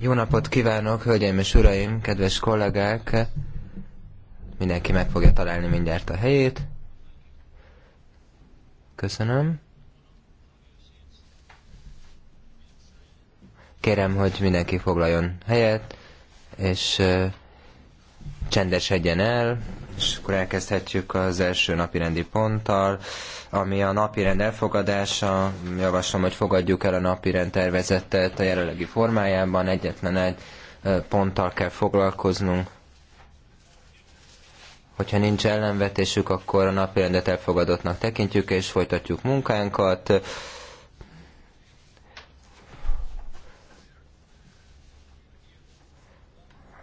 Jó napot kívánok, hölgyeim és uraim, kedves kollégák! Mindenki meg fogja találni mindjárt a helyét. Köszönöm. Kérem, hogy mindenki foglaljon helyet, és csendesedjen el, és akkor elkezdhetjük az első napi rendi ponttal, ami a napi rend elfogadása. Javaslom, hogy fogadjuk el a napi rend tervezetet a jelenlegi formájában. Egyetlen egy ponttal kell foglalkoznunk. Hogyha nincs ellenvetésük, akkor a napi rendet elfogadottnak tekintjük, és folytatjuk munkánkat.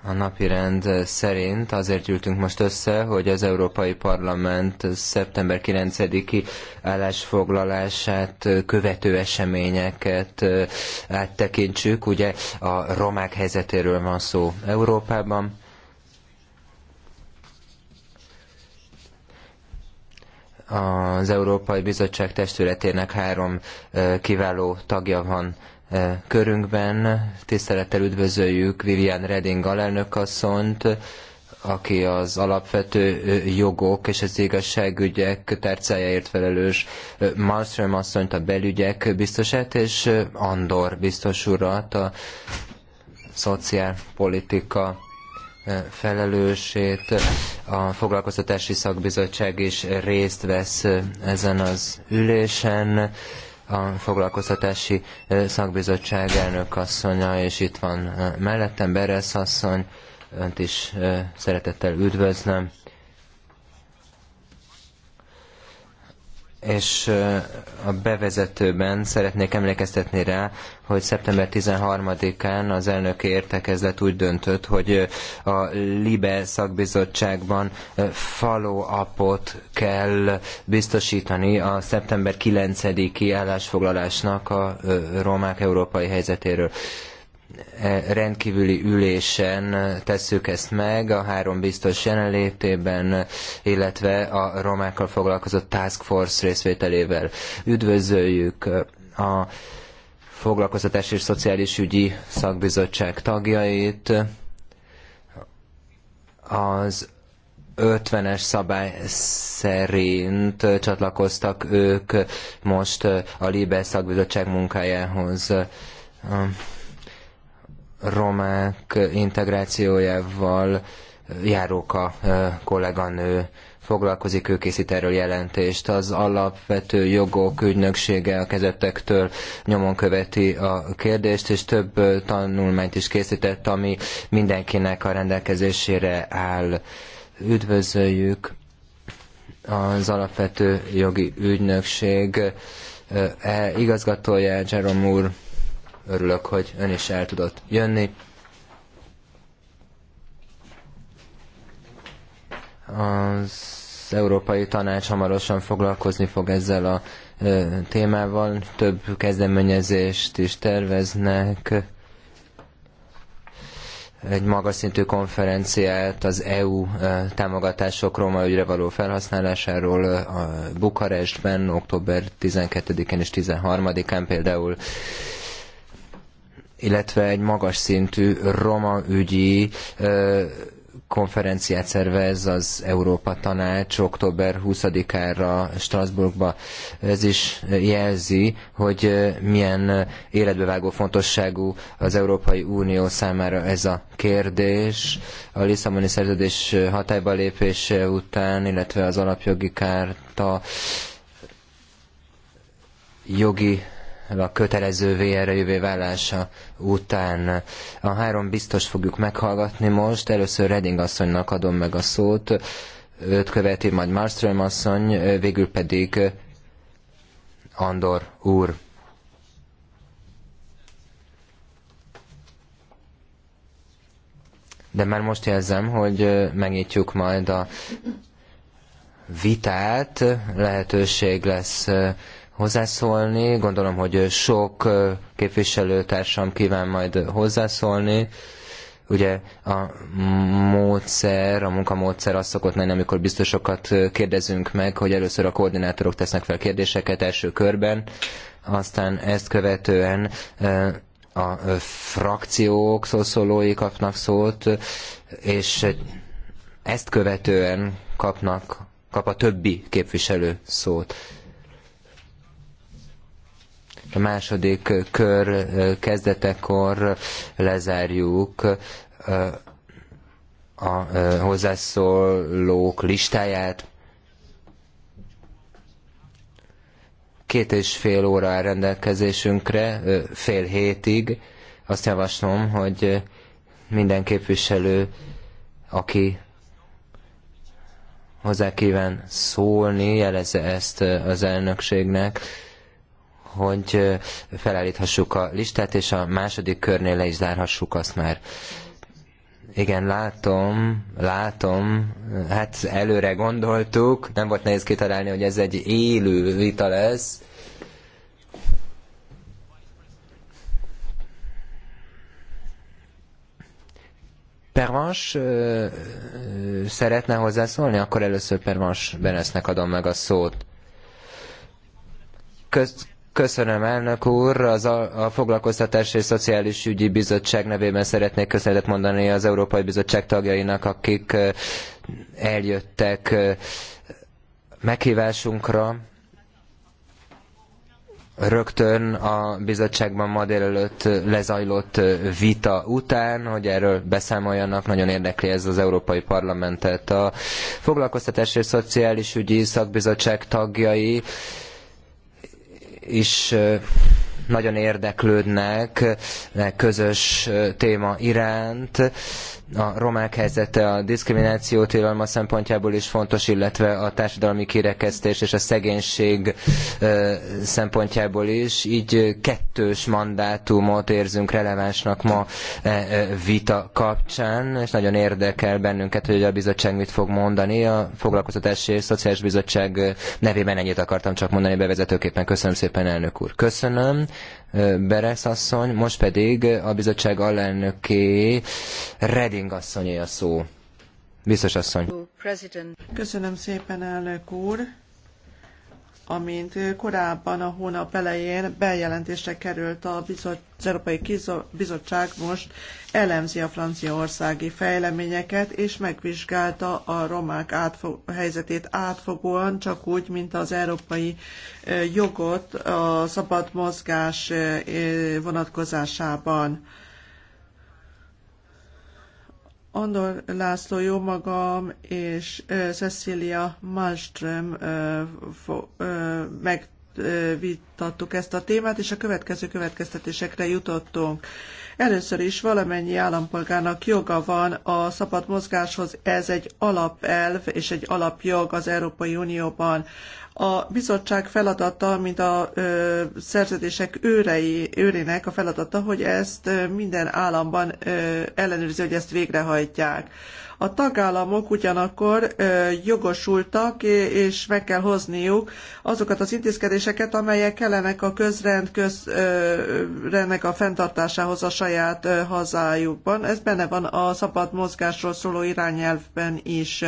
a napirend szerint azért ültünk most össze, hogy az Európai Parlament szeptember 9-i állásfoglalását követő eseményeket áttekintsük. Ugye a romák helyzetéről van szó Európában. Az Európai Bizottság testületének három kiváló tagja van E, körünkben. Tisztelettel üdvözöljük Vivian Reding alelnökasszonyt, aki az alapvető e, jogok és az igazságügyek tárcájáért felelős e, Malmström asszonyt, a belügyek biztosát, és Andor biztos urat, a szociálpolitika felelősét. A foglalkoztatási szakbizottság is részt vesz ezen az ülésen a foglalkoztatási szakbizottság elnök asszonya, és itt van mellettem Beresz asszony, önt is szeretettel üdvözlöm. és a bevezetőben szeretnék emlékeztetni rá, hogy szeptember 13-án az elnöki értekezlet úgy döntött, hogy a LIBE szakbizottságban follow-upot kell biztosítani a szeptember 9-i állásfoglalásnak a romák európai helyzetéről. E, rendkívüli ülésen tesszük ezt meg, a három biztos jelenlétében, illetve a romákkal foglalkozó Task Force részvételével. Üdvözöljük a Foglalkoztatás és Szociális Ügyi Szakbizottság tagjait, az 50-es szabály szerint csatlakoztak ők most a Libe szakbizottság munkájához romák integrációjával eh, járóka eh, kolléganő foglalkozik, ő készít erről jelentést. Az alapvető jogok ügynöksége a kezetektől nyomon követi a kérdést, és több eh, tanulmányt is készített, ami mindenkinek a rendelkezésére áll. Üdvözöljük az alapvető jogi ügynökség e, igazgatója Jerome úr Örülök, hogy ön is el tudott jönni. Az Európai Tanács hamarosan foglalkozni fog ezzel a témával. Több kezdeményezést is terveznek egy magas szintű konferenciát az EU támogatások roma ügyre való felhasználásáról a Bukarestben október 12-én és 13-án például illetve egy magas szintű roma ügyi konferenciát szervez az Európa Tanács október 20-ára Strasbourgba. Ez is jelzi, hogy milyen életbevágó fontosságú az Európai Unió számára ez a kérdés. A Lisszaboni szerződés hatályba lépése után, illetve az alapjogi kárta jogi a kötelezővé jövő vállása után. A három biztos fogjuk meghallgatni most. Először Redding asszonynak adom meg a szót, őt követi majd Marström asszony, végül pedig Andor úr. De már most jelzem, hogy megnyitjuk majd a vitát, lehetőség lesz hozzászólni. Gondolom, hogy sok képviselőtársam kíván majd hozzászólni. Ugye a módszer, a munkamódszer az szokott lenni, amikor biztosokat kérdezünk meg, hogy először a koordinátorok tesznek fel kérdéseket első körben, aztán ezt követően a frakciók szószólói kapnak szót, és ezt követően kapnak, kap a többi képviselő szót a második kör kezdetekor lezárjuk a hozzászólók listáját. Két és fél óra áll rendelkezésünkre, fél hétig. Azt javaslom, hogy minden képviselő, aki hozzá kíván szólni, jelezze ezt az elnökségnek hogy felállíthassuk a listát, és a második körnél le is zárhassuk azt már. Igen, látom, látom, hát előre gondoltuk, nem volt nehéz kitalálni, hogy ez egy élő vita lesz. Pervans szeretne hozzászólni? Akkor először Pervans Benesznek adom meg a szót. Köz, Köszönöm, elnök úr. Az a, a Foglalkoztatási és Szociális Ügyi Bizottság nevében szeretnék köszönetet mondani az Európai Bizottság tagjainak, akik eljöttek meghívásunkra rögtön a bizottságban ma délelőtt lezajlott vita után, hogy erről beszámoljanak, nagyon érdekli ez az Európai Parlamentet. A Foglalkoztatási és Szociális Ügyi Szakbizottság tagjai is nagyon érdeklődnek e, közös téma iránt, a romák helyzete a diszkrimináció tilalma szempontjából is fontos, illetve a társadalmi kirekesztés és a szegénység szempontjából is. Így kettős mandátumot érzünk relevánsnak ma e, e, vita kapcsán, és nagyon érdekel bennünket, hogy a bizottság mit fog mondani. A Foglalkoztatási és Szociális Bizottság nevében ennyit akartam csak mondani bevezetőképpen. Köszönöm szépen, elnök úr. Köszönöm. Beres asszony, most pedig a bizottság alelnöké Reding asszonyé a szó. Biztos asszony. Köszönöm szépen, elnök úr amint korábban a hónap elején bejelentésre került a bizot, az Európai Bizottság most elemzi a franciaországi fejleményeket, és megvizsgálta a romák átfog, helyzetét átfogóan, csak úgy, mint az európai jogot a szabad mozgás vonatkozásában. Andor László, jó magam és Cecilia Malmström megvitattuk ezt a témát, és a következő következtetésekre jutottunk. Először is valamennyi állampolgárnak joga van a szabad mozgáshoz, ez egy alapelv és egy alapjog az Európai Unióban. A bizottság feladata, mint a szerződések őrei, őrének a feladata, hogy ezt minden államban ellenőrzi, hogy ezt végrehajtják. A tagállamok ugyanakkor jogosultak, és meg kell hozniuk azokat az intézkedéseket, amelyek kellenek a közrend közrendnek a fenntartásához a saját hazájukban. Ez benne van a szabad mozgásról szóló irányelvben is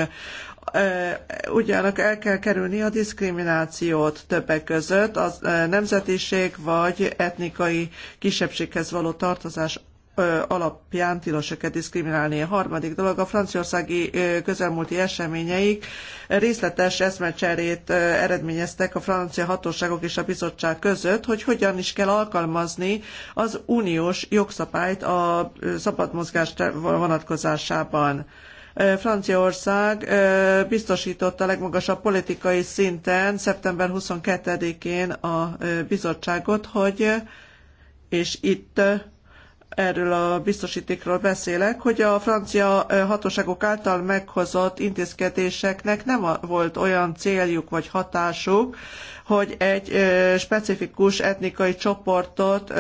ugyanak el kell kerülni a diszkriminációt többek között az nemzetiség vagy etnikai kisebbséghez való tartozás alapján tilos őket diszkriminálni. A harmadik dolog a franciaországi közelmúlti eseményeik részletes eszmecserét eredményeztek a francia hatóságok és a bizottság között, hogy hogyan is kell alkalmazni az uniós jogszabályt a szabad mozgás vonatkozásában. Franciaország biztosította legmagasabb politikai szinten szeptember 22-én a bizottságot, hogy és itt erről a biztosítékról beszélek, hogy a francia hatóságok által meghozott intézkedéseknek nem volt olyan céljuk vagy hatásuk, hogy egy specifikus etnikai csoportot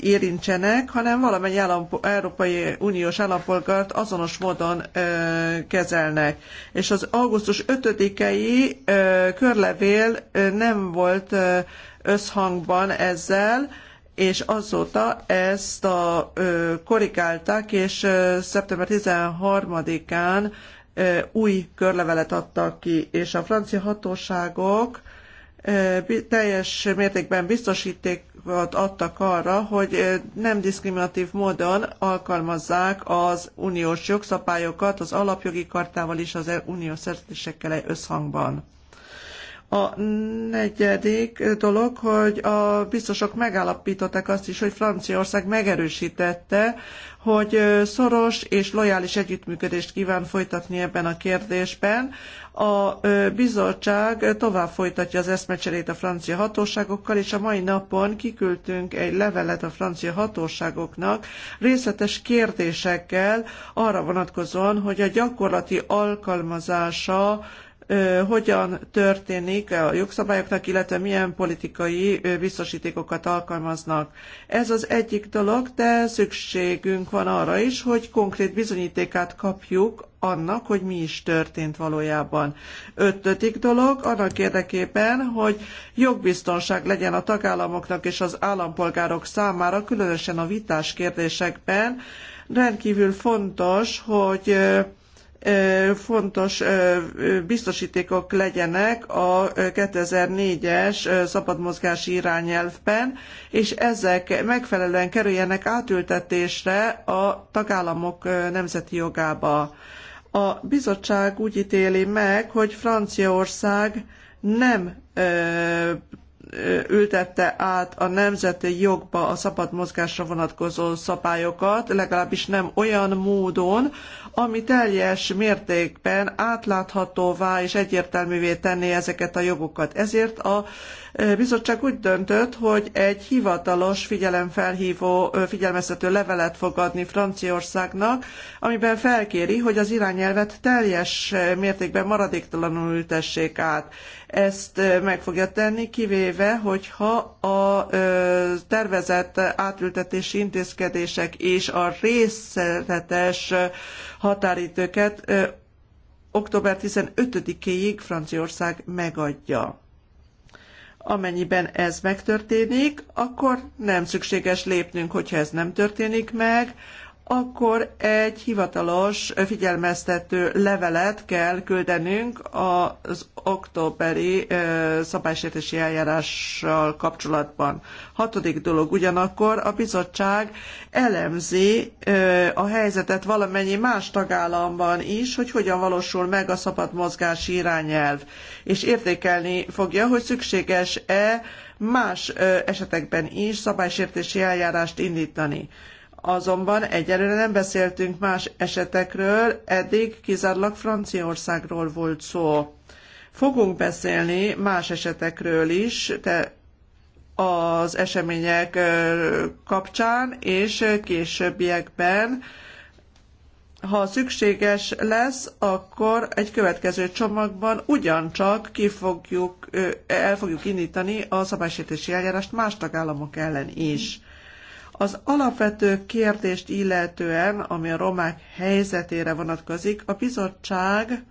érintsenek, hanem valamennyi állampo- Európai Uniós állampolgárt azonos módon ö, kezelnek. És az augusztus 5-i körlevél ö, nem volt ö, összhangban ezzel, és azóta ezt a, ö, korrigálták, és ö, szeptember 13-án ö, új körlevelet adtak ki, és a francia hatóságok ö, teljes mértékben biztosíték adtak arra, hogy nem diszkriminatív módon alkalmazzák az uniós jogszabályokat az alapjogi kartával és az uniós szerződésekkel összhangban. A negyedik dolog, hogy a biztosok megállapították azt is, hogy Franciaország megerősítette, hogy szoros és lojális együttműködést kíván folytatni ebben a kérdésben. A bizottság tovább folytatja az eszmecserét a francia hatóságokkal, és a mai napon kiküldtünk egy levelet a francia hatóságoknak részletes kérdésekkel arra vonatkozóan, hogy a gyakorlati alkalmazása hogyan történik a jogszabályoknak, illetve milyen politikai biztosítékokat alkalmaznak. Ez az egyik dolog, de szükségünk van arra is, hogy konkrét bizonyítékát kapjuk annak, hogy mi is történt valójában. Ötödik dolog annak érdekében, hogy jogbiztonság legyen a tagállamoknak és az állampolgárok számára, különösen a vitás kérdésekben, rendkívül fontos, hogy fontos biztosítékok legyenek a 2004-es szabadmozgási irányelvben, és ezek megfelelően kerüljenek átültetésre a tagállamok nemzeti jogába. A bizottság úgy ítéli meg, hogy Franciaország nem ültette át a nemzeti jogba a szabad mozgásra vonatkozó szabályokat, legalábbis nem olyan módon, ami teljes mértékben átláthatóvá és egyértelművé tenné ezeket a jogokat. Ezért a bizottság úgy döntött, hogy egy hivatalos figyelemfelhívó figyelmeztető levelet fog adni Franciaországnak, amiben felkéri, hogy az irányelvet teljes mértékben maradéktalanul ültessék át. Ezt meg fogja tenni, kivéve, hogyha a tervezett átültetési intézkedések és a részletes határidőket október 15-éig Franciaország megadja. Amennyiben ez megtörténik, akkor nem szükséges lépnünk, hogyha ez nem történik meg, akkor egy hivatalos figyelmeztető levelet kell küldenünk az októberi szabálysértési eljárással kapcsolatban. Hatodik dolog ugyanakkor a bizottság elemzi a helyzetet valamennyi más tagállamban is, hogy hogyan valósul meg a szabad mozgás irányelv, és értékelni fogja, hogy szükséges-e más esetekben is szabálysértési eljárást indítani. Azonban egyelőre nem beszéltünk más esetekről, eddig kizárólag Franciaországról volt szó. Fogunk beszélni más esetekről is de az események kapcsán és későbbiekben. Ha szükséges lesz, akkor egy következő csomagban ugyancsak ki fogjuk, el fogjuk indítani a szabálysértési eljárást más tagállamok ellen is. Az alapvető kérdést illetően, ami a romák helyzetére vonatkozik, a bizottság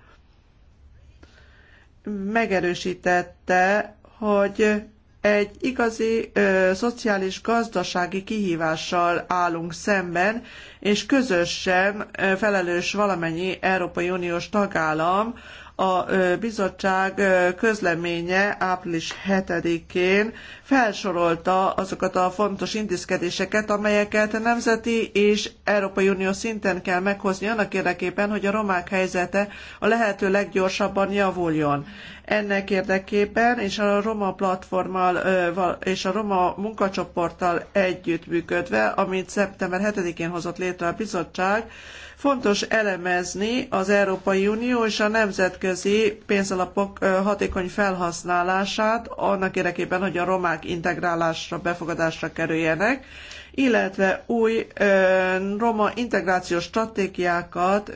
megerősítette, hogy egy igazi ö, szociális gazdasági kihívással állunk szemben, és közösen ö, felelős valamennyi Európai Uniós tagállam a bizottság közleménye április 7-én felsorolta azokat a fontos intézkedéseket, amelyeket nemzeti és Európai Unió szinten kell meghozni annak érdekében, hogy a romák helyzete a lehető leggyorsabban javuljon. Ennek érdekében és a Roma platformmal és a Roma munkacsoporttal együttműködve, amit szeptember 7-én hozott létre a bizottság, Fontos elemezni az Európai Unió és a nemzetközi pénzalapok hatékony felhasználását annak érdekében, hogy a romák integrálásra, befogadásra kerüljenek, illetve új roma integrációs stratégiákat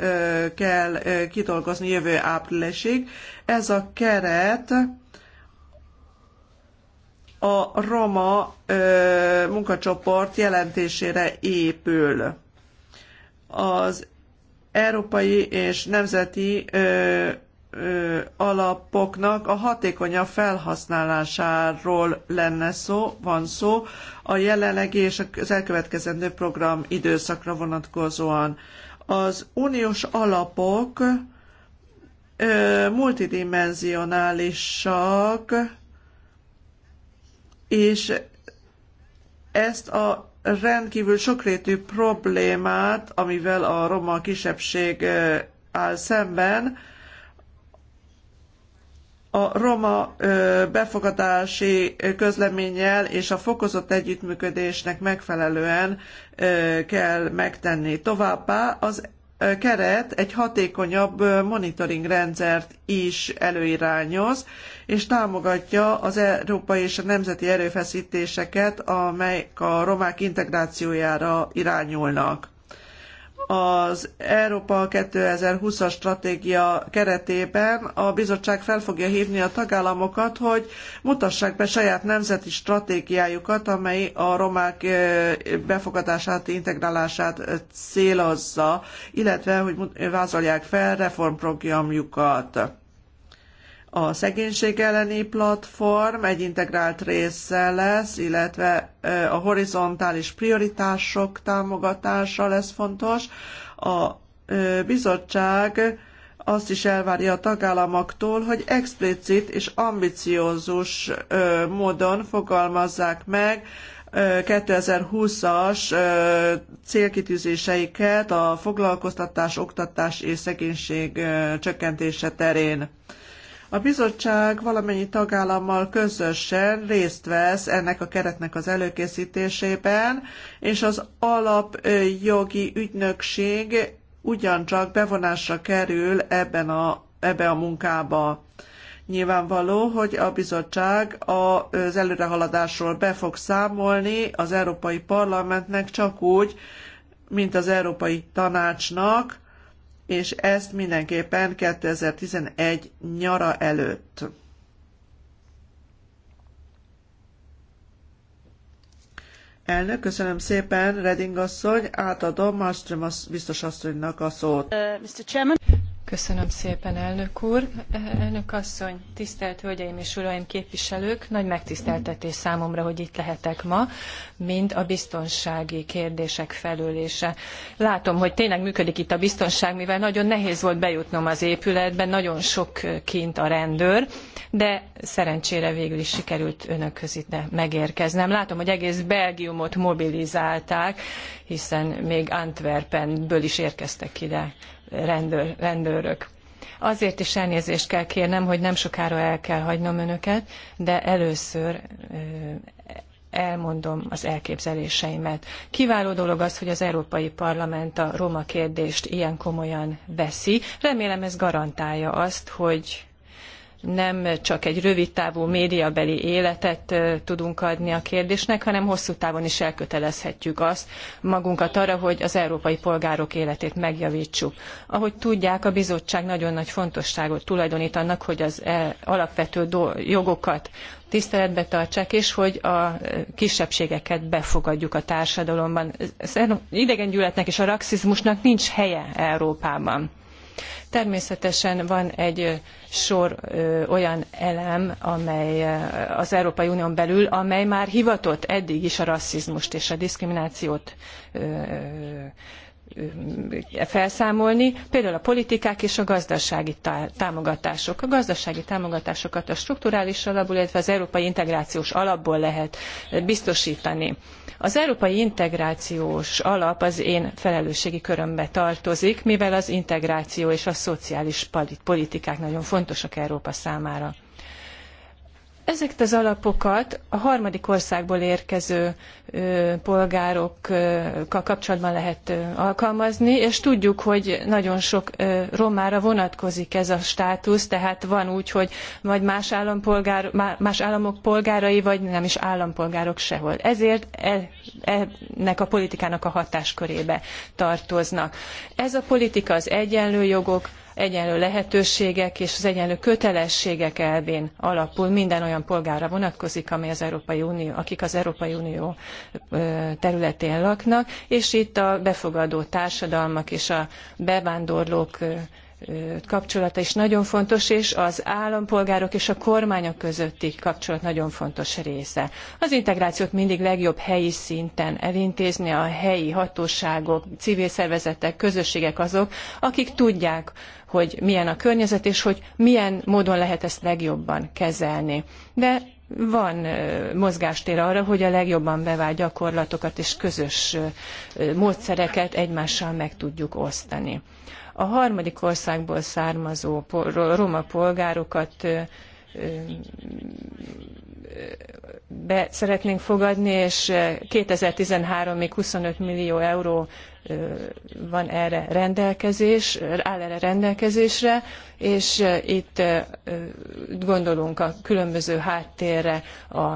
kell kidolgozni jövő áprilisig. Ez a keret a Roma munkacsoport jelentésére épül. Az európai és nemzeti ö, ö, alapoknak a hatékonyabb felhasználásáról lenne szó, van szó a jelenlegi és az elkövetkezendő program időszakra vonatkozóan. Az uniós alapok ö, multidimensionálisak, és ezt a rendkívül sokrétű problémát, amivel a roma kisebbség áll szemben, a roma befogadási közleménnyel és a fokozott együttműködésnek megfelelően kell megtenni. Továbbá az keret egy hatékonyabb monitoring rendszert is előirányoz, és támogatja az európai és a nemzeti erőfeszítéseket, amelyek a romák integrációjára irányulnak az Európa 2020-as stratégia keretében a bizottság fel fogja hívni a tagállamokat, hogy mutassák be saját nemzeti stratégiájukat, amely a romák befogadását, integrálását célozza, illetve hogy vázolják fel reformprogramjukat a szegénység elleni platform egy integrált része lesz, illetve a horizontális prioritások támogatása lesz fontos. A bizottság azt is elvárja a tagállamoktól, hogy explicit és ambiciózus módon fogalmazzák meg 2020-as célkitűzéseiket a foglalkoztatás, oktatás és szegénység csökkentése terén. A bizottság valamennyi tagállammal közösen részt vesz ennek a keretnek az előkészítésében, és az alapjogi ügynökség ugyancsak bevonásra kerül ebben a, ebbe a munkába. Nyilvánvaló, hogy a bizottság az előrehaladásról be fog számolni az Európai Parlamentnek csak úgy, mint az Európai Tanácsnak, és ezt mindenképpen 2011 nyara előtt. Elnök, köszönöm szépen, Reding asszony, átadom Malmström biztos asszonynak a szót. Uh, Köszönöm szépen, elnök úr. Elnök asszony, tisztelt hölgyeim és uraim képviselők, nagy megtiszteltetés számomra, hogy itt lehetek ma, mind a biztonsági kérdések felülése. Látom, hogy tényleg működik itt a biztonság, mivel nagyon nehéz volt bejutnom az épületbe, nagyon sok kint a rendőr, de szerencsére végül is sikerült önökhöz itt megérkeznem. Látom, hogy egész Belgiumot mobilizálták, hiszen még Antwerpenből is érkeztek ide rendőr, rendőrök. Azért is elnézést kell kérnem, hogy nem sokára el kell hagynom önöket, de először elmondom az elképzeléseimet. Kiváló dolog az, hogy az Európai Parlament a roma kérdést ilyen komolyan veszi. Remélem ez garantálja azt, hogy nem csak egy rövid távú médiabeli életet tudunk adni a kérdésnek, hanem hosszú távon is elkötelezhetjük azt magunkat arra, hogy az európai polgárok életét megjavítsuk. Ahogy tudják, a bizottság nagyon nagy fontosságot tulajdonít annak, hogy az e, alapvető jogokat tiszteletbe tartsák, és hogy a kisebbségeket befogadjuk a társadalomban. Az idegen gyűlöletnek és a rasszizmusnak nincs helye Európában Természetesen van egy sor ö, olyan elem, amely az Európai Unión belül, amely már hivatott eddig is a rasszizmust és a diszkriminációt ö, felszámolni, például a politikák és a gazdasági támogatások. A gazdasági támogatásokat a strukturális alapból, illetve az európai integrációs alapból lehet biztosítani. Az európai integrációs alap az én felelősségi körömbe tartozik, mivel az integráció és a szociális politikák nagyon fontosak Európa számára. Ezeket az alapokat a harmadik országból érkező polgárokkal kapcsolatban lehet alkalmazni, és tudjuk, hogy nagyon sok romára vonatkozik ez a státusz, tehát van úgy, hogy vagy más, állampolgár, más államok polgárai, vagy nem is állampolgárok sehol. Ezért e, ennek a politikának a hatáskörébe tartoznak. Ez a politika az egyenlő jogok, egyenlő lehetőségek és az egyenlő kötelességek elvén alapul minden olyan polgára vonatkozik, amely az Európai Unió, akik az Európai Unió területén laknak, és itt a befogadó társadalmak és a bevándorlók kapcsolata is nagyon fontos, és az állampolgárok és a kormányok közötti kapcsolat nagyon fontos része. Az integrációt mindig legjobb helyi szinten elintézni, a helyi hatóságok, civil szervezetek, közösségek azok, akik tudják, hogy milyen a környezet, és hogy milyen módon lehet ezt legjobban kezelni. De van mozgástér arra, hogy a legjobban bevált gyakorlatokat és közös módszereket egymással meg tudjuk osztani a harmadik országból származó roma polgárokat be szeretnénk fogadni, és 2013-ig 25 millió euró van erre rendelkezés, áll erre rendelkezésre, és itt gondolunk a különböző háttérre, a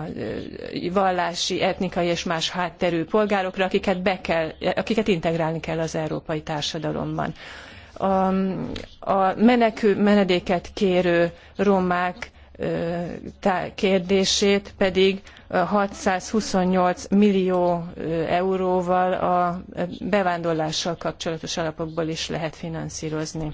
vallási, etnikai és más hátterű polgárokra, akiket, be kell, akiket integrálni kell az európai társadalomban a, a menekül, menedéket kérő romák kérdését pedig 628 millió euróval a bevándorlással kapcsolatos alapokból is lehet finanszírozni.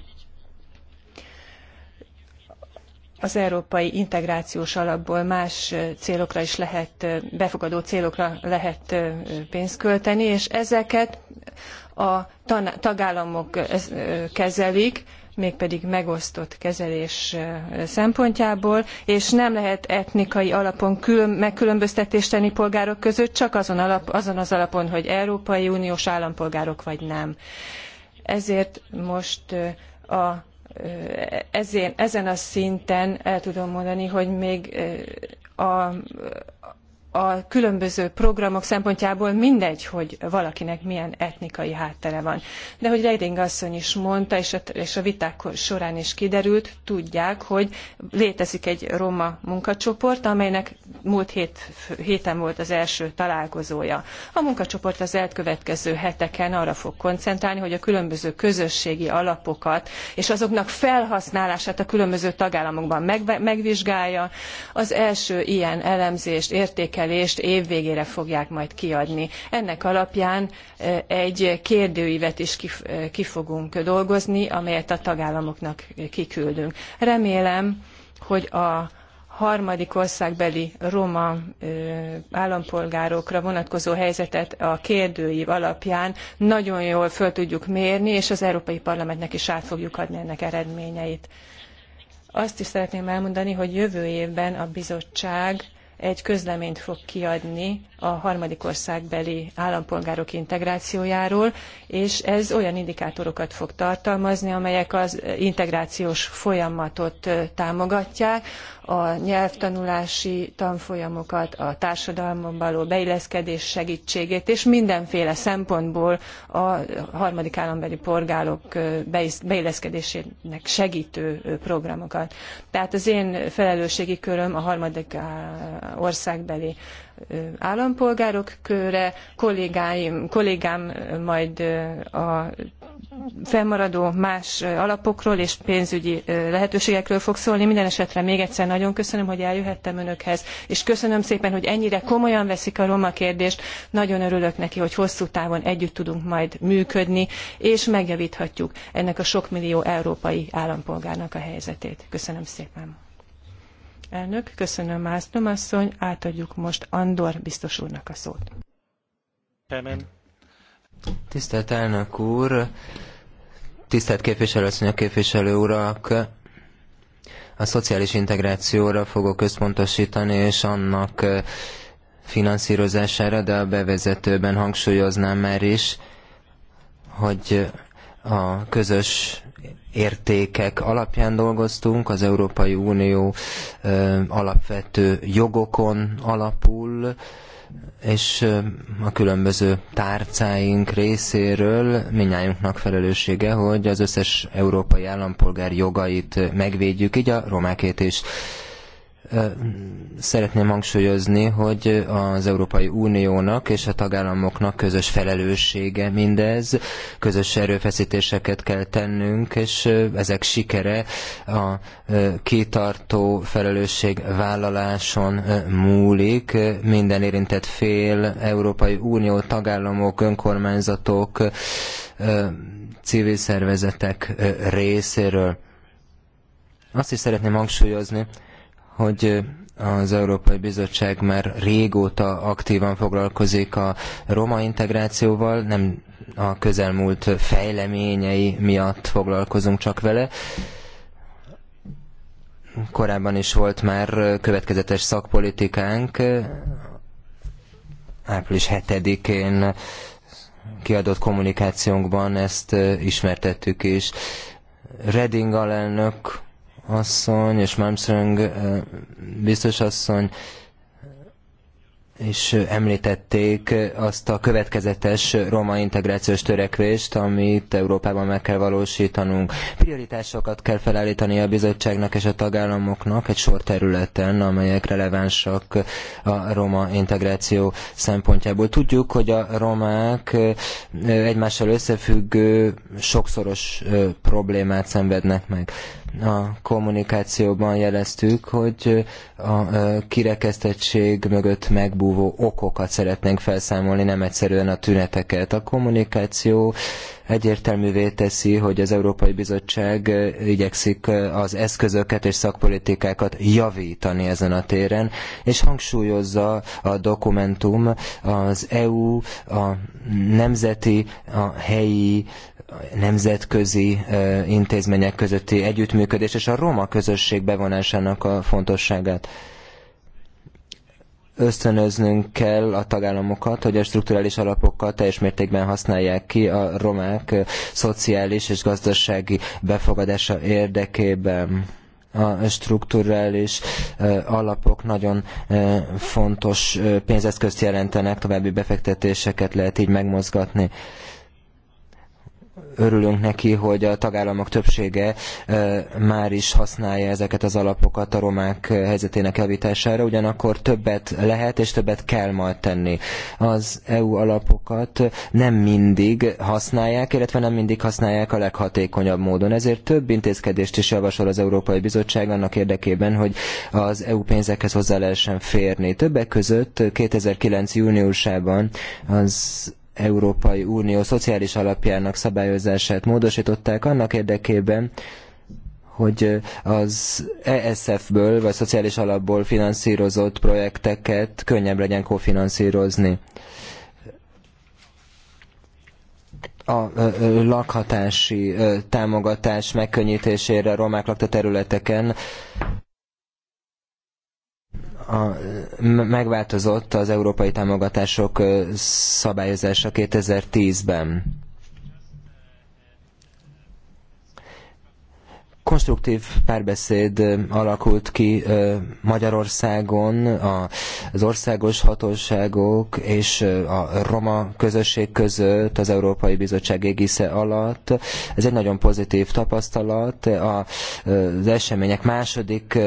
Az európai integrációs alapból más célokra is lehet, befogadó célokra lehet pénzt költeni, és ezeket a tagállamok kezelik, mégpedig megosztott kezelés szempontjából, és nem lehet etnikai alapon külön, megkülönböztetést tenni polgárok között, csak azon, alap, azon az alapon, hogy Európai Uniós állampolgárok vagy nem. Ezért most a ezért, ezen a szinten el tudom mondani, hogy még a, a különböző programok szempontjából mindegy, hogy valakinek milyen etnikai háttere van. De hogy Reding asszony is mondta, és a, és a viták során is kiderült, tudják, hogy létezik egy roma munkacsoport, amelynek múlt hét, héten volt az első találkozója. A munkacsoport az elkövetkező heteken arra fog koncentrálni, hogy a különböző közösségi alapokat és azoknak felhasználását a különböző tagállamokban meg, megvizsgálja. Az első ilyen elemzést, értékelést értékelést végére fogják majd kiadni. Ennek alapján egy kérdőívet is ki fogunk dolgozni, amelyet a tagállamoknak kiküldünk. Remélem, hogy a harmadik országbeli roma állampolgárokra vonatkozó helyzetet a kérdőív alapján nagyon jól föl tudjuk mérni, és az Európai Parlamentnek is át fogjuk adni ennek eredményeit. Azt is szeretném elmondani, hogy jövő évben a bizottság egy közleményt fog kiadni a harmadik országbeli állampolgárok integrációjáról, és ez olyan indikátorokat fog tartalmazni, amelyek az integrációs folyamatot támogatják, a nyelvtanulási tanfolyamokat, a társadalmon való beilleszkedés segítségét, és mindenféle szempontból a harmadik állambeli polgárok beilleszkedésének segítő programokat. Tehát az én felelősségi köröm a harmadik országbeli állampolgárok köre, kollégáim, kollégám majd a fennmaradó más alapokról és pénzügyi lehetőségekről fog szólni. Minden esetre még egyszer nagyon köszönöm, hogy eljöhettem önökhez, és köszönöm szépen, hogy ennyire komolyan veszik a roma kérdést. Nagyon örülök neki, hogy hosszú távon együtt tudunk majd működni, és megjavíthatjuk ennek a sok millió európai állampolgárnak a helyzetét. Köszönöm szépen. Elnök, köszönöm Mászlom asszony, átadjuk most Andor biztos úrnak a szót. Amen. Tisztelt elnök úr, tisztelt képviselőasszonyok, képviselő urak, a szociális integrációra fogok összpontosítani, és annak finanszírozására, de a bevezetőben hangsúlyoznám már is, hogy a közös értékek alapján dolgoztunk, az Európai Unió alapvető jogokon alapul, és a különböző tárcáink részéről minnyájunknak felelőssége, hogy az összes európai állampolgár jogait megvédjük, így a romákét is. Szeretném hangsúlyozni, hogy az Európai Uniónak és a tagállamoknak közös felelőssége mindez, közös erőfeszítéseket kell tennünk, és ezek sikere a kitartó felelősség vállaláson múlik. Minden érintett fél, Európai Unió, tagállamok, önkormányzatok, civil szervezetek részéről. Azt is szeretném hangsúlyozni, hogy az Európai Bizottság már régóta aktívan foglalkozik a roma integrációval, nem a közelmúlt fejleményei miatt foglalkozunk csak vele. Korábban is volt már következetes szakpolitikánk, április 7-én kiadott kommunikációnkban ezt ismertettük is. Reding alelnök asszony és Malmström biztos asszony és említették azt a következetes roma integrációs törekvést, amit Európában meg kell valósítanunk. Prioritásokat kell felállítani a bizottságnak és a tagállamoknak egy sor területen, amelyek relevánsak a roma integráció szempontjából. Tudjuk, hogy a romák egymással összefüggő sokszoros problémát szenvednek meg a kommunikációban jeleztük, hogy a kirekesztettség mögött megbúvó okokat szeretnénk felszámolni, nem egyszerűen a tüneteket. A kommunikáció egyértelművé teszi, hogy az Európai Bizottság igyekszik az eszközöket és szakpolitikákat javítani ezen a téren, és hangsúlyozza a dokumentum az EU, a nemzeti, a helyi, nemzetközi intézmények közötti együttműködés és a roma közösség bevonásának a fontosságát ösztönöznünk kell a tagállamokat, hogy a strukturális alapokat teljes mértékben használják ki a romák szociális és gazdasági befogadása érdekében a strukturális alapok nagyon fontos pénzeszközt jelentenek, további befektetéseket lehet így megmozgatni örülünk neki, hogy a tagállamok többsége már is használja ezeket az alapokat a romák helyzetének javítására, ugyanakkor többet lehet és többet kell majd tenni. Az EU alapokat nem mindig használják, illetve nem mindig használják a leghatékonyabb módon. Ezért több intézkedést is javasol az Európai Bizottság annak érdekében, hogy az EU pénzekhez hozzá lehessen férni. Többek között 2009. júniusában az Európai Unió szociális alapjának szabályozását módosították annak érdekében, hogy az ESF-ből vagy szociális alapból finanszírozott projekteket könnyebb legyen kofinanszírozni. a lakhatási támogatás megkönnyítésére a romák lakta területeken a, megváltozott az európai támogatások szabályozása 2010-ben. konstruktív párbeszéd alakult ki Magyarországon az országos hatóságok és a roma közösség között az Európai Bizottság égisze alatt. Ez egy nagyon pozitív tapasztalat. Az események második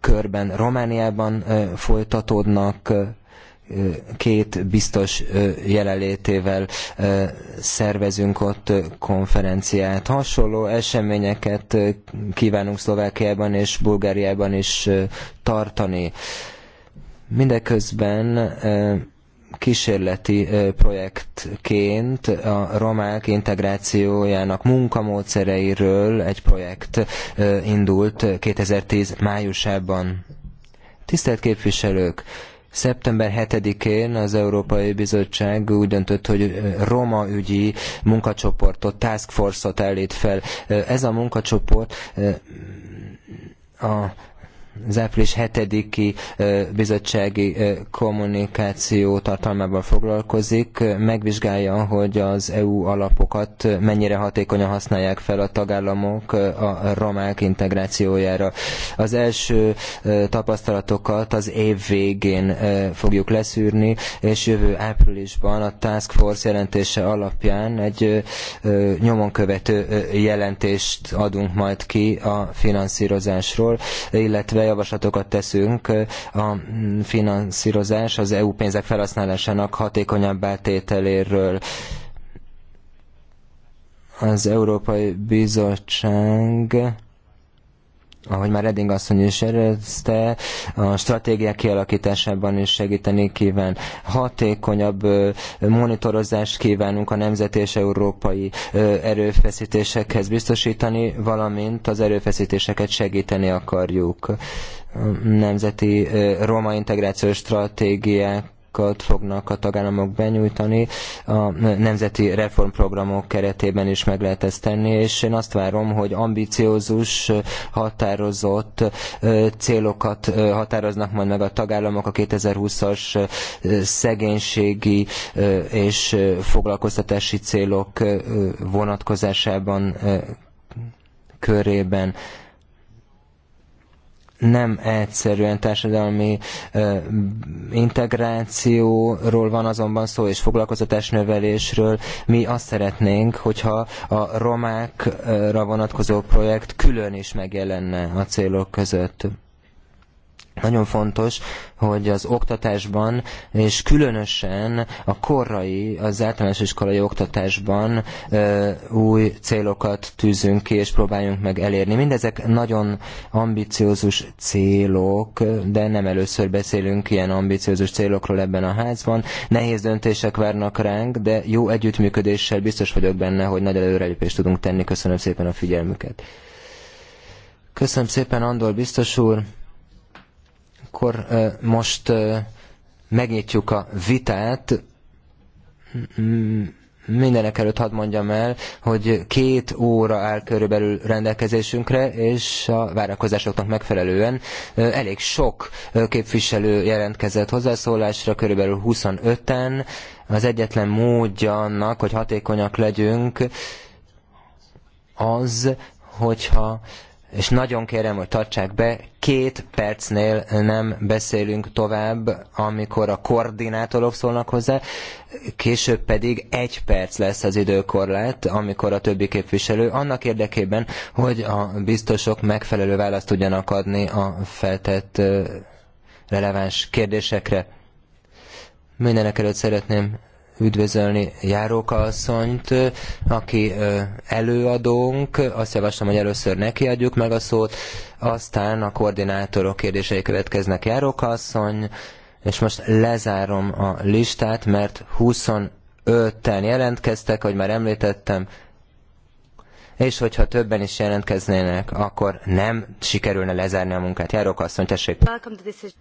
körben Romániában folytatódnak két biztos jelenlétével szervezünk ott konferenciát. Hasonló eseményeket kívánunk Szlovákiában és Bulgáriában is tartani. Mindeközben kísérleti projektként a romák integrációjának munkamódszereiről egy projekt indult 2010 májusában. Tisztelt képviselők! Szeptember 7-én az Európai Bizottság úgy döntött, hogy Roma ügyi munkacsoportot, task force-ot állít fel. Ez a munkacsoport a az április 7-i bizottsági kommunikáció tartalmában foglalkozik, megvizsgálja, hogy az EU alapokat mennyire hatékonyan használják fel a tagállamok a romák integrációjára. Az első tapasztalatokat az év végén fogjuk leszűrni, és jövő áprilisban a Task Force jelentése alapján egy nyomon követő jelentést adunk majd ki a finanszírozásról, illetve amire javaslatokat teszünk, a finanszírozás az EU pénzek felhasználásának hatékonyabbá tételéről az Európai Bizottság ahogy már Redding asszony is erőzte, a stratégiák kialakításában is segíteni kíván. Hatékonyabb monitorozást kívánunk a nemzeti és európai erőfeszítésekhez biztosítani, valamint az erőfeszítéseket segíteni akarjuk. Nemzeti roma integrációs stratégiák javaslatokat fognak a tagállamok benyújtani. A nemzeti reformprogramok keretében is meg lehet ezt tenni, és én azt várom, hogy ambiciózus, határozott célokat határoznak majd meg a tagállamok a 2020-as szegénységi és foglalkoztatási célok vonatkozásában körében nem egyszerűen társadalmi ö, integrációról van azonban szó, és foglalkoztatás növelésről. Mi azt szeretnénk, hogyha a romákra vonatkozó projekt külön is megjelenne a célok között. Nagyon fontos, hogy az oktatásban, és különösen a korai, az általános iskolai oktatásban ö, új célokat tűzünk ki, és próbáljunk meg elérni. Mindezek nagyon ambiciózus célok, de nem először beszélünk ilyen ambiciózus célokról ebben a házban. Nehéz döntések várnak ránk, de jó együttműködéssel biztos vagyok benne, hogy nagy előrelépést tudunk tenni. Köszönöm szépen a figyelmüket. Köszönöm szépen, Andor biztos úr. Akkor most megnyitjuk a vitát. Mindenek előtt hadd mondjam el, hogy két óra áll körülbelül rendelkezésünkre, és a várakozásoknak megfelelően elég sok képviselő jelentkezett hozzászólásra, körülbelül 25-en. Az egyetlen módja annak, hogy hatékonyak legyünk, az, hogyha és nagyon kérem, hogy tartsák be, két percnél nem beszélünk tovább, amikor a koordinátorok szólnak hozzá, később pedig egy perc lesz az időkorlát, amikor a többi képviselő, annak érdekében, hogy a biztosok megfelelő választ tudjanak adni a feltett releváns kérdésekre. Mindenek előtt szeretném üdvözölni Járóka asszonyt, aki előadónk. Azt javaslom, hogy először neki adjuk meg a szót, aztán a koordinátorok kérdései következnek Járóka asszony, és most lezárom a listát, mert 25-en jelentkeztek, hogy már említettem, és hogyha többen is jelentkeznének, akkor nem sikerülne lezárni a munkát. Járok asszony, tessék!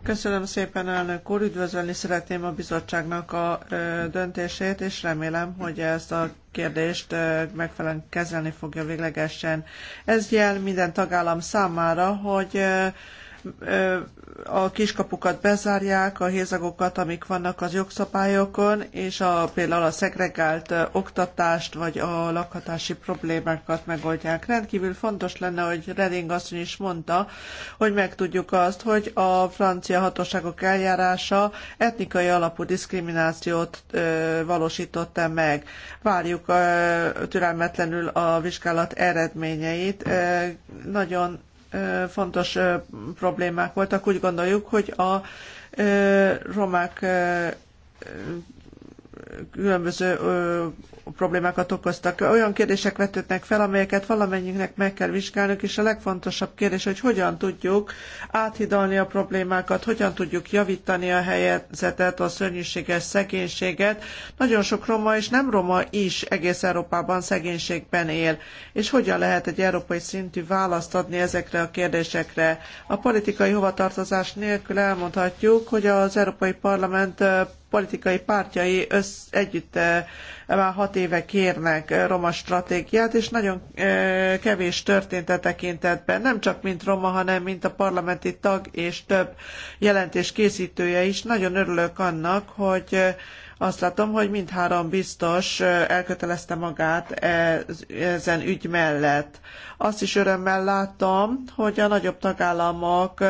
Köszönöm szépen, elnök úr! Üdvözölni szeretném a bizottságnak a döntését, és remélem, hogy ezt a kérdést megfelelően kezelni fogja véglegesen. Ez jel minden tagállam számára, hogy a kiskapukat bezárják, a hézagokat, amik vannak az jogszabályokon, és a, például a szegregált oktatást, vagy a lakhatási problémákat megoldják. Rendkívül fontos lenne, hogy Reding asszony is mondta, hogy megtudjuk azt, hogy a francia hatóságok eljárása etnikai alapú diszkriminációt ö, valósította meg. Várjuk ö, türelmetlenül a vizsgálat eredményeit. Ö, nagyon fontos problémák voltak. Úgy gondoljuk, hogy a romák különböző problémákat okoztak. Olyan kérdések vetődnek fel, amelyeket valamennyinek meg kell vizsgálnunk, és a legfontosabb kérdés, hogy hogyan tudjuk áthidalni a problémákat, hogyan tudjuk javítani a helyzetet, a szörnyűséges szegénységet. Nagyon sok roma és nem roma is egész Európában szegénységben él, és hogyan lehet egy európai szintű választ adni ezekre a kérdésekre. A politikai hovatartozás nélkül elmondhatjuk, hogy az Európai Parlament eh, politikai pártjai össz, együtt eh, már hat éve kérnek eh, roma stratégiát, és nagyon eh, kevés történt a tekintetben, nem csak mint roma, hanem mint a parlamenti tag és több jelentés készítője is. Nagyon örülök annak, hogy eh, azt látom, hogy mindhárom biztos elkötelezte magát ezen ügy mellett. Azt is örömmel látom, hogy a nagyobb tagállamok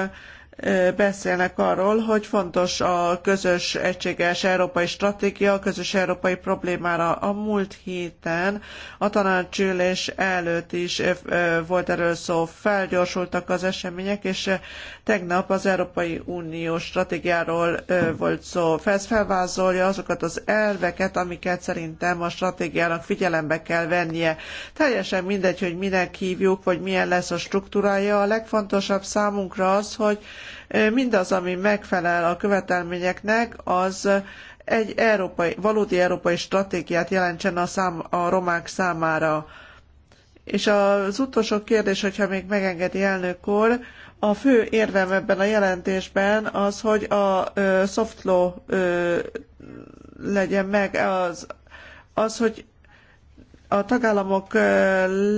beszélnek arról, hogy fontos a közös egységes európai stratégia, a közös európai problémára. A múlt héten a tanácsülés előtt is volt erről szó, felgyorsultak az események, és tegnap az Európai Unió stratégiáról volt szó. Ez felvázolja azokat az elveket, amiket szerintem a stratégiának figyelembe kell vennie. Teljesen mindegy, hogy minek hívjuk, vagy milyen lesz a struktúrája. A legfontosabb számunkra az, hogy Mindaz, ami megfelel a követelményeknek, az egy európai, valódi európai stratégiát jelentsen a, szám, a romák számára. És az utolsó kérdés, hogyha még megengedi elnök úr, a fő érvem ebben a jelentésben az, hogy a soft law legyen meg, az, az, hogy a tagállamok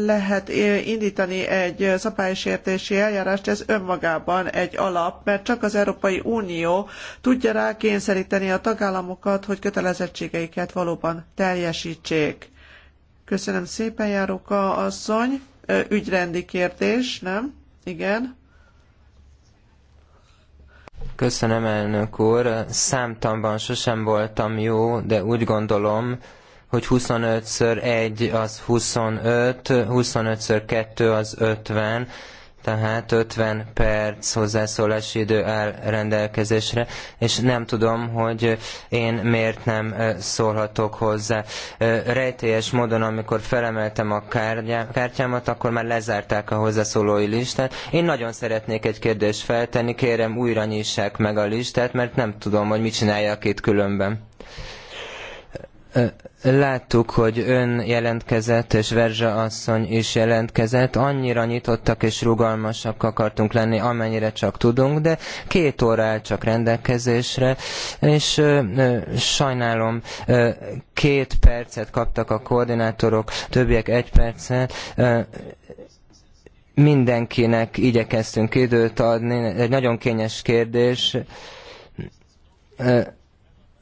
lehet indítani egy szabálysértési eljárást, ez önmagában egy alap, mert csak az Európai Unió tudja rá kényszeríteni a tagállamokat, hogy kötelezettségeiket valóban teljesítsék. Köszönöm szépen, Járóka asszony. Ügyrendi kérdés, nem? Igen. Köszönöm, elnök úr. Számtamban sosem voltam jó, de úgy gondolom, hogy 25 x 1 az 25, 25 x 2 az 50, tehát 50 perc hozzászólási idő áll rendelkezésre, és nem tudom, hogy én miért nem szólhatok hozzá. Rejtélyes módon, amikor felemeltem a kártyámat, akkor már lezárták a hozzászólói listát. Én nagyon szeretnék egy kérdést feltenni, kérem újra nyissák meg a listát, mert nem tudom, hogy mit csináljak itt különben. Láttuk, hogy ön jelentkezett, és Verzsa asszony is jelentkezett. Annyira nyitottak és rugalmasak akartunk lenni, amennyire csak tudunk, de két óra áll csak rendelkezésre, és ö, ö, sajnálom, ö, két percet kaptak a koordinátorok, többiek egy percet. Ö, mindenkinek igyekeztünk időt adni, egy nagyon kényes kérdés. Ö,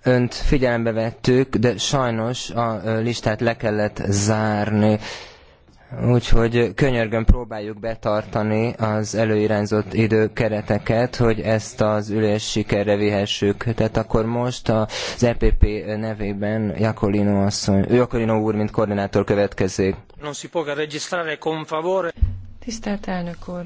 önt figyelembe vettük, de sajnos a listát le kellett zárni. Úgyhogy könyörgön próbáljuk betartani az előirányzott időkereteket, hogy ezt az ülés sikerre vihessük. Tehát akkor most az EPP nevében Jakolino, asszony, Jakolino úr, mint koordinátor következik. Tisztelt elnök úr!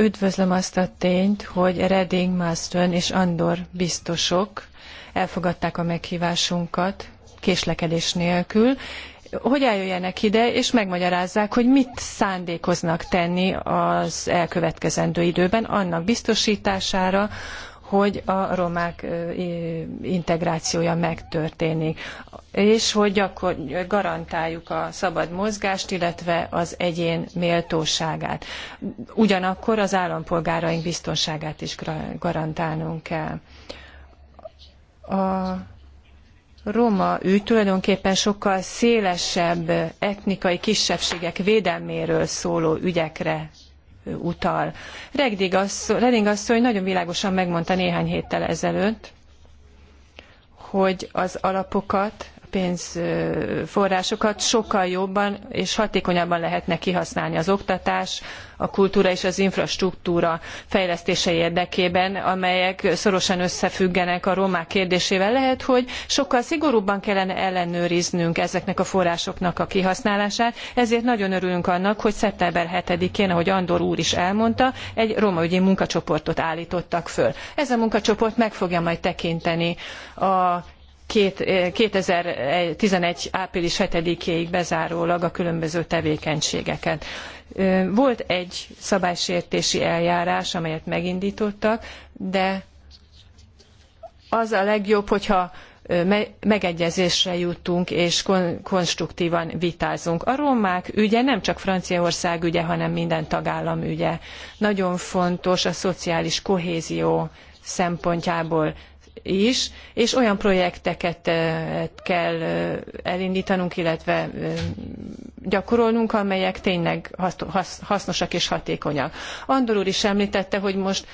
Üdvözlöm azt a tényt, hogy Reding, Marston és Andor biztosok elfogadták a meghívásunkat késlekedés nélkül, hogy eljöjjenek ide, és megmagyarázzák, hogy mit szándékoznak tenni az elkövetkezendő időben annak biztosítására, hogy a romák integrációja megtörténik, és hogy akkor garantáljuk a szabad mozgást, illetve az egyén méltóságát. Ugyanakkor az állampolgáraink biztonságát is garantálnunk kell. A roma ügy tulajdonképpen sokkal szélesebb etnikai kisebbségek védelméről szóló ügyekre utal. Reding asszony, asszony nagyon világosan megmondta néhány héttel ezelőtt, hogy az alapokat pénzforrásokat sokkal jobban és hatékonyabban lehetne kihasználni az oktatás, a kultúra és az infrastruktúra fejlesztése érdekében, amelyek szorosan összefüggenek a romák kérdésével. Lehet, hogy sokkal szigorúbban kellene ellenőriznünk ezeknek a forrásoknak a kihasználását, ezért nagyon örülünk annak, hogy szeptember 7-én, ahogy Andor úr is elmondta, egy romaügyi munkacsoportot állítottak föl. Ez a munkacsoport meg fogja majd tekinteni a 2011. Eh, április 7-ig bezárólag a különböző tevékenységeket. Volt egy szabálysértési eljárás, amelyet megindítottak, de az a legjobb, hogyha megegyezésre jutunk és konstruktívan vitázunk. A romák ügye nem csak Franciaország ügye, hanem minden tagállam ügye. Nagyon fontos a szociális kohézió szempontjából is, és olyan projekteket kell elindítanunk, illetve gyakorolnunk, amelyek tényleg hasznosak és hatékonyak. Andor úr is említette, hogy most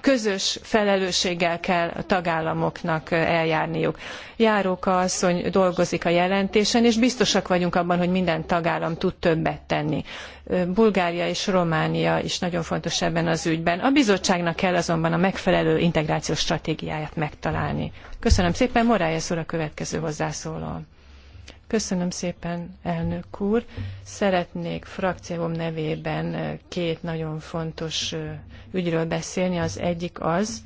közös felelősséggel kell a tagállamoknak eljárniuk. Járóka asszony dolgozik a jelentésen, és biztosak vagyunk abban, hogy minden tagállam tud többet tenni. Bulgária és Románia is nagyon fontos ebben az ügyben. A bizottságnak kell azonban a megfelelő integrációs stratégiáját megtalálni. Köszönöm szépen, Morályes úr a következő hozzászóló. Köszönöm szépen, elnök úr. Szeretnék frakcióm nevében két nagyon fontos ügyről beszélni. Az egyik az,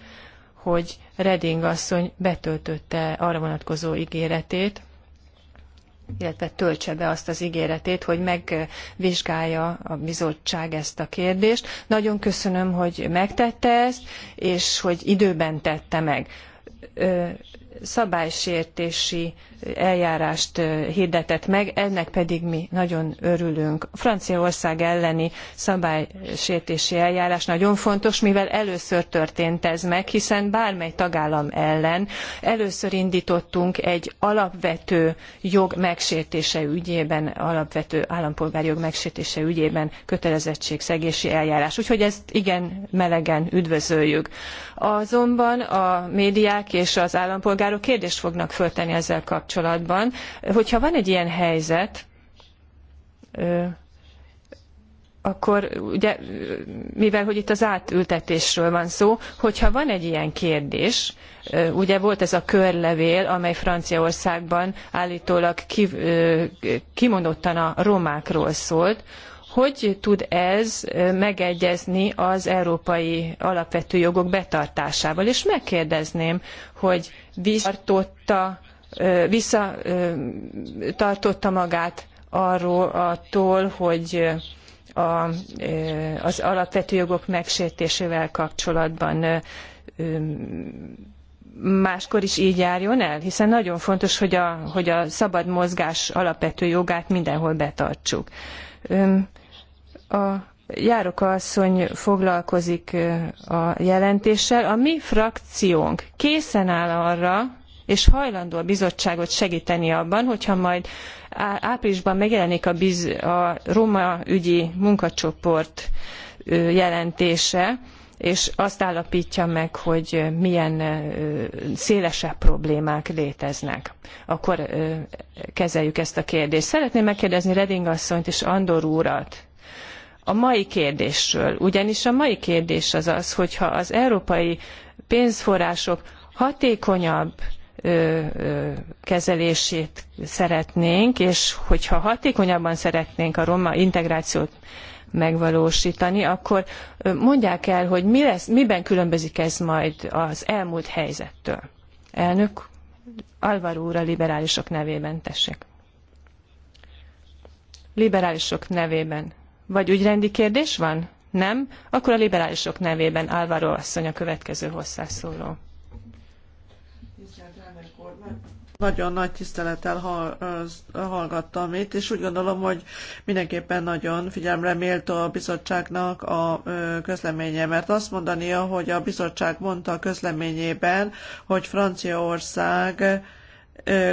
hogy Reding asszony betöltötte arra vonatkozó ígéretét, illetve töltse be azt az ígéretét, hogy megvizsgálja a bizottság ezt a kérdést. Nagyon köszönöm, hogy megtette ezt, és hogy időben tette meg szabálysértési eljárást hirdetett meg, ennek pedig mi nagyon örülünk. Franciaország elleni szabálysértési eljárás nagyon fontos, mivel először történt ez meg, hiszen bármely tagállam ellen először indítottunk egy alapvető jog megsértése ügyében, alapvető állampolgári jog megsértése ügyében kötelezettségszegési eljárás. Úgyhogy ezt igen melegen üdvözöljük. Azonban a médiák és az állampolgárok polgárok kérdést fognak föltenni ezzel kapcsolatban. Hogyha van egy ilyen helyzet, akkor ugye, mivel hogy itt az átültetésről van szó, hogyha van egy ilyen kérdés, ugye volt ez a körlevél, amely Franciaországban állítólag kimondottan a romákról szólt, hogy tud ez megegyezni az európai alapvető jogok betartásával? És megkérdezném, hogy visszatartotta, visszatartotta magát arról attól, hogy a, az alapvető jogok megsértésével kapcsolatban máskor is így járjon el? Hiszen nagyon fontos, hogy a, hogy a szabad mozgás alapvető jogát mindenhol betartsuk a Járóka asszony foglalkozik a jelentéssel. A mi frakciónk készen áll arra, és hajlandó a bizottságot segíteni abban, hogyha majd áprilisban megjelenik a, biz, a Roma ügyi munkacsoport jelentése, és azt állapítja meg, hogy milyen szélesebb problémák léteznek. Akkor kezeljük ezt a kérdést. Szeretném megkérdezni Reding asszonyt és Andor úrat, a mai kérdésről. Ugyanis a mai kérdés az az, hogy ha az európai pénzforrások hatékonyabb kezelését szeretnénk, és hogyha hatékonyabban szeretnénk a roma integrációt megvalósítani, akkor mondják el, hogy mi lesz, miben különbözik ez majd az elmúlt helyzettől. Elnök Alvaro úr a liberálisok nevében, tessék. Liberálisok nevében vagy ügyrendi kérdés van? Nem? Akkor a liberálisok nevében Álvaro asszony a következő hozzászóló. Nagyon nagy tisztelettel hallgattam itt, és úgy gondolom, hogy mindenképpen nagyon figyelemre méltó a bizottságnak a közleménye, mert azt mondania, hogy a bizottság mondta a közleményében, hogy Franciaország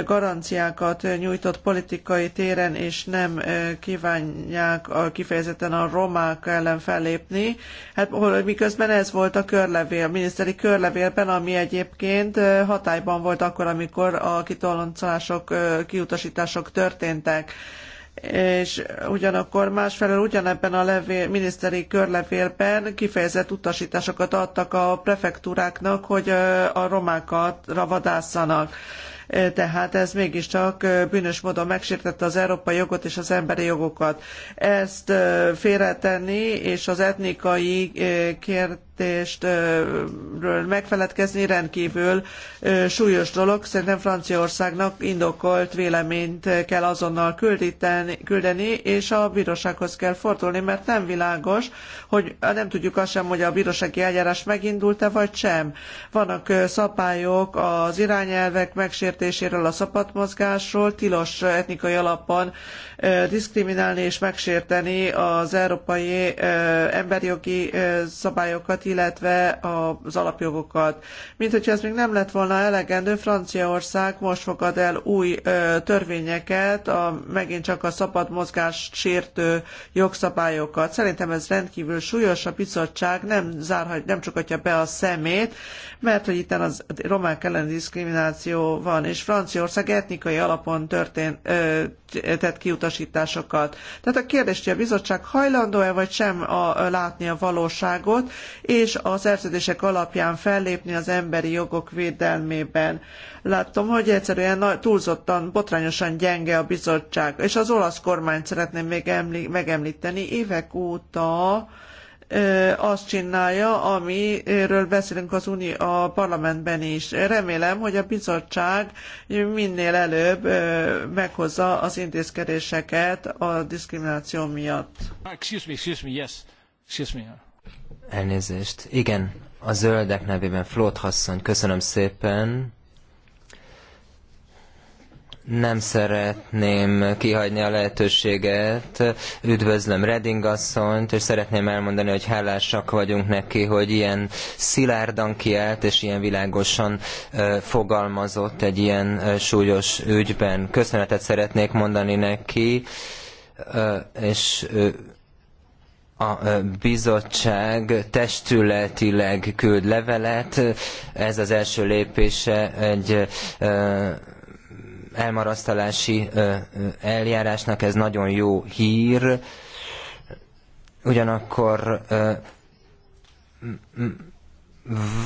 garanciákat nyújtott politikai téren, és nem kívánják a, kifejezetten a romák ellen fellépni. Hát miközben ez volt a körlevél, a miniszteri körlevélben, ami egyébként hatályban volt akkor, amikor a kitoloncolások, kiutasítások történtek és ugyanakkor másfelől ugyanebben a levél, miniszteri körlevélben kifejezett utasításokat adtak a prefektúráknak, hogy a romákat ravadásszanak. E, tehát ez mégiscsak e, bűnös módon megsértette az európai jogot és az emberi jogokat. Ezt e, félretenni és az etnikai kérdést megfeledkezésről megfeledkezni rendkívül súlyos dolog. Szerintem Franciaországnak indokolt véleményt kell azonnal küldeni, és a bírósághoz kell fordulni, mert nem világos, hogy nem tudjuk azt sem, hogy a bírósági eljárás megindult-e vagy sem. Vannak szabályok az irányelvek megsértéséről, a szabadmozgásról, tilos etnikai alapon diszkriminálni és megsérteni az európai emberjogi szabályokat, illetve az alapjogokat. Mint hogyha ez még nem lett volna elegendő, Franciaország most fogad el új törvényeket, a, megint csak a szabad mozgást sértő jogszabályokat. Szerintem ez rendkívül súlyos, a bizottság nem, zárhat, nem csukatja be a szemét, mert hogy itt az romák elleni diszkrimináció van, és Franciaország etnikai alapon történt, tett kiutas utasításokat. Tehát a kérdés, hogy a bizottság hajlandó-e vagy sem a, látni a valóságot, és a szerződések alapján fellépni az emberi jogok védelmében. Láttam, hogy egyszerűen túlzottan, botrányosan gyenge a bizottság, és az olasz kormányt szeretném még emli- megemlíteni évek óta azt csinálja, amiről beszélünk az Unió a parlamentben is. Remélem, hogy a bizottság minél előbb meghozza az intézkedéseket a diszkrimináció miatt. Excuse me, excuse me, yes. Excuse me. Elnézést. Igen, a zöldek nevében Flót Hasszony, köszönöm szépen nem szeretném kihagyni a lehetőséget. Üdvözlöm Reding asszonyt, és szeretném elmondani, hogy hálásak vagyunk neki, hogy ilyen szilárdan kiállt, és ilyen világosan fogalmazott egy ilyen súlyos ügyben. Köszönetet szeretnék mondani neki, és a bizottság testületileg küld levelet. Ez az első lépése egy elmarasztalási eljárásnak ez nagyon jó hír, ugyanakkor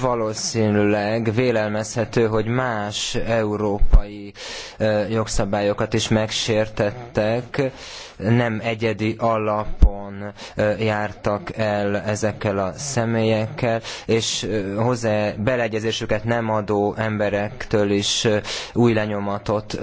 valószínűleg vélelmezhető, hogy más európai jogszabályokat is megsértettek, nem egyedi alapon jártak el ezekkel a személyekkel, és hozzá beleegyezésüket nem adó emberektől is új lenyomatot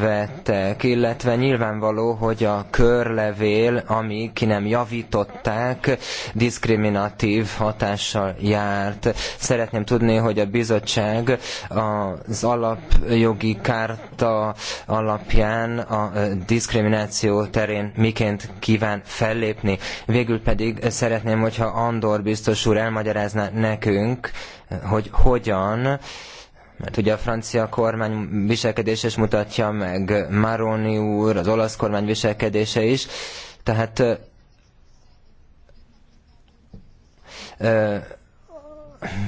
vettek, illetve nyilvánvaló, hogy a körlevél, ami ki nem javították, diszkriminatív hatással járt. Szeretném tudni, hogy a bizottság az alapjogi kárta alapján a diszkrimináció terén terén miként kíván fellépni. Végül pedig szeretném, hogyha Andor biztos úr elmagyarázná nekünk, hogy hogyan mert ugye a francia kormány viselkedése is mutatja meg Maroni úr, az olasz kormány viselkedése is, tehát ö,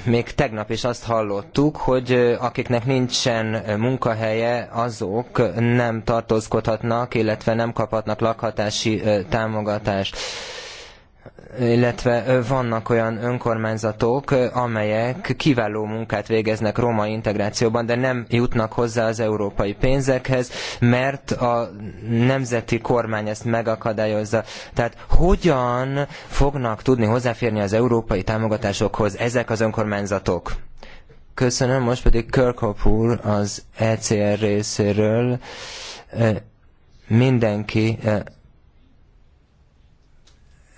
még tegnap is azt hallottuk, hogy akiknek nincsen munkahelye, azok nem tartózkodhatnak, illetve nem kaphatnak lakhatási támogatást illetve vannak olyan önkormányzatok, amelyek kiváló munkát végeznek roma integrációban, de nem jutnak hozzá az európai pénzekhez, mert a nemzeti kormány ezt megakadályozza. Tehát hogyan fognak tudni hozzáférni az európai támogatásokhoz ezek az önkormányzatok? Köszönöm, most pedig Kirkhope úr az ECR részéről mindenki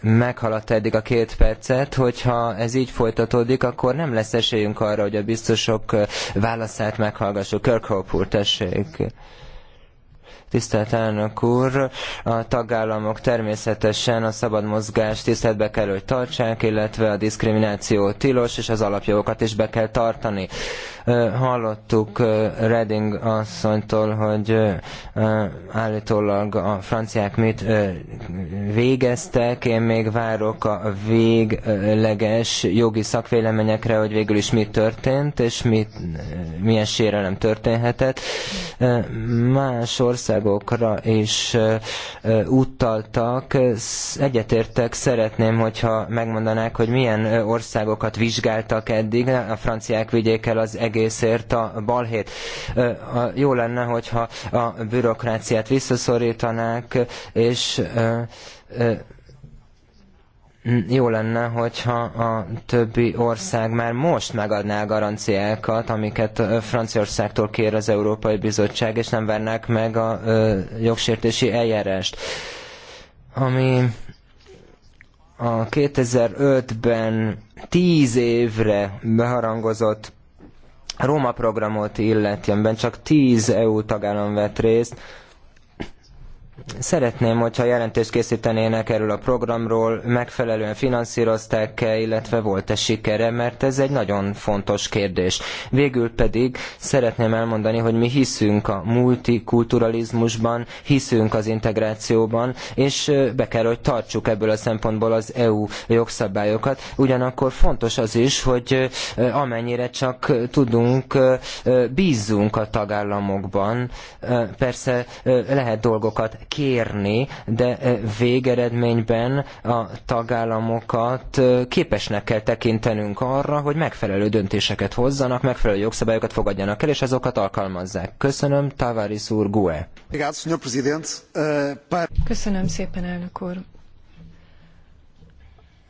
meghaladta eddig a két percet, hogyha ez így folytatódik, akkor nem lesz esélyünk arra, hogy a biztosok válaszát meghallgassuk. Kirkhope úr, tessék. Tisztelt elnök úr, a tagállamok természetesen a szabad mozgást tiszteletbe kell, hogy tartsák, illetve a diszkrimináció tilos, és az alapjogokat is be kell tartani. Hallottuk Reding asszonytól, hogy állítólag a franciák mit végeztek, én még várok a végleges jogi szakvéleményekre, hogy végül is mi történt, és mit, milyen sérelem történhetett. Más ország országokra is utaltak. Egyetértek, szeretném, hogyha megmondanák, hogy milyen országokat vizsgáltak eddig. A franciák vigyék el az egészért a balhét. Jó lenne, hogyha a bürokráciát visszaszorítanák, és jó lenne, hogyha a többi ország már most megadná a garanciákat, amiket Franciaországtól kér az Európai Bizottság, és nem vernek meg a jogsértési eljárást. Ami a 2005-ben 10 évre beharangozott Róma programot illeti, amiben csak 10 EU tagállam vett részt, Szeretném, hogyha jelentést készítenének erről a programról, megfelelően finanszírozták-e, illetve volt-e sikere, mert ez egy nagyon fontos kérdés. Végül pedig szeretném elmondani, hogy mi hiszünk a multikulturalizmusban, hiszünk az integrációban, és be kell, hogy tartsuk ebből a szempontból az EU jogszabályokat. Ugyanakkor fontos az is, hogy amennyire csak tudunk, bízzunk a tagállamokban. Persze lehet dolgokat kérni, de eh, végeredményben a tagállamokat eh, képesnek kell tekintenünk arra, hogy megfelelő döntéseket hozzanak, megfelelő jogszabályokat fogadjanak el, és azokat alkalmazzák. Köszönöm, Tavares úr Gue. Eh, Köszönöm szépen, elnök úr.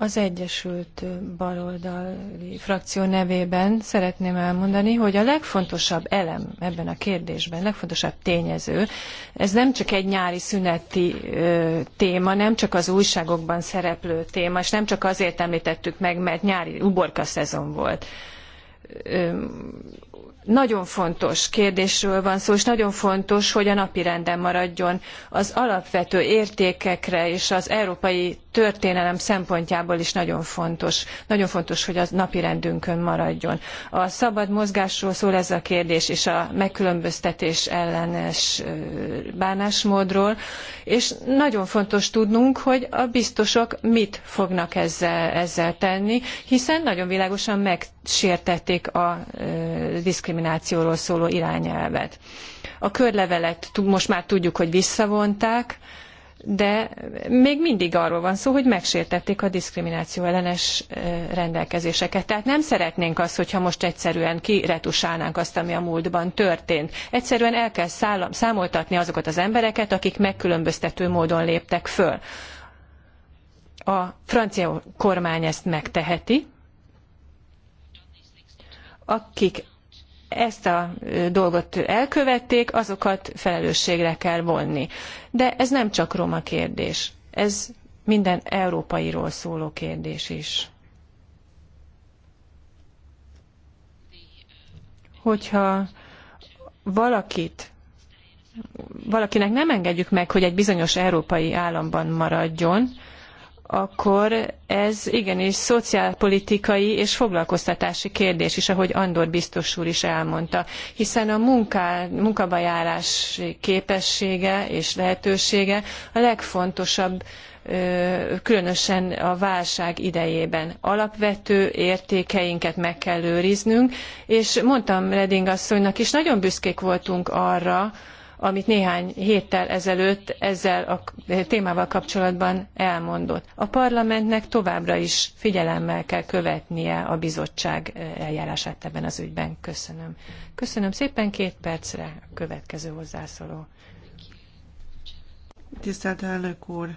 Az Egyesült Baloldali frakció nevében szeretném elmondani, hogy a legfontosabb elem ebben a kérdésben, legfontosabb tényező, ez nem csak egy nyári szüneti ö, téma, nem csak az újságokban szereplő téma, és nem csak azért említettük meg, mert nyári uborka szezon volt. Ö, nagyon fontos kérdésről van szó, és nagyon fontos, hogy a napirenden maradjon az alapvető értékekre és az európai történelem szempontjából is nagyon fontos. Nagyon fontos, hogy az napirendünkön maradjon. A szabad mozgásról szól ez a kérdés, és a megkülönböztetés ellenes bánásmódról, és nagyon fontos tudnunk, hogy a biztosok mit fognak ezzel, ezzel tenni, hiszen nagyon világosan megsértették a diszkriminációról szóló irányelvet. A körlevelet most már tudjuk, hogy visszavonták, de még mindig arról van szó, hogy megsértették a diszkrimináció ellenes rendelkezéseket. Tehát nem szeretnénk azt, hogyha most egyszerűen kiretusálnánk azt, ami a múltban történt. Egyszerűen el kell számoltatni azokat az embereket, akik megkülönböztető módon léptek föl. A francia kormány ezt megteheti, akik ezt a dolgot elkövették, azokat felelősségre kell vonni. De ez nem csak roma kérdés, ez minden európairól szóló kérdés is. Hogyha valakit valakinek nem engedjük meg, hogy egy bizonyos európai államban maradjon, akkor ez igenis szociálpolitikai és foglalkoztatási kérdés is, ahogy Andor biztos úr is elmondta, hiszen a munká, munkabajárás képessége és lehetősége a legfontosabb különösen a válság idejében. Alapvető értékeinket meg kell őriznünk, és mondtam Reding asszonynak is, nagyon büszkék voltunk arra, amit néhány héttel ezelőtt ezzel a témával kapcsolatban elmondott. A parlamentnek továbbra is figyelemmel kell követnie a bizottság eljárását ebben az ügyben. Köszönöm. Köszönöm szépen két percre a következő hozzászóló. Tisztelt elnök úr!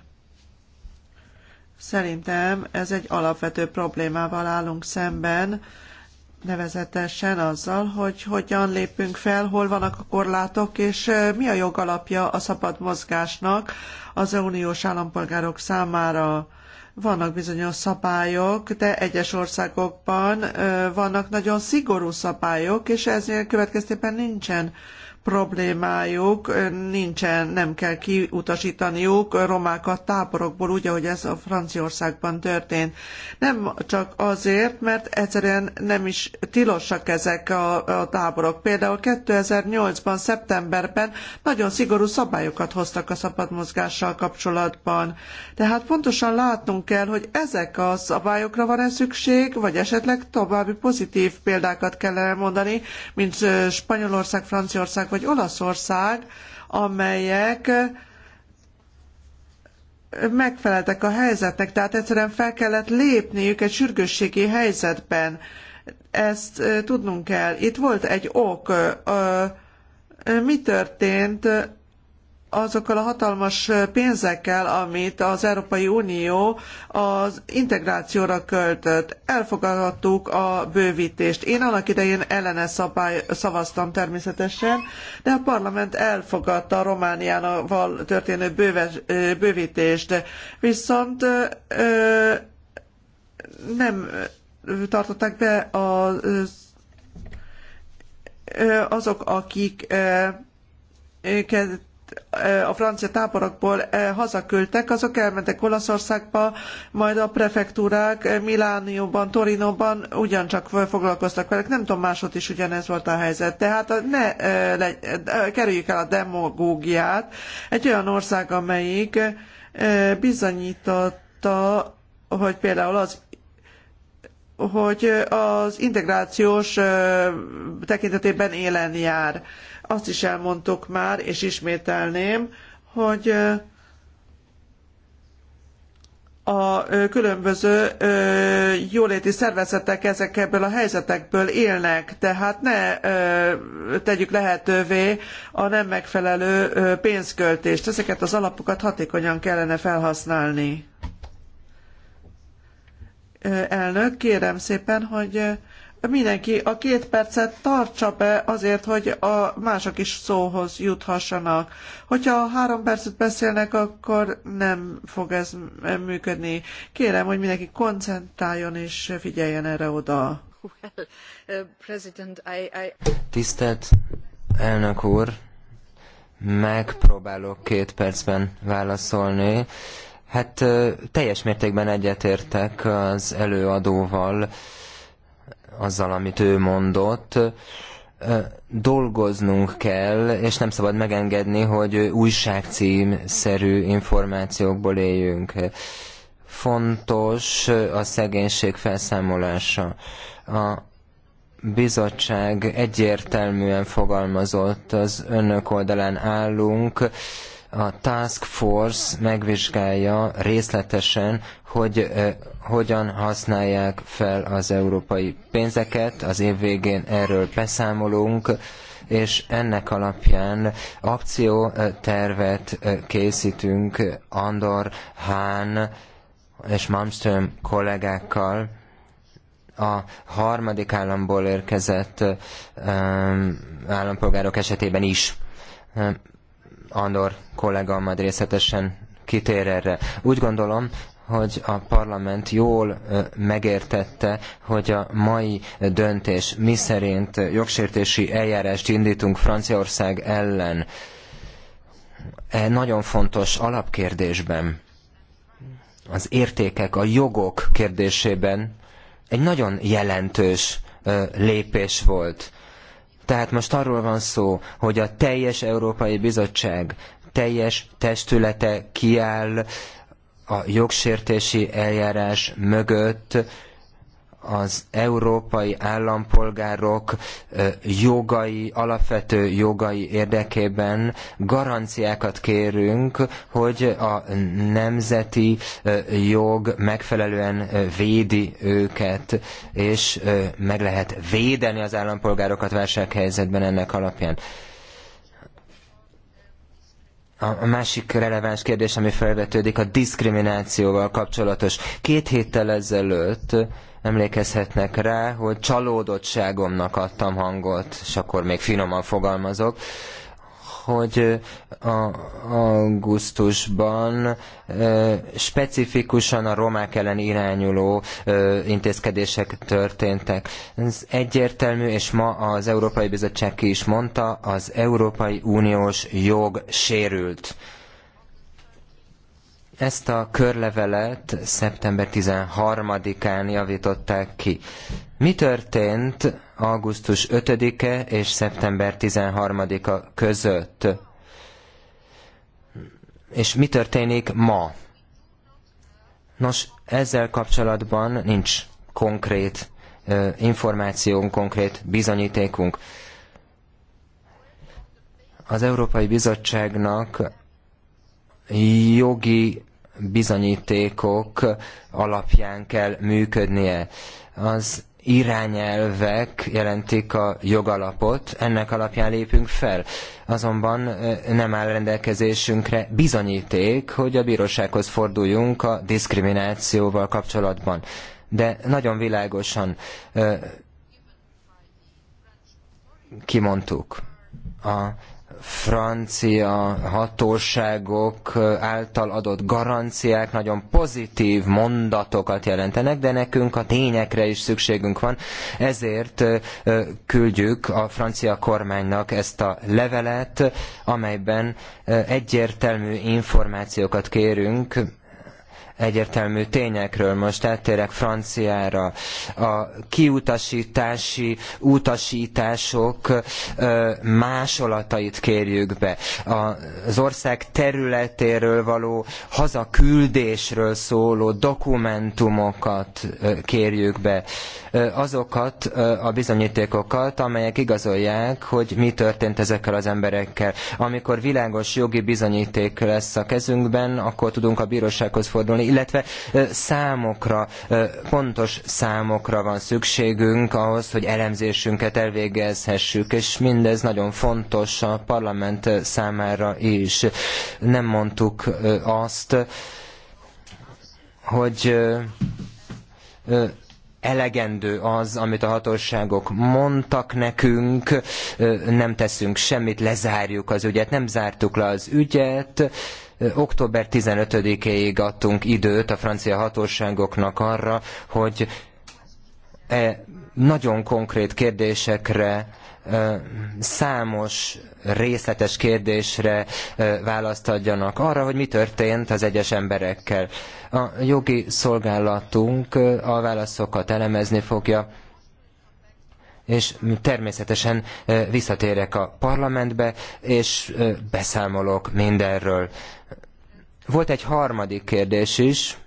Szerintem ez egy alapvető problémával állunk szemben, nevezetesen azzal, hogy hogyan lépünk fel, hol vannak a korlátok, és mi a jogalapja a szabad mozgásnak az uniós állampolgárok számára. Vannak bizonyos szabályok, de egyes országokban vannak nagyon szigorú szabályok, és ezért következtében nincsen problémájuk, nincsen, nem kell kiutasítaniuk romákat táborokból, úgy, ahogy ez a Franciaországban történt. Nem csak azért, mert egyszerűen nem is tilosak ezek a, a táborok. Például 2008-ban, szeptemberben nagyon szigorú szabályokat hoztak a szabad mozgással kapcsolatban. Tehát pontosan látnunk kell, hogy ezek a szabályokra van-e szükség, vagy esetleg további pozitív példákat kellene mondani, mint Spanyolország, Franciaország vagy Olaszország, amelyek megfeleltek a helyzetnek, tehát egyszerűen fel kellett lépniük egy sürgősségi helyzetben. Ezt tudnunk kell. Itt volt egy ok. Mi történt azokkal a hatalmas pénzekkel, amit az Európai Unió az integrációra költött. Elfogadhattuk a bővítést. Én annak idején ellene szabály, szavaztam természetesen, de a parlament elfogadta a Romániával történő bőves, bővítést. Viszont nem tartották be azok, akik a francia táborokból hazaküldtek, azok elmentek Olaszországba, majd a prefektúrák Milánióban, Torinóban ugyancsak foglalkoztak velük. Nem tudom, máshogy is ugyanez volt a helyzet. Tehát ne le, kerüljük el a demagógiát. Egy olyan ország, amelyik bizonyította, hogy például az hogy az integrációs tekintetében élen jár azt is elmondtuk már, és ismételném, hogy a különböző jóléti szervezetek ezek ebből a helyzetekből élnek, tehát ne tegyük lehetővé a nem megfelelő pénzköltést. Ezeket az alapokat hatékonyan kellene felhasználni. Elnök, kérem szépen, hogy mindenki a két percet tartsa be azért, hogy a mások is szóhoz juthassanak. Hogyha három percet beszélnek, akkor nem fog ez működni. Kérem, hogy mindenki koncentráljon és figyeljen erre oda. Uh, Tisztelt elnök úr, megpróbálok két percben válaszolni. Hát uh, teljes mértékben egyetértek az előadóval azzal, amit ő mondott, dolgoznunk kell, és nem szabad megengedni, hogy újságcím-szerű információkból éljünk. Fontos a szegénység felszámolása. A bizottság egyértelműen fogalmazott, az önök oldalán állunk, a Task Force megvizsgálja részletesen, hogy hogyan használják fel az európai pénzeket. Az év végén erről beszámolunk, és ennek alapján akciótervet készítünk Andor, Hán és Malmström kollégákkal, a harmadik államból érkezett állampolgárok esetében is. Andor kollega, majd részletesen kitér erre. Úgy gondolom, hogy a parlament jól megértette, hogy a mai döntés miszerint jogsértési eljárást indítunk Franciaország ellen e nagyon fontos alapkérdésben, az értékek, a jogok kérdésében egy nagyon jelentős lépés volt tehát most arról van szó, hogy a teljes Európai Bizottság teljes testülete kiáll a jogsértési eljárás mögött, az európai állampolgárok jogai, alapvető jogai érdekében garanciákat kérünk, hogy a nemzeti jog megfelelően védi őket, és meg lehet védeni az állampolgárokat válsághelyzetben ennek alapján. A másik releváns kérdés, ami felvetődik, a diszkriminációval kapcsolatos. Két héttel ezelőtt emlékezhetnek rá, hogy csalódottságomnak adtam hangot, és akkor még finoman fogalmazok, hogy a, augusztusban ö, specifikusan a romák ellen irányuló ö, intézkedések történtek. Ez egyértelmű, és ma az Európai Bizottság ki is mondta, az Európai Uniós jog sérült. Ezt a körlevelet szeptember 13-án javították ki. Mi történt augusztus 5-e és szeptember 13-a között? És mi történik ma? Nos, ezzel kapcsolatban nincs konkrét ö, információnk, konkrét bizonyítékunk. Az Európai Bizottságnak jogi bizonyítékok alapján kell működnie. Az irányelvek jelentik a jogalapot, ennek alapján lépünk fel. Azonban nem áll rendelkezésünkre bizonyíték, hogy a bírósághoz forduljunk a diszkriminációval kapcsolatban. De nagyon világosan kimondtuk. A francia hatóságok által adott garanciák nagyon pozitív mondatokat jelentenek, de nekünk a tényekre is szükségünk van, ezért küldjük a francia kormánynak ezt a levelet, amelyben egyértelmű információkat kérünk egyértelmű tényekről. Most áttérek franciára. A kiutasítási utasítások másolatait kérjük be. Az ország területéről való hazaküldésről szóló dokumentumokat kérjük be. Azokat a bizonyítékokat, amelyek igazolják, hogy mi történt ezekkel az emberekkel. Amikor világos jogi bizonyíték lesz a kezünkben, akkor tudunk a bírósághoz fordulni, illetve számokra, pontos számokra van szükségünk ahhoz, hogy elemzésünket elvégezhessük, és mindez nagyon fontos a parlament számára is. Nem mondtuk azt, hogy elegendő az, amit a hatóságok mondtak nekünk, nem teszünk semmit, lezárjuk az ügyet, nem zártuk le az ügyet, Október 15-éig adtunk időt a francia hatóságoknak arra, hogy e nagyon konkrét kérdésekre e számos részletes kérdésre e választ adjanak arra, hogy mi történt az egyes emberekkel. A jogi szolgálatunk e, a válaszokat elemezni fogja, és természetesen visszatérek a parlamentbe, és beszámolok mindenről. Volt egy harmadik kérdés is,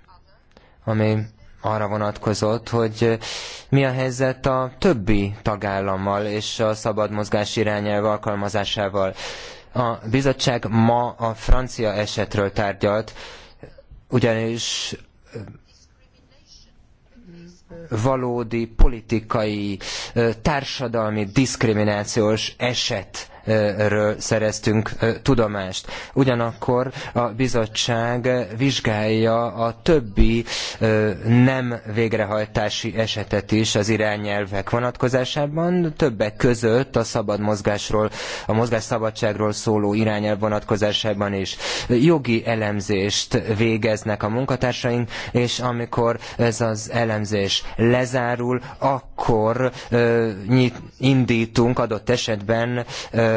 ami arra vonatkozott, hogy mi a helyzet a többi tagállammal és a szabad mozgás irányelv alkalmazásával. A bizottság ma a francia esetről tárgyalt, ugyanis valódi politikai, társadalmi diszkriminációs eset ről szereztünk tudomást. Ugyanakkor a bizottság vizsgálja a többi nem végrehajtási esetet is az irányelvek vonatkozásában, többek között a szabad mozgásról, a mozgásszabadságról szóló irányelv vonatkozásában is jogi elemzést végeznek a munkatársaink, és amikor ez az elemzés lezárul, akkor ö, nyit, indítunk adott esetben ö,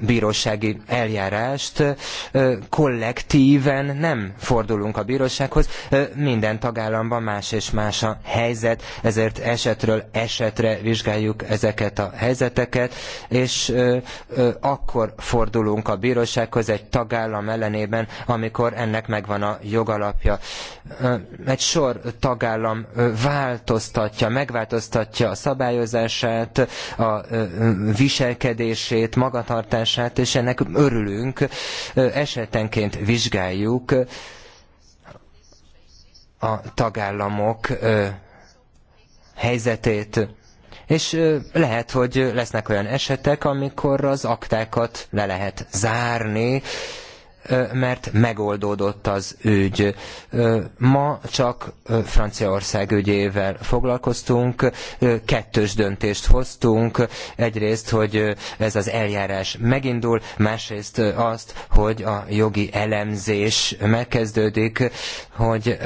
bírósági eljárást, kollektíven nem fordulunk a bírósághoz, minden tagállamban más és más a helyzet, ezért esetről esetre vizsgáljuk ezeket a helyzeteket, és akkor fordulunk a bírósághoz egy tagállam ellenében, amikor ennek megvan a jogalapja. Egy sor tagállam változtatja, megváltoztatja a szabályozását, a viselkedését, magatartását, hatását, és ennek örülünk, esetenként vizsgáljuk a tagállamok helyzetét. És lehet, hogy lesznek olyan esetek, amikor az aktákat le lehet zárni, mert megoldódott az ügy. Ma csak Franciaország ügyével foglalkoztunk, kettős döntést hoztunk. Egyrészt, hogy ez az eljárás megindul, másrészt azt, hogy a jogi elemzés megkezdődik, hogy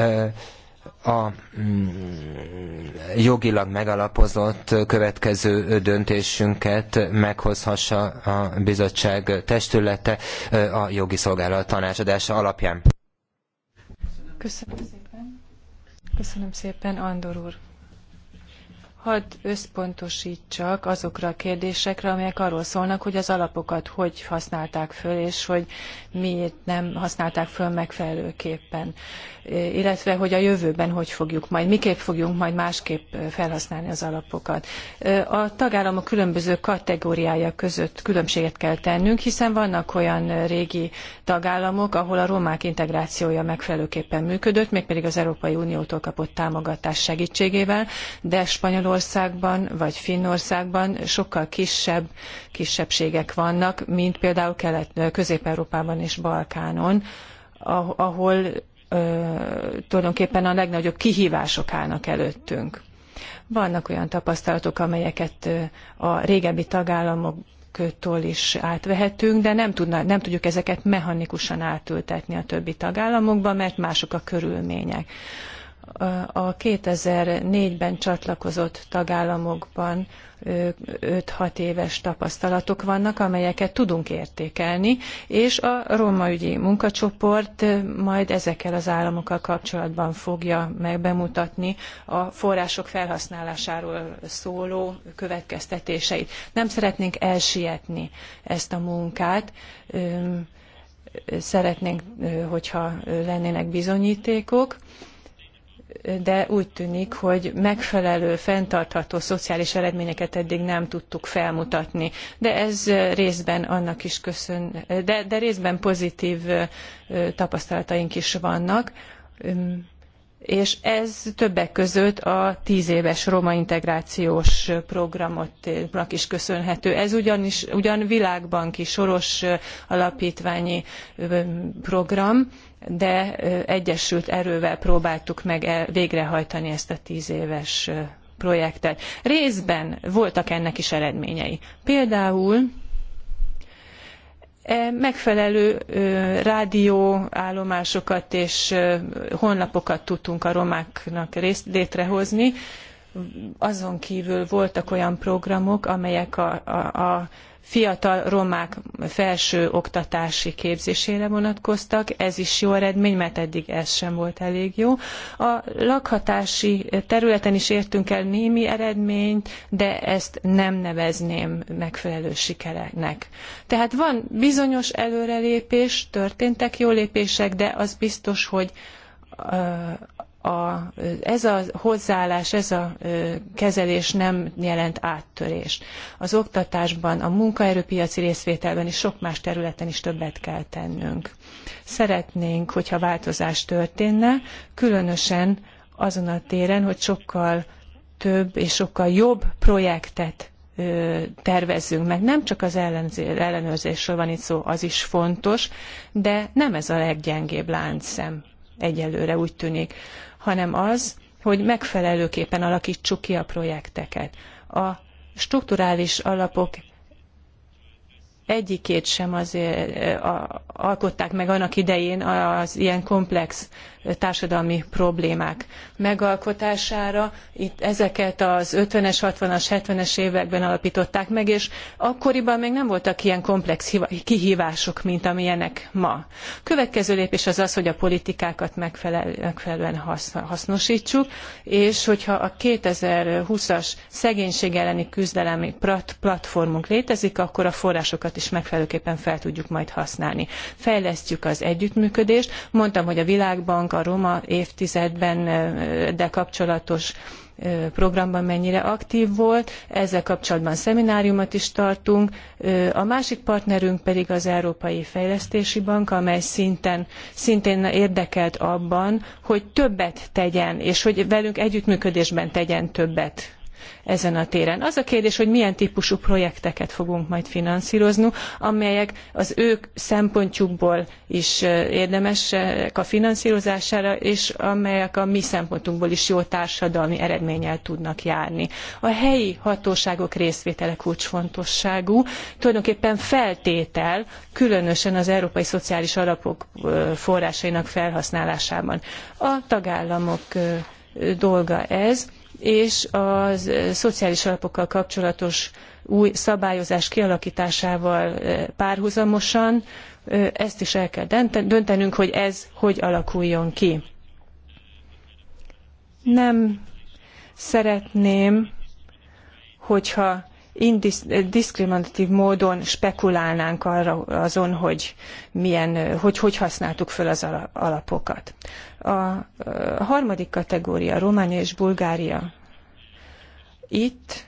a mm, jogilag megalapozott következő döntésünket meghozhassa a bizottság testülete a jogi szolgálat tanácsadása alapján. Köszönöm szépen. Köszönöm szépen, Andor úr. Hadd összpontosítsak azokra a kérdésekre, amelyek arról szólnak, hogy az alapokat hogy használták föl, és hogy miért nem használták föl megfelelőképpen, e, illetve hogy a jövőben hogy fogjuk majd, miképp fogjuk majd másképp e, felhasználni az alapokat. E, a tagállamok különböző kategóriája között különbséget kell tennünk, hiszen vannak olyan régi tagállamok, ahol a romák integrációja megfelelőképpen működött, mégpedig az Európai Uniótól kapott támogatás segítségével, de Spanyolország Svédországban vagy Finnországban sokkal kisebb kisebbségek vannak, mint például Kelet, Közép-Európában és Balkánon, ah, ahol ö, tulajdonképpen a legnagyobb kihívások állnak előttünk. Vannak olyan tapasztalatok, amelyeket a régebbi tagállamok köttől is átvehetünk, de nem, tudna, nem tudjuk ezeket mechanikusan átültetni a többi tagállamokba, mert mások a körülmények a 2004-ben csatlakozott tagállamokban 5-6 éves tapasztalatok vannak, amelyeket tudunk értékelni, és a Róma ügyi munkacsoport majd ezekkel az államokkal kapcsolatban fogja megbemutatni a források felhasználásáról szóló következtetéseit. Nem szeretnénk elsietni ezt a munkát, szeretnénk, hogyha lennének bizonyítékok, de úgy tűnik, hogy megfelelő, fenntartható szociális eredményeket eddig nem tudtuk felmutatni. De ez részben annak is köszön, de, de részben pozitív tapasztalataink is vannak és ez többek között a tíz éves roma integrációs programotnak is köszönhető. Ez ugyanis ugyan világbanki soros alapítványi program, de egyesült erővel próbáltuk meg végrehajtani ezt a tíz éves projektet. Részben voltak ennek is eredményei. Például e, megfelelő rádióállomásokat és honlapokat tudtunk a romáknak részt létrehozni. Azon kívül voltak olyan programok, amelyek a, a, a fiatal romák felsőoktatási képzésére vonatkoztak. Ez is jó eredmény, mert eddig ez sem volt elég jó. A lakhatási területen is értünk el némi eredményt, de ezt nem nevezném megfelelő sikereknek. Tehát van bizonyos előrelépés, történtek jó lépések, de az biztos, hogy a, ez a hozzáállás, ez a kezelés nem jelent áttörést. Az oktatásban, a munkaerőpiaci részvételben és sok más területen is többet kell tennünk. Szeretnénk, hogyha változás történne, különösen azon a téren, hogy sokkal több és sokkal jobb projektet tervezzünk meg. Nem csak az ellenőrzésről van itt szó, az is fontos, de nem ez a leggyengébb láncszem egyelőre úgy tűnik hanem az, hogy megfelelőképpen alakítsuk ki a projekteket. A strukturális alapok egyikét sem azért eh, alkották meg annak idején az ilyen komplex társadalmi problémák megalkotására. Itt ezeket az 50-es, 60-as, 70-es években alapították meg, és akkoriban még nem voltak ilyen komplex kihívások, mint amilyenek ma. Következő lépés az az, hogy a politikákat megfelelően hasznosítsuk, és hogyha a 2020-as szegénység elleni küzdelemi platformunk létezik, akkor a forrásokat is megfelelőképpen fel tudjuk majd használni. Fejlesztjük az együttműködést. Mondtam, hogy a világban beszélünk a Roma évtizedben de kapcsolatos programban mennyire aktív volt. Ezzel kapcsolatban szemináriumot is tartunk. A másik partnerünk pedig az Európai Fejlesztési Bank, amely szinten, szintén érdekelt abban, hogy többet tegyen, és hogy velünk együttműködésben tegyen többet ezen a téren. Az a kérdés, hogy milyen típusú projekteket fogunk majd finanszírozni, amelyek az ők szempontjukból is érdemesek a finanszírozására, és amelyek a mi szempontunkból is jó társadalmi eredménnyel tudnak járni. A helyi hatóságok részvétele kulcsfontosságú, tulajdonképpen feltétel, különösen az európai szociális alapok forrásainak felhasználásában. A tagállamok dolga ez, és a szociális alapokkal kapcsolatos új szabályozás kialakításával párhuzamosan ezt is el kell döntenünk, hogy ez hogy alakuljon ki. Nem szeretném, hogyha diszkriminatív módon spekulálnánk arra azon, hogy, milyen, hogy hogy használtuk föl az alapokat. A harmadik kategória, Románia és Bulgária. Itt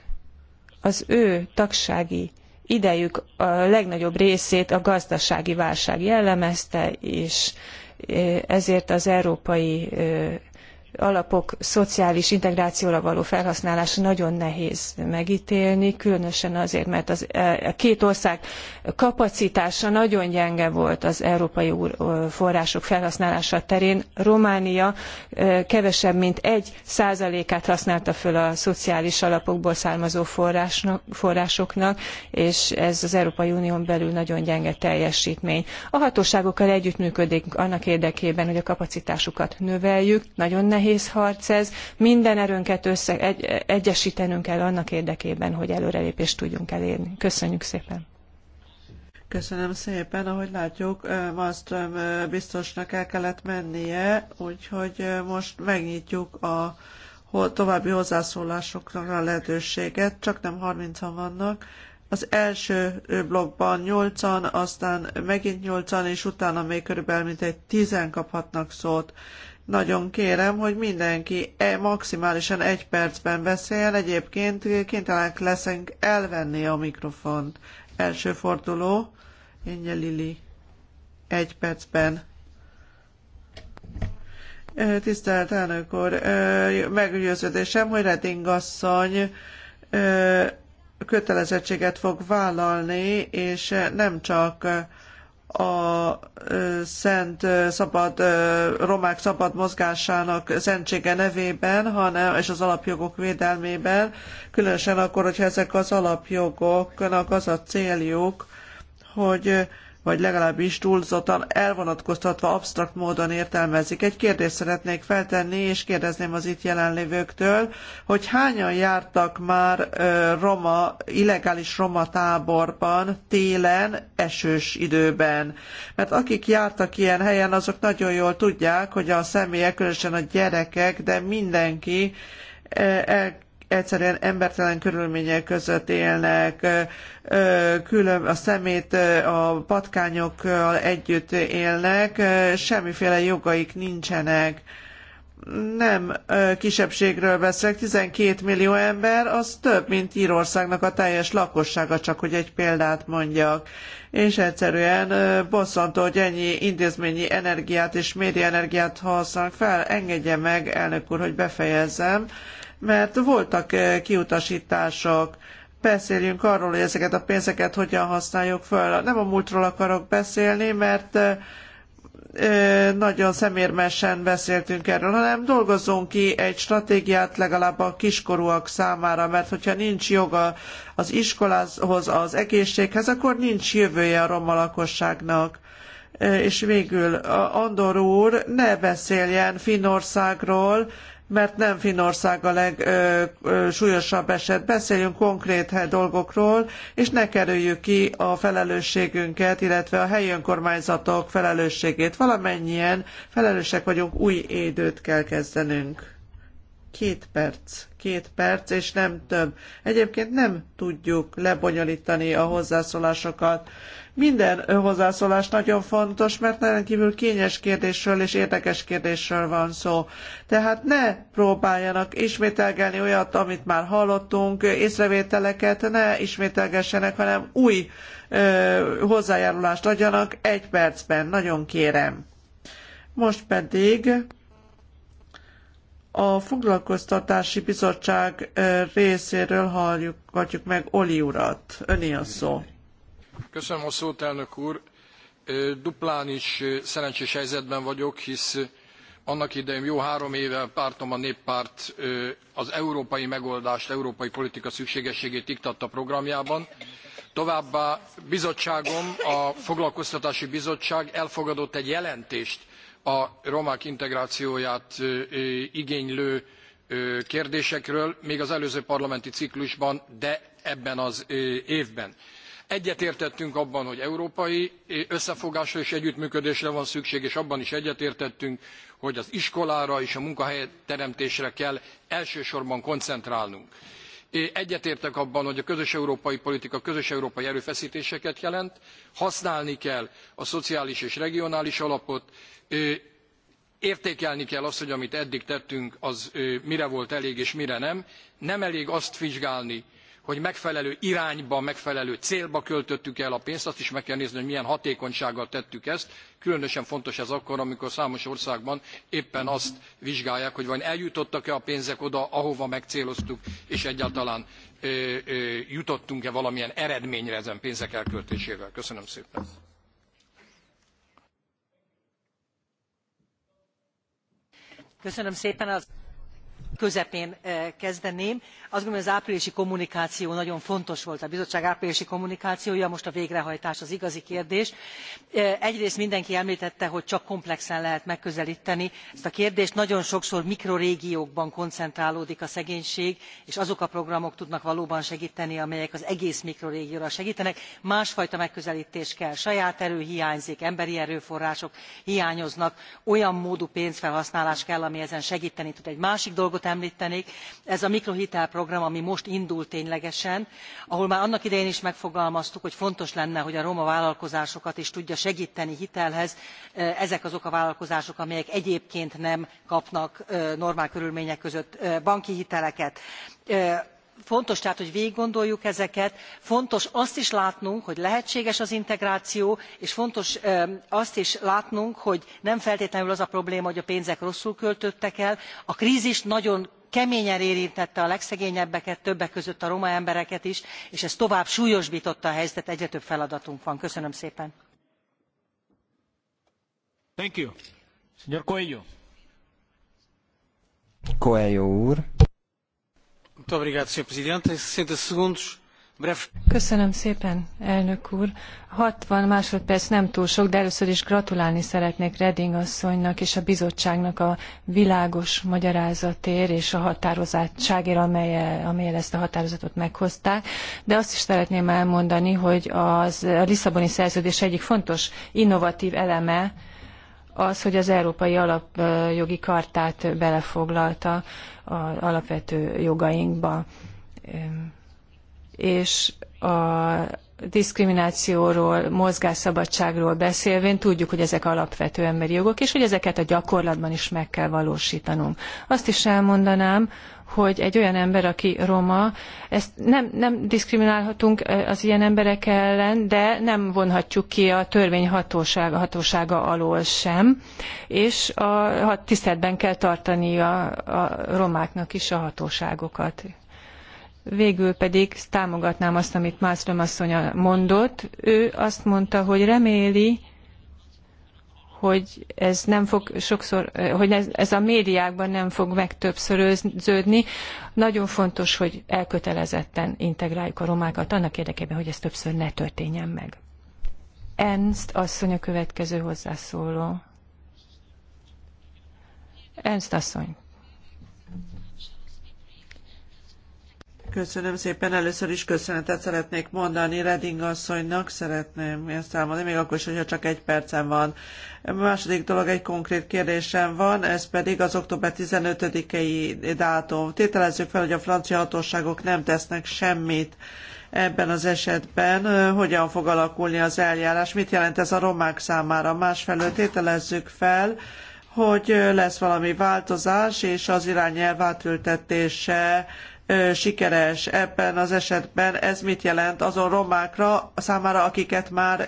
az ő tagsági idejük a legnagyobb részét a gazdasági válság jellemezte, és ezért az európai alapok szociális integrációra való felhasználása nagyon nehéz megítélni, különösen azért, mert az, e, a két ország kapacitása nagyon gyenge volt az európai források felhasználása terén. Románia kevesebb, mint egy százalékát használta föl a szociális alapokból származó forrásnak, forrásoknak, és ez az Európai Unión belül nagyon gyenge teljesítmény. A hatóságokkal együttműködik annak érdekében, hogy a kapacitásukat növeljük. Nagyon nehéz nehéz harc ez, minden erőnket össze, egy, egyesítenünk kell annak érdekében, hogy előrelépést tudjunk elérni. Köszönjük szépen! Köszönöm szépen, ahogy látjuk, eh, Malmström eh, biztosnak el kellett mennie, úgyhogy eh, most megnyitjuk a további hozzászólásokra a lehetőséget, csak nem 30-an vannak. Az első blogban 8-an, aztán megint 8-an, és utána még körülbelül mint egy 10 kaphatnak szót. Nagyon kérem, hogy mindenki e maximálisan egy percben beszél, egyébként kénytelenek leszünk elvenni a mikrofont. Első forduló, Ingye Lili, egy percben. Tisztelt elnök úr, meggyőződésem, hogy Reding asszony kötelezettséget fog vállalni, és nem csak a szent szabad, romák szabad mozgásának szentsége nevében, hanem, és az alapjogok védelmében, különösen akkor, hogyha ezek az alapjogoknak az a céljuk, hogy vagy legalábbis túlzottan elvonatkoztatva absztrakt módon értelmezik. Egy kérdést szeretnék feltenni, és kérdezném az itt jelenlévőktől, hogy hányan jártak már roma, illegális roma táborban télen, esős időben. Mert akik jártak ilyen helyen, azok nagyon jól tudják, hogy a személyek, különösen a gyerekek, de mindenki el egyszerűen embertelen körülmények között élnek, külön a szemét a patkányokkal együtt élnek, semmiféle jogaik nincsenek nem kisebbségről beszélek, 12 millió ember, az több, mint Írországnak a teljes lakossága, csak hogy egy példát mondjak. És egyszerűen bosszantó, hogy ennyi intézményi energiát és médiaenergiát használnak fel. Engedje meg, elnök úr, hogy befejezzem mert voltak eh, kiutasítások. Beszéljünk arról, hogy ezeket a pénzeket hogyan használjuk föl. Nem a múltról akarok beszélni, mert eh, eh, nagyon szemérmesen beszéltünk erről, hanem dolgozzunk ki egy stratégiát legalább a kiskorúak számára, mert hogyha nincs joga az iskolához, az egészséghez, akkor nincs jövője a roma lakosságnak. És végül Andor úr ne beszéljen Finnországról, mert nem Finország a legsúlyosabb eset. Beszéljünk konkrét dolgokról, és ne kerüljük ki a felelősségünket, illetve a helyi önkormányzatok felelősségét. Valamennyien felelősek vagyunk, új időt kell kezdenünk. Két perc, két perc, és nem több. Egyébként nem tudjuk lebonyolítani a hozzászólásokat. Minden hozzászólás nagyon fontos, mert rendkívül kényes kérdésről és érdekes kérdésről van szó. Tehát ne próbáljanak ismételgelni olyat, amit már hallottunk, észrevételeket ne ismételgessenek, hanem új ö, hozzájárulást adjanak egy percben, nagyon kérem. Most pedig a foglalkoztatási bizottság részéről halljuk meg Oli urat. Öné a szó. Köszönöm a szót, elnök úr. Duplán is szerencsés helyzetben vagyok, hisz annak idején jó három éve pártom a néppárt az európai megoldást, európai politika szükségességét iktatta programjában. Továbbá bizottságom, a Foglalkoztatási Bizottság elfogadott egy jelentést a romák integrációját igénylő kérdésekről, még az előző parlamenti ciklusban, de ebben az évben. Egyetértettünk abban, hogy európai eh, összefogásra és együttműködésre van szükség, és abban is egyetértettünk, hogy az iskolára és a munkahelyteremtésre kell elsősorban koncentrálnunk eh, egyetértek abban hogy a közös európai politika közös európai erőfesztéseket jelent használni kell a szociális és regionális alapot eh, értékelni kell azt hogy amit eddig tettünk az mire volt elég és mire nem. nem elég azt vizsgálni hogy megfelelő irányba, megfelelő célba költöttük el a pénzt, azt is meg kell nézni, hogy milyen hatékonysággal tettük ezt. Különösen fontos ez akkor, amikor számos országban éppen azt vizsgálják, hogy vajon eljutottak-e a pénzek oda, ahova megcéloztuk, és egyáltalán jutottunk-e valamilyen eredményre ezen pénzek elköltésével. Köszönöm szépen. Köszönöm szépen az közepén eh, kezdeném azt gondolom hogy az áprilisi kommunikáció nagyon fontos volt a bizottság áprilisi kommunikációja most a végrehajtás az igazi kérdés. Eh, egyrészt mindenki emltette hogy csak komplexen lehet megközelteni ezt a kérdést nagyon sokszor mikrorégiókban koncentrálódik a szegénység és azok a programok tudnak valóban segteni amelyek az egész mikrorégióra segtenek másfajta megközeltés kell saját erő hiányzik emberi erőforrások hiányoznak olyan módú pénzfelhasználás kell ami ezen segteni tud. egy másik dolgot programot emltenék ez a mikrohitelprogram ami most indul ténylegesen ahol már annak idején is megfogalmaztuk hogy fontos lenne hogy a roma vállalkozásokat is tudja segteni hitelhez eh, ezek azok a vállalkozások amelyek egyébként nem kapnak eh, normál körülmények között eh, banki hiteleket fontos tehát hogy végiggondoljuk ezeket fontos azt is látnunk hogy lehetséges az integráció és fontos azt is látnunk hogy nem feltétlenül az a probléma hogy a pénzek rosszul költöttek el a krzis nagyon keményen érintette a legszegényebbeket többek között a roma embereket is és ez tovább súlyosbtotta a helyzetet egyre több feladatunk van. köszönöm szépen! Coelho úr. Köszönöm szépen, elnök úr. 60 másodperc nem túl sok, de először is gratulálni szeretnék Reding asszonynak és a bizottságnak a világos magyarázatért és a határozatságért, amelyel, amelyel ezt a határozatot meghozták. De azt is szeretném elmondani, hogy az, a Lisszaboni szerződés egyik fontos innovatív eleme, az, hogy az Európai Alapjogi Kartát belefoglalta az alapvető jogainkba. És a diszkriminációról, mozgásszabadságról beszélvén tudjuk, hogy ezek alapvető emberi jogok, és hogy ezeket a gyakorlatban is meg kell valósítanunk. Azt is elmondanám, hogy egy olyan ember, aki roma, ezt nem, nem diszkriminálhatunk az ilyen emberek ellen, de nem vonhatjuk ki a törvény hatósága, hatósága alól sem, és a, a tiszteletben kell tartani a, a romáknak is a hatóságokat. Végül pedig támogatnám azt, amit Mászlöm asszonya mondott. Ő azt mondta, hogy reméli, hogy ez nem fog sokszor, eh, hogy ez, ez a médiákban nem fog megtöbbszöröződni. Nagyon fontos, hogy elkötelezetten integráljuk a romákat annak érdekében, hogy ez többször ne történjen meg. Ernst asszony a következő hozzászóló. Ernst asszony, Köszönöm szépen. Először is köszönetet szeretnék mondani Reding asszonynak, szeretném ezt elmondani, még akkor is, hogyha csak egy percem van. A második dolog egy konkrét kérdésem van, ez pedig az október 15-i dátum. Tételezzük fel, hogy a francia hatóságok nem tesznek semmit ebben az esetben, hogyan fog alakulni az eljárás, mit jelent ez a romák számára. Másfelől tételezzük fel, hogy lesz valami változás, és az irányelv átültetése sikeres ebben az esetben, ez mit jelent azon romákra számára, akiket már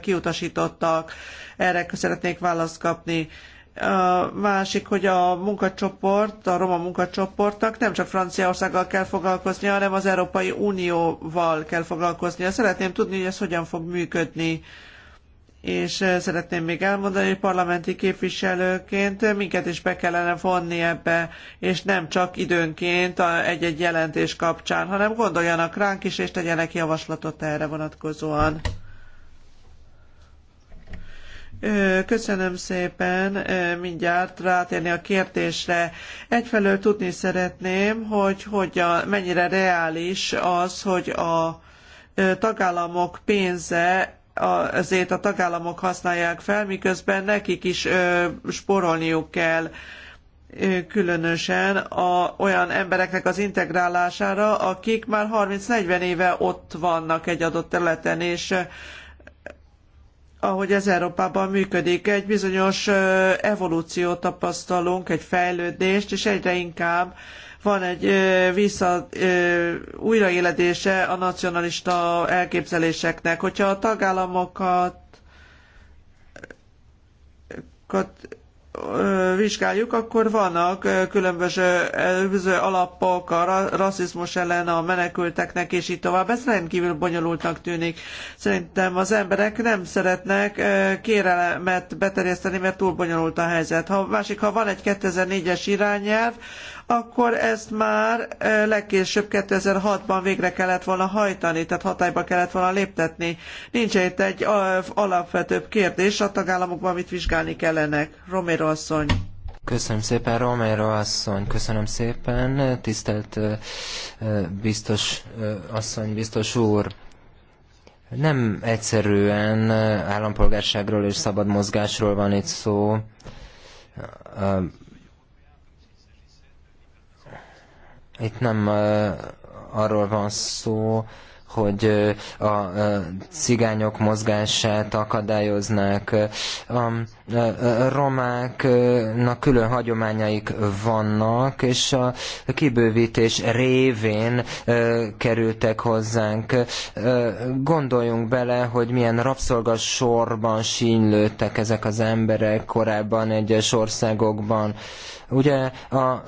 kiutasítottak? Erre szeretnék választ kapni. A másik, hogy a munkacsoport, a roma munkacsoportnak nem csak Franciaországgal kell foglalkoznia, hanem az Európai Unióval kell foglalkoznia. Szeretném tudni, hogy ez hogyan fog működni. Uh, és eh, szeretném még elmondani, hogy parlamenti képviselőként minket is be kellene vonni ebbe, és nem csak időnként egy-egy jelentés kapcsán, hanem gondoljanak ránk is, és tegyenek javaslatot erre vonatkozóan. Köszönöm szépen, mindjárt rátérni a kérdésre. Egyfelől tudni szeretném, hogy hogy a mennyire reális az, hogy a tagállamok pénze azért a tagállamok használják fel, miközben nekik is sporolniuk kell különösen a, olyan embereknek az integrálására, akik már 30-40 éve ott vannak egy adott területen, és ahogy ez Európában működik, egy bizonyos evolúciót tapasztalunk, egy fejlődést, és egyre inkább van egy ö, vissza ö, újraéledése a nacionalista elképzeléseknek. Hogyha a tagállamokat vizsgáljuk, akkor vannak különböző, különböző alapok a rasszizmus ellen, a menekülteknek, és így tovább. Ez rendkívül bonyolultnak tűnik. Szerintem az emberek nem szeretnek kérelemet beterjeszteni, mert túl bonyolult a helyzet. Ha, másik, ha van egy 2004-es irányelv, akkor ezt már legkésőbb 2006-ban végre kellett volna hajtani, tehát hatályba kellett volna léptetni. Nincs itt egy alapvetőbb kérdés, a tagállamokban mit vizsgálni kellene. Romero asszony. Köszönöm szépen, Romero asszony, köszönöm szépen, tisztelt biztos asszony, biztos úr. Nem egyszerűen állampolgárságról és szabad mozgásról van itt szó Itt nem arról van szó, hogy a cigányok mozgását akadályoznák. um, romáknak külön hagyományaik vannak, és a kibővítés révén kerültek hozzánk. Gondoljunk bele, hogy milyen rabszolgasorban sínylődtek ezek az emberek korábban egyes országokban ugye a, a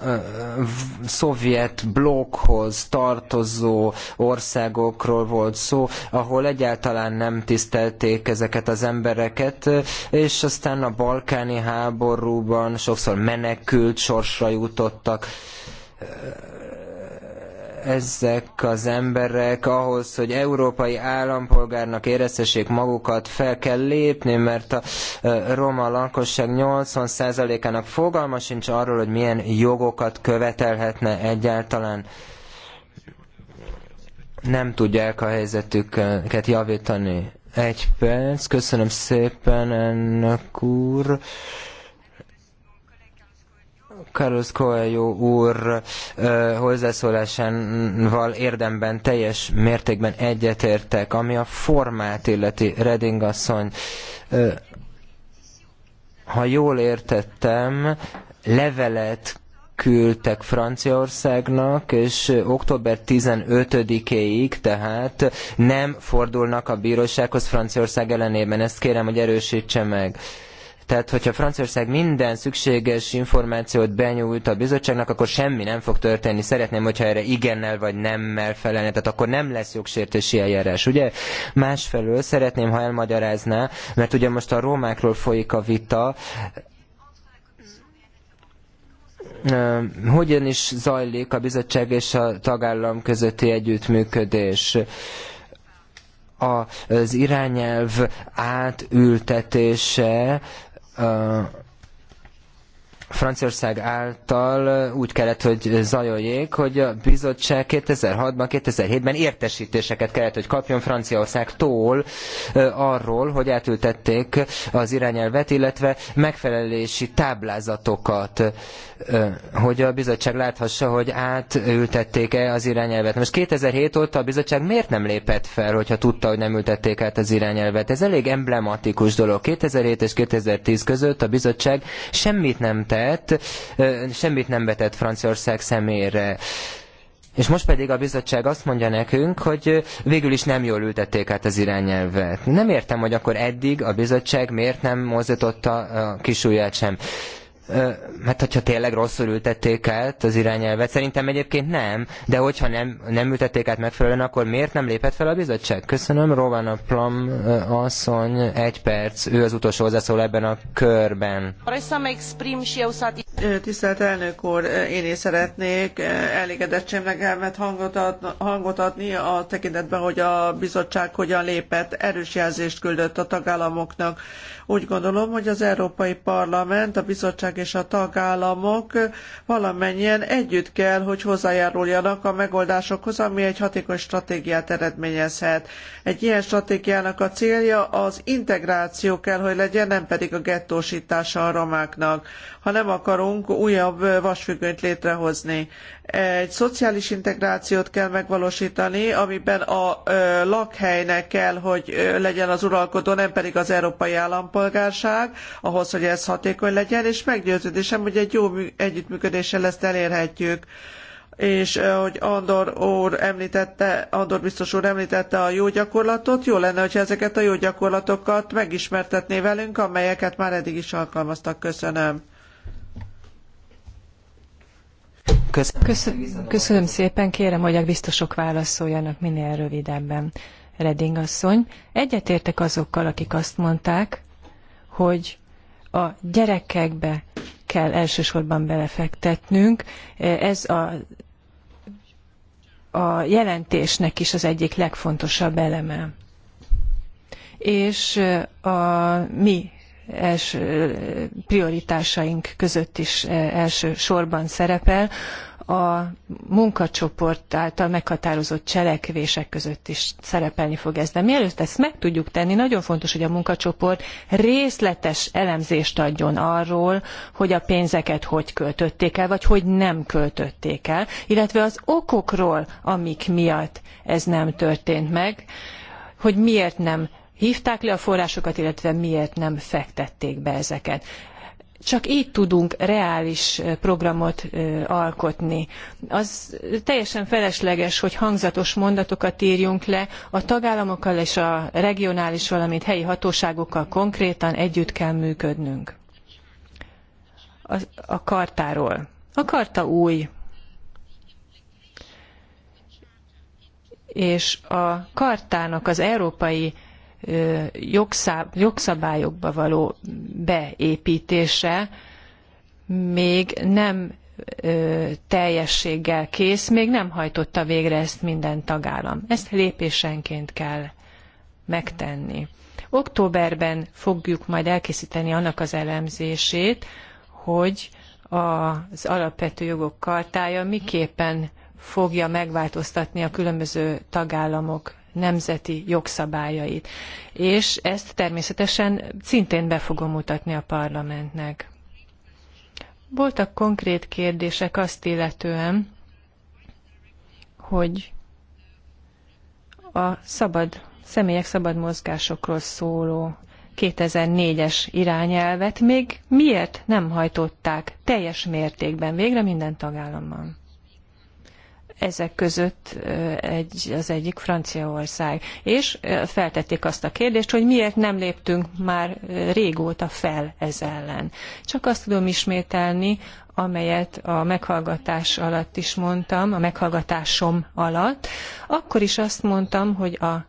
szovjet blokkhoz tartozó országokról volt szó, ahol egyáltalán nem tisztelték ezeket az embereket, és aztán a balkáni háborúban sokszor menekült sorsra jutottak. Ezek az emberek ahhoz, hogy európai állampolgárnak érezhessék magukat, fel kell lépni, mert a roma lakosság 80%-ának fogalma sincs arról, hogy milyen jogokat követelhetne egyáltalán nem tudják a helyzetüket javítani. Egy perc, köszönöm szépen, ennek úr. Carlos Coelho úr hozzászólásával érdemben teljes mértékben egyetértek, ami a formát illeti Reding asszony. Ha jól értettem, levelet küldtek Franciaországnak, és október 15-éig tehát nem fordulnak a bírósághoz Franciaország ellenében. Ezt kérem, hogy erősítse meg. Tehát, hogyha Franciaország minden szükséges információt benyújt a bizottságnak, akkor semmi nem fog történni. Szeretném, hogyha erre igennel vagy nemmel felelne, tehát akkor nem lesz jogsértési eljárás. Ugye másfelől szeretném, ha elmagyarázná, mert ugye most a rómákról folyik a vita, hogyan is zajlik a bizottság és a tagállam közötti együttműködés? Az irányelv átültetése Franciaország által úgy kellett, hogy zajoljék, hogy a bizottság 2006-ban, 2007-ben értesítéseket kellett, hogy kapjon Franciaországtól arról, hogy átültették az irányelvet, illetve megfelelési táblázatokat hogy a bizottság láthassa, hogy átültették-e az irányelvet. Most 2007 óta a bizottság miért nem lépett fel, hogyha tudta, hogy nem ültették át az irányelvet? Ez elég emblematikus dolog. 2007 és 2010 között a bizottság semmit nem tett, semmit nem vetett Franciaország szemére. És most pedig a bizottság azt mondja nekünk, hogy végül is nem jól ültették át az irányelvet. Nem értem, hogy akkor eddig a bizottság miért nem mozdította a kisúját sem mert hát, hogyha tényleg rosszul ültették át az irányelvet, szerintem egyébként nem, de hogyha nem, nem ültették át megfelelően, akkor miért nem lépett fel a bizottság? Köszönöm, Rovana Plam asszony, egy perc, ő az utolsó hozzászól ebben a körben. Tisztelt elnök úr, én is szeretnék elégedettségemet hangot, hangot adni a tekintetben, hogy a bizottság hogyan lépett, erős jelzést küldött a tagállamoknak úgy gondolom, hogy az Európai Parlament, a bizottság és a tagállamok valamennyien együtt kell, hogy hozzájáruljanak a megoldásokhoz, ami egy hatékony stratégiát eredményezhet. Egy ilyen stratégiának a célja az integráció kell, hogy legyen, nem pedig a gettósítása a romáknak, ha nem akarunk újabb vasfüggönyt létrehozni. Egy szociális integrációt kell megvalósítani, amiben a lakhelynek kell, hogy legyen az uralkodó, nem pedig az európai állampolgár állampolgárság, ahhoz, hogy ez hatékony legyen, és meggyőződésem, hogy egy jó együttműködéssel ezt elérhetjük és hogy Andor úr említette, Andor biztos úr említette a jó gyakorlatot, jó lenne, hogyha ezeket a jó gyakorlatokat megismertetné velünk, amelyeket már eddig is alkalmaztak. Köszönöm. Köszönöm, Köszönöm szépen, kérem, hogy a biztosok válaszoljanak minél rövidebben. Reding asszony, egyetértek azokkal, akik azt mondták, hogy a gyerekekbe kell elsősorban belefektetnünk. Ez a, a jelentésnek is az egyik legfontosabb eleme. És a mi első prioritásaink között is e, elsősorban szerepel, a munkacsoport által meghatározott cselekvések között is szerepelni fog ez. De mielőtt ezt meg tudjuk tenni, nagyon fontos, hogy a munkacsoport részletes elemzést adjon arról, hogy a pénzeket hogy költötték el, vagy hogy nem költötték el, illetve az okokról, amik miatt ez nem történt meg, hogy miért nem hívták le a forrásokat, illetve miért nem fektették be ezeket. Csak így tudunk reális programot alkotni. Az teljesen felesleges, hogy hangzatos mondatokat írjunk le. A tagállamokkal és a regionális, valamint helyi hatóságokkal konkrétan együtt kell működnünk. A, a kartáról. A karta új. És a kartának az európai jogszabályokba való beépítése még nem teljességgel kész, még nem hajtotta végre ezt minden tagállam. Ezt lépésenként kell megtenni. Októberben fogjuk majd elkészíteni annak az elemzését, hogy az alapvető jogok kartája miképpen fogja megváltoztatni a különböző tagállamok nemzeti jogszabályait. És ezt természetesen szintén be fogom mutatni a parlamentnek. Voltak konkrét kérdések azt illetően, hogy a szabad, személyek szabad mozgásokról szóló 2004-es irányelvet még miért nem hajtották teljes mértékben végre minden tagállamban? ezek között egy, az egyik Franciaország. És feltették azt a kérdést, hogy miért nem léptünk már régóta fel ez ellen. Csak azt tudom ismételni, amelyet a meghallgatás alatt is mondtam, a meghallgatásom alatt, akkor is azt mondtam, hogy a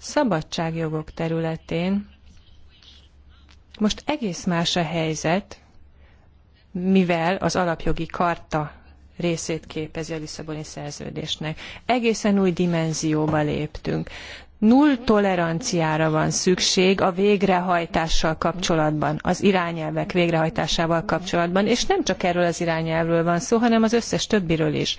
szabadságjogok területén most egész más a helyzet, mivel az alapjogi karta részét képezi a Lisszaboni szerződésnek. Egészen új dimenzióba léptünk. Null toleranciára van szükség a végrehajtással kapcsolatban, az irányelvek végrehajtásával kapcsolatban, és nem csak erről az irányelvről van szó, hanem az összes többiről is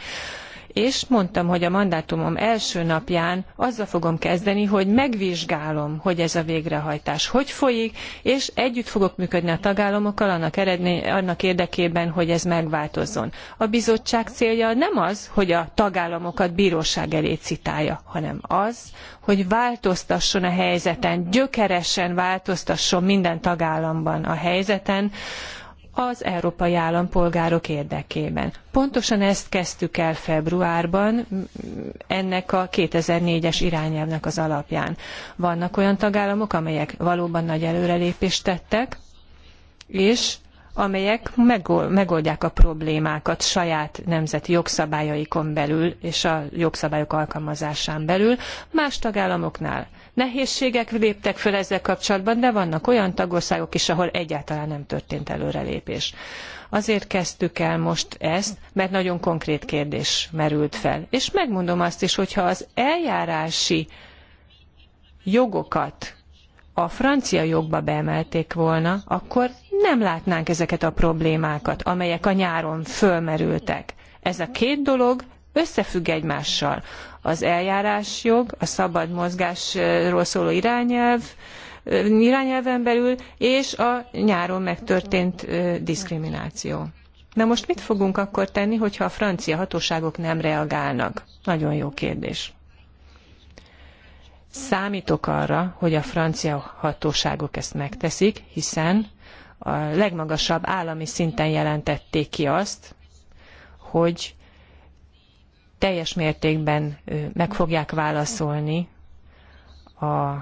és mondtam, hogy a mandátumom első napján azzal fogom kezdeni, hogy megvizsgálom, hogy ez a végrehajtás hogy folyik, és együtt fogok működni a tagállamokkal annak, annak érdekében, hogy ez megváltozzon. A bizottság célja nem az, hogy a tagállamokat bíróság elé citálja, hanem az, hogy változtasson a helyzeten, gyökeresen változtasson minden tagállamban a helyzeten, az európai állampolgárok érdekében. Pontosan ezt kezdtük el februárban ennek a 2004-es irányelvnek az alapján. Vannak olyan tagállamok, amelyek valóban nagy előrelépést tettek, és amelyek megoldják a problémákat saját nemzeti jogszabályaikon belül és a jogszabályok alkalmazásán belül. Más tagállamoknál Nehézségek léptek fel ezzel kapcsolatban, de vannak olyan tagországok is, ahol egyáltalán nem történt előrelépés. Azért kezdtük el most ezt, mert nagyon konkrét kérdés merült fel. És megmondom azt is, hogyha az eljárási jogokat a francia jogba beemelték volna, akkor nem látnánk ezeket a problémákat, amelyek a nyáron fölmerültek. Ez a két dolog összefügg egymással az eljárásjog, a szabad mozgásról szóló irányelv, irányelven belül, és a nyáron megtörtént diszkrimináció. Na most mit fogunk akkor tenni, hogyha a francia hatóságok nem reagálnak? Nagyon jó kérdés. Számítok arra, hogy a francia hatóságok ezt megteszik, hiszen a legmagasabb állami szinten jelentették ki azt, hogy teljes mértékben meg fogják válaszolni a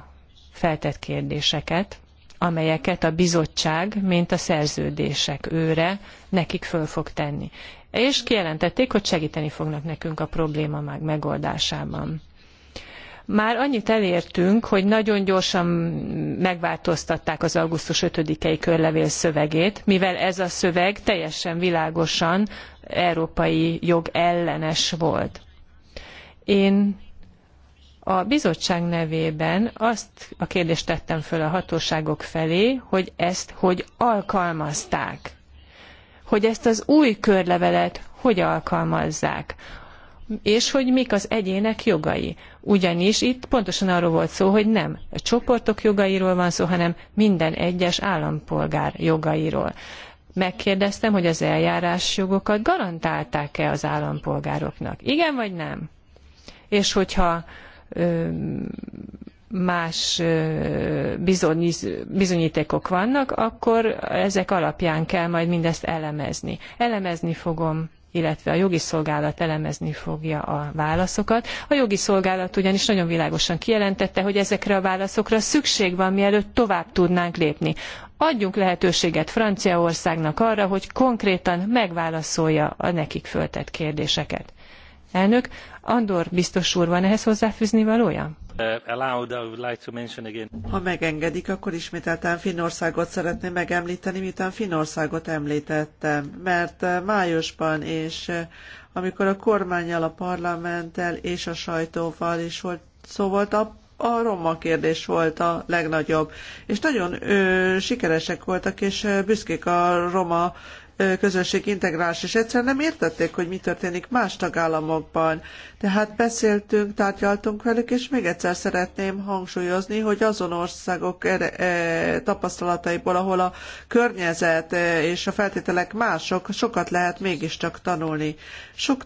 feltett kérdéseket, amelyeket a bizottság, mint a szerződések őre nekik föl fog tenni. És kijelentették, hogy segíteni fognak nekünk a probléma meg megoldásában már annyit elértünk, hogy nagyon gyorsan megváltoztatták az augusztus 5-i körlevél szövegét, mivel ez a szöveg teljesen világosan európai jog ellenes volt. Én a bizottság nevében azt a kérdést tettem föl a hatóságok felé, hogy ezt hogy alkalmazták. Hogy ezt az új körlevelet hogy alkalmazzák és hogy mik az egyének jogai. Ugyanis itt pontosan arról volt szó, hogy nem a csoportok jogairól van szó, hanem minden egyes állampolgár jogairól megkérdeztem, hogy az eljárásjogokat garantálták-e az állampolgároknak. Igen vagy nem? És hogyha ö, más bizonyítékok vannak, akkor ezek alapján kell majd mindezt elemezni. Elemezni fogom illetve a jogi szolgálat elemezni fogja a válaszokat. A jogi szolgálat ugyanis nagyon világosan kijelentette, hogy ezekre a válaszokra szükség van, mielőtt tovább tudnánk lépni adjunk lehetőséget Franciaországnak arra, hogy konkrétan megválaszolja a nekik föltett kérdéseket. Elnök, Andor biztos úr, van ehhez hozzáfűzni valója? Uh, ha megengedik, akkor ismételten Finnországot szeretném megemlíteni, miután Finnországot említettem, mert uh, májusban és uh, amikor a kormányjal, a parlamenttel és a sajtóval is volt szó volt, a a roma kérdés volt a legnagyobb, és nagyon ö, sikeresek voltak, és ö, büszkék a roma ö, közösség integrálás, és egyszerűen nem értették, hogy mi történik más tagállamokban. Tehát beszéltünk, tárgyaltunk velük, és még egyszer szeretném hangsúlyozni, hogy azon országok e, tapasztalataiból, ahol a környezet e, és a feltételek mások, sokat lehet mégiscsak tanulni. Sok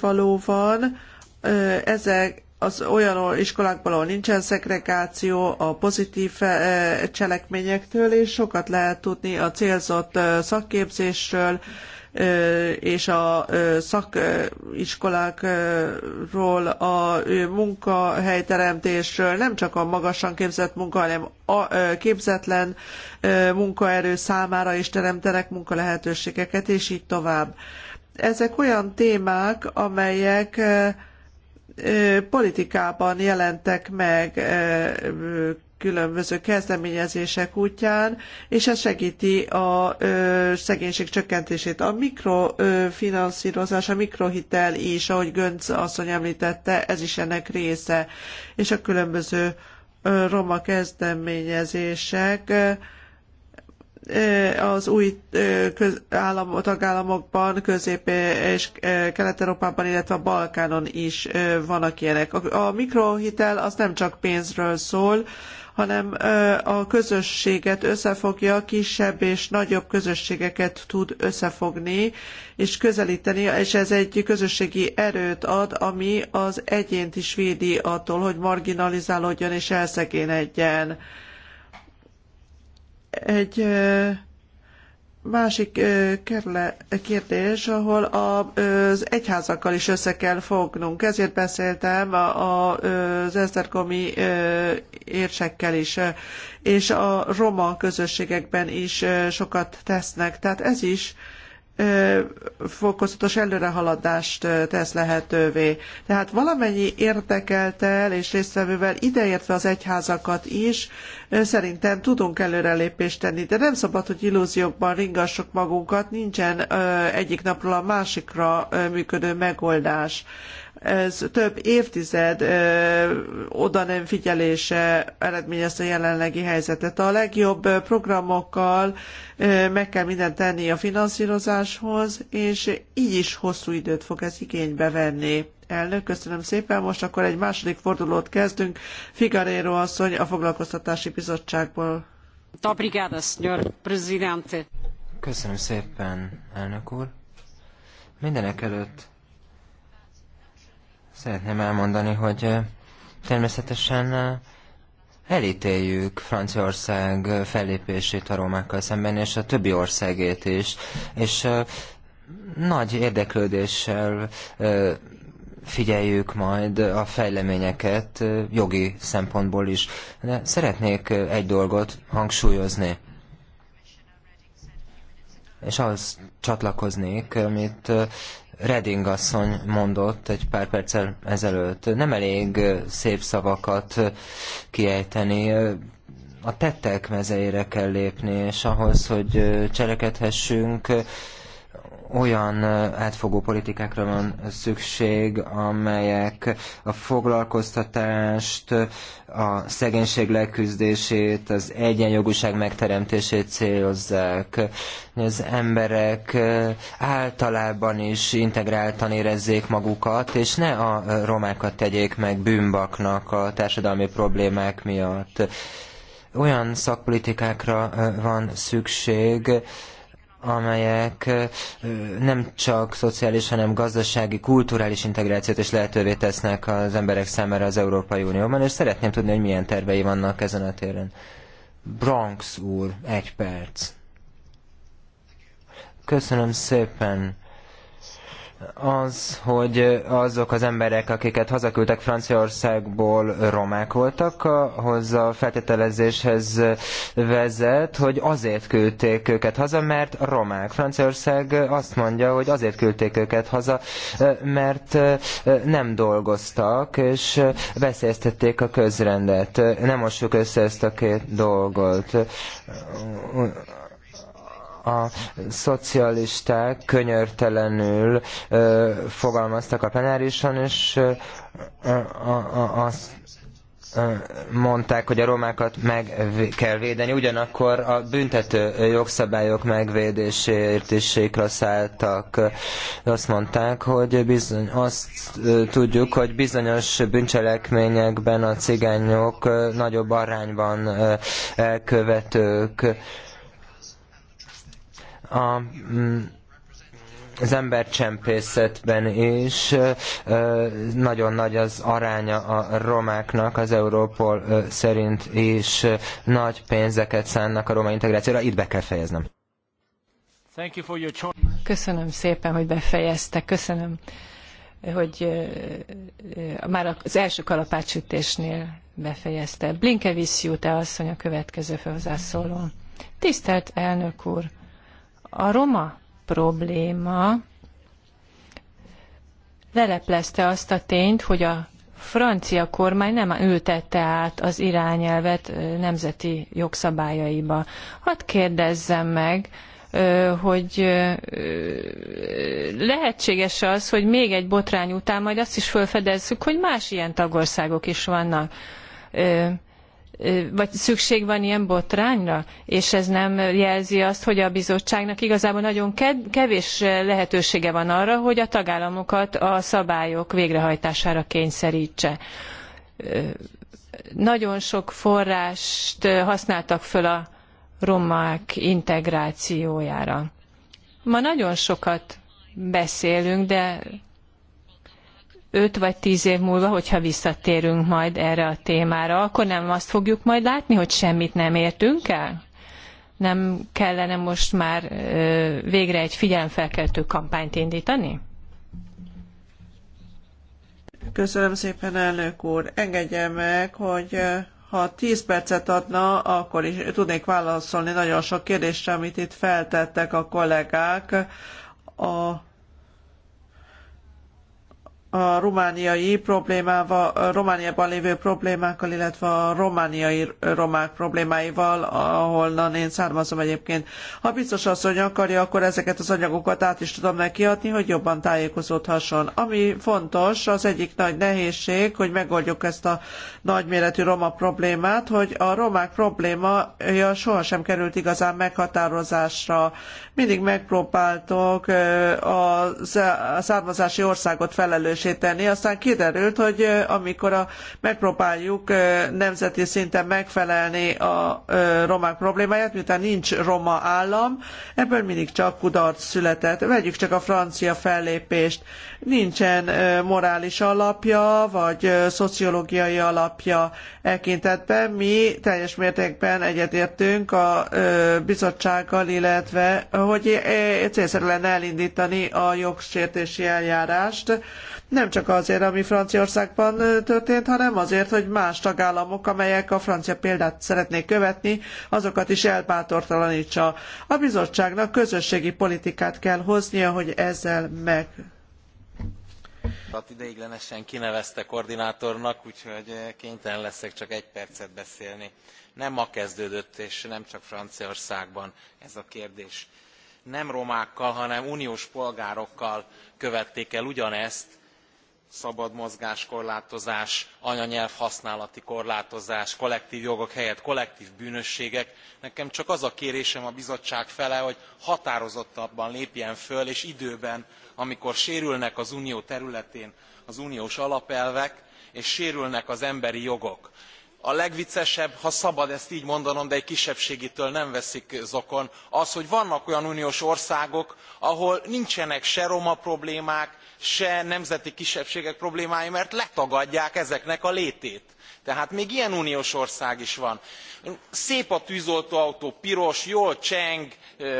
való van, ezek az olyan iskolákban, ahol nincsen szegregáció a pozitív eh, cselekményektől, és sokat lehet tudni a célzott eh, szakképzésről, eh, és a szakiskolákról, a munkahelyteremtésről, nem csak a magasan képzett munka, hanem a képzetlen munkaerő számára is teremtenek munkalehetőségeket, és így tovább. Ezek olyan témák, amelyek politikában jelentek meg különböző kezdeményezések útján, és ez segíti a szegénység csökkentését. A mikrofinanszírozás, a mikrohitel is, ahogy Gönc asszony említette, ez is ennek része, és a különböző roma kezdeményezések ö, az új köz, állam, tagállamokban, közép- és kelet-európában, illetve a Balkánon is vannak ilyenek. A mikrohitel az nem csak pénzről szól, hanem a közösséget összefogja, kisebb és nagyobb közösségeket tud összefogni és közelíteni, és ez egy közösségi erőt ad, ami az egyént is védi attól, hogy marginalizálódjon és elszegényedjen egy másik kérdés, ahol az egyházakkal is össze kell fognunk. Ezért beszéltem az esztergomi érsekkel is, és a roma közösségekben is sokat tesznek. Tehát ez is fokozatos előrehaladást tesz lehetővé. Tehát valamennyi érdekeltel és résztvevővel, ideértve az egyházakat is, szerintem tudunk előrelépést tenni, de nem szabad, hogy illúziókban ringassuk magunkat, nincsen egyik napról a másikra működő megoldás ez több évtized ö, oda nem figyelése eredményezte a jelenlegi helyzetet. A legjobb programokkal ö, meg kell mindent tenni a finanszírozáshoz, és így is hosszú időt fog ez igénybe venni. Elnök, köszönöm szépen. Most akkor egy második fordulót kezdünk. Figaréro asszony a Foglalkoztatási Bizottságból. Köszönöm szépen, elnök úr. Mindenek előtt Szeretném elmondani, hogy természetesen elítéljük Franciaország fellépését a romákkal szemben, és a többi országét is. És nagy érdeklődéssel figyeljük majd a fejleményeket jogi szempontból is. De szeretnék egy dolgot hangsúlyozni. És ahhoz csatlakoznék, amit Reding asszony mondott egy pár perccel ezelőtt. Nem elég szép szavakat kiejteni, a tettek mezeire kell lépni, és ahhoz, hogy cselekedhessünk, olyan átfogó politikákra van szükség, amelyek a foglalkoztatást, a szegénység leküzdését, az egyenjogúság megteremtését célozzák, hogy az emberek általában is integráltan érezzék magukat, és ne a romákat tegyék meg bűnbaknak a társadalmi problémák miatt. Olyan szakpolitikákra van szükség, amelyek nem csak szociális, hanem gazdasági, kulturális integrációt is lehetővé tesznek az emberek számára az Európai Unióban, és szeretném tudni, hogy milyen tervei vannak ezen a téren. Bronx úr, egy perc. Köszönöm szépen, az, hogy azok az emberek, akiket hazaküldtek Franciaországból romák voltak, ahhoz a feltételezéshez vezet, hogy azért küldték őket haza, mert romák. Franciaország azt mondja, hogy azért küldték őket haza, mert nem dolgoztak, és veszélyeztették a közrendet. Nem mossuk össze ezt a két dolgot a szocialisták könyörtelenül ö, fogalmaztak a plenárison, és ö, a, a, azt mondták, hogy a romákat meg kell védeni, ugyanakkor a büntető jogszabályok megvédéséért is sékra szálltak. Azt mondták, hogy bizony, azt tudjuk, hogy bizonyos bűncselekményekben a cigányok nagyobb arányban elkövetők a mm, az embercsempészetben is nagyon nagy az aránya a romáknak, az Európol szerint is nagy pénzeket szánnak a roma integrációra. Itt be kell fejeznem. Köszönöm szépen, hogy befejezte. Köszönöm, hogy már az első kalapácsütésnél befejezte. Blinkevisz jut asszony a következő felhozzászóló. Tisztelt elnök úr! A roma probléma leleplezte azt a tényt, hogy a francia kormány nem ültette át az irányelvet nemzeti jogszabályaiba. Hadd kérdezzem meg, hogy lehetséges az, hogy még egy botrány után majd azt is felfedezzük, hogy más ilyen tagországok is vannak vagy szükség van ilyen botrányra, és ez nem jelzi azt, hogy a bizottságnak igazából nagyon kevés lehetősége van arra, hogy a tagállamokat a szabályok végrehajtására kényszerítse. Nagyon sok forrást használtak föl a romák integrációjára. Ma nagyon sokat beszélünk, de öt vagy tíz év múlva, hogyha visszatérünk majd erre a témára, akkor nem azt fogjuk majd látni, hogy semmit nem értünk el? Nem kellene most már végre egy figyelemfelkeltő kampányt indítani? Köszönöm szépen, elnök úr. Engedje meg, hogy ha tíz percet adna, akkor is tudnék válaszolni nagyon sok kérdésre, amit itt feltettek a kollégák. A a romániai problémával, Romániában lévő problémákkal, illetve a romániai romák problémáival, ahonnan én származom egyébként. Ha biztos asszony akarja, akkor ezeket az anyagokat át is tudom neki adni, hogy jobban tájékozódhasson. Ami fontos, az egyik nagy nehézség, hogy megoldjuk ezt a nagyméretű roma problémát, hogy a romák problémája sohasem került igazán meghatározásra. Mindig megpróbáltok a származási országot felelős egyszerűsíteni. Aztán kiderült, hogy amikor a, megpróbáljuk nemzeti szinten megfelelni a romák problémáját, miután nincs roma állam, ebből mindig csak kudarc született. Vegyük csak a francia fellépést. Nincsen morális alapja, vagy szociológiai alapja elkintetben. Mi teljes mértékben egyetértünk a bizottsággal, illetve hogy célszerű lenne elindítani a jogsértési eljárást, nem csak azért, ami Franciaországban történt, hanem azért, hogy más tagállamok, amelyek a francia példát szeretnék követni, azokat is elbátortalanítsa. A bizottságnak közösségi politikát kell hoznia, hogy ezzel meg hát ideiglenesen kinevezte koordinátornak, úgyhogy kénytelen leszek csak egy percet beszélni. Nem ma kezdődött, és nem csak Franciaországban ez a kérdés. Nem romákkal, hanem uniós polgárokkal követték el ugyanezt, szabad mozgás korlátozás anyanyelvhasználati korlátozás kollektv jogok helyett kollektv bűnösségek nekem csak az a kérésem a bizottság felé hogy határozottabban lépjen föl és időben amikor sérülnek az unió területén az uniós alapelvek és sérülnek az emberi jogok. a legviccesebb ha szabad ezt gy mondanom de egy kisebbségitől nem veszik zokon az hogy vannak olyan uniós országok ahol nincsenek se roma problémák se nemzeti kisebbségek problémái mert letagadják ezeknek a létét. tehát még ilyen uniós ország is van. szép a tűzoltóautó piros jól cseng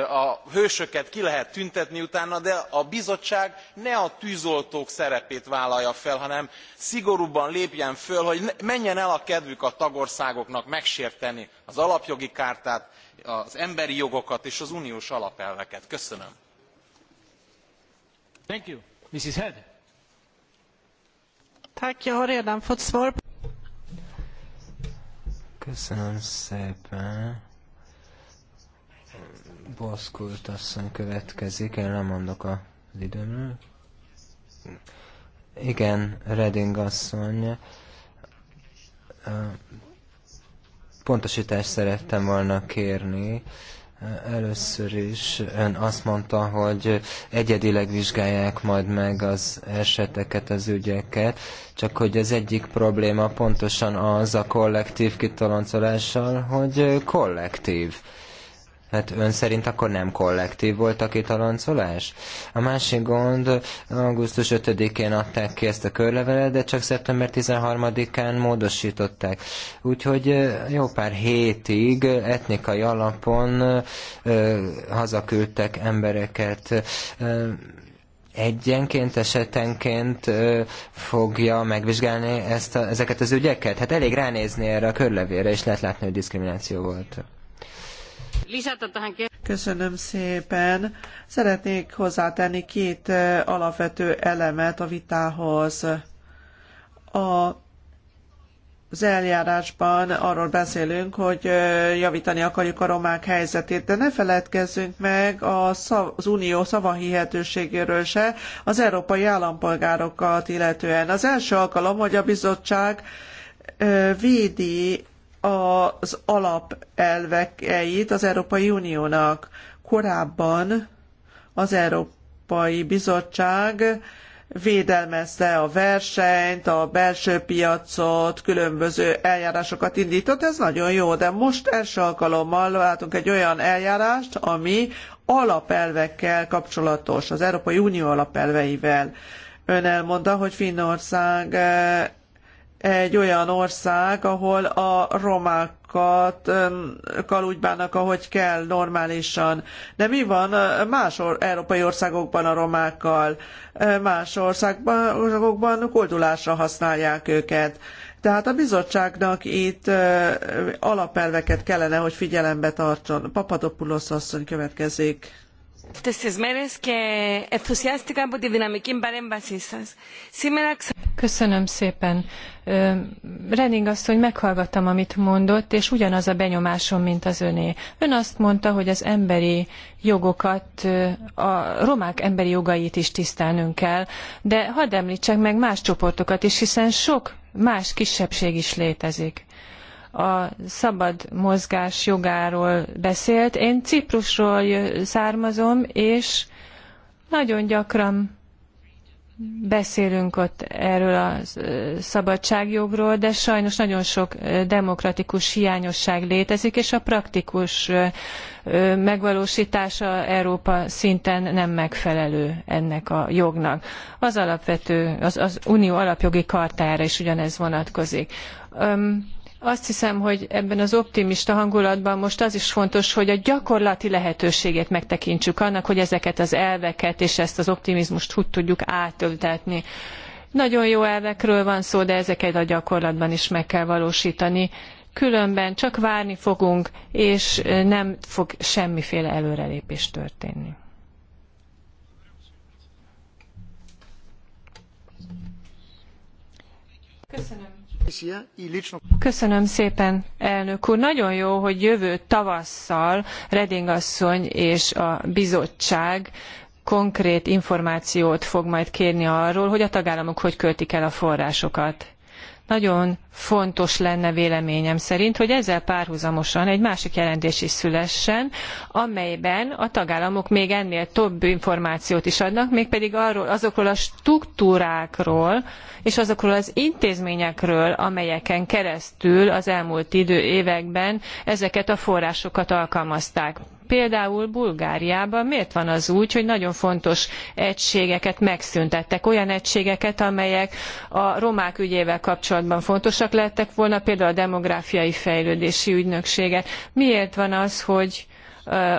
a hősöket ki lehet tüntetni utána de a bizottság ne a tűzoltók szerepét vállalja fel hanem szigorúbban lépjen föl hogy menjen el a kedvük a tagországoknak megsérteni az alapjogi chartát az emberi jogokat és az uniós alapelveket. köszönöm. Mrs. Head. Tack, jag har redan fått svar. Köszönöm szépen. Boszkult asszony következik, én lemondok az időmről. Igen, Reding asszony. Pontosítást szerettem volna kérni Először is ön azt mondta, hogy egyedileg vizsgálják majd meg az eseteket, az ügyeket, csak hogy az egyik probléma pontosan az a kollektív kitoloncolással, hogy kollektív. Hát ön szerint akkor nem kollektív volt a kitaloncolás? A másik gond, augusztus 5-én adták ki ezt a körlevelet, de csak szeptember 13-án módosították. Úgyhogy jó pár hétig etnikai alapon ö, hazaküldtek embereket. Ö, egyenként, esetenként ö, fogja megvizsgálni ezt a, ezeket az ügyeket? Hát elég ránézni erre a körlevére, és lehet látni, hogy diszkrimináció volt. Köszönöm szépen. Szeretnék hozzátenni két alapvető elemet a vitához. A az eljárásban arról beszélünk, hogy javítani akarjuk a romák helyzetét, de ne feledkezzünk meg az unió szavahihetőségéről se, az európai állampolgárokat illetően. Az első alkalom, hogy a bizottság védi az alapelvekeit az Európai Uniónak. Korábban az Európai Bizottság védelmezte a versenyt, a belső piacot, különböző eljárásokat indított, ez nagyon jó, de most első alkalommal látunk egy olyan eljárást, ami alapelvekkel kapcsolatos, az Európai Unió alapelveivel. Ön elmondta, hogy Finnország egy olyan ország, ahol a romákat úgy bánnak, ahogy kell, normálisan. De mi van más or- európai országokban a romákkal? Más országokban koldulásra használják őket. Tehát a bizottságnak itt alapelveket kellene, hogy figyelembe tartson. Papadopoulos asszony következik αυτές τις μέρες και ενθουσιάστηκα από τη δυναμική παρέμβασή σας. Σήμερα Köszönöm szépen. Renning asszony, meghallgattam, amit mondott, és ugyanaz a benyomásom, mint az öné. Ön azt mondta, hogy az emberi jogokat, a romák emberi jogait is tisztelnünk kell, de hadd említsek meg más csoportokat is, hiszen sok más kisebbség is létezik a szabad mozgás jogáról beszélt. Én Ciprusról származom, és nagyon gyakran beszélünk ott erről a szabadságjogról, de sajnos nagyon sok demokratikus hiányosság létezik, és a praktikus megvalósítása Európa szinten nem megfelelő ennek a jognak. Az alapvető, az, az unió alapjogi kartájára is ugyanez vonatkozik. Um, azt hiszem, hogy ebben az optimista hangulatban most az is fontos, hogy a gyakorlati lehetőségét megtekintsük annak, hogy ezeket az elveket és ezt az optimizmust hogy tudjuk átöltetni. Nagyon jó elvekről van szó, de ezeket a gyakorlatban is meg kell valósítani. Különben csak várni fogunk, és nem fog semmiféle előrelépés történni. Köszönöm. Köszönöm szépen, elnök úr. Nagyon jó, hogy jövő tavasszal Reding asszony és a bizottság konkrét információt fog majd kérni arról, hogy a tagállamok hogy költik el a forrásokat. Nagyon fontos lenne véleményem szerint, hogy ezzel párhuzamosan egy másik jelentés is szülessen, amelyben a tagállamok még ennél több információt is adnak, mégpedig arról, azokról a struktúrákról és azokról az intézményekről, amelyeken keresztül az elmúlt idő években ezeket a forrásokat alkalmazták például Bulgáriában miért van az úgy, hogy nagyon fontos egységeket megszüntettek, olyan egységeket, amelyek a romák ügyével kapcsolatban fontosak lettek volna, például a demográfiai fejlődési ügynökséget. Miért van az, hogy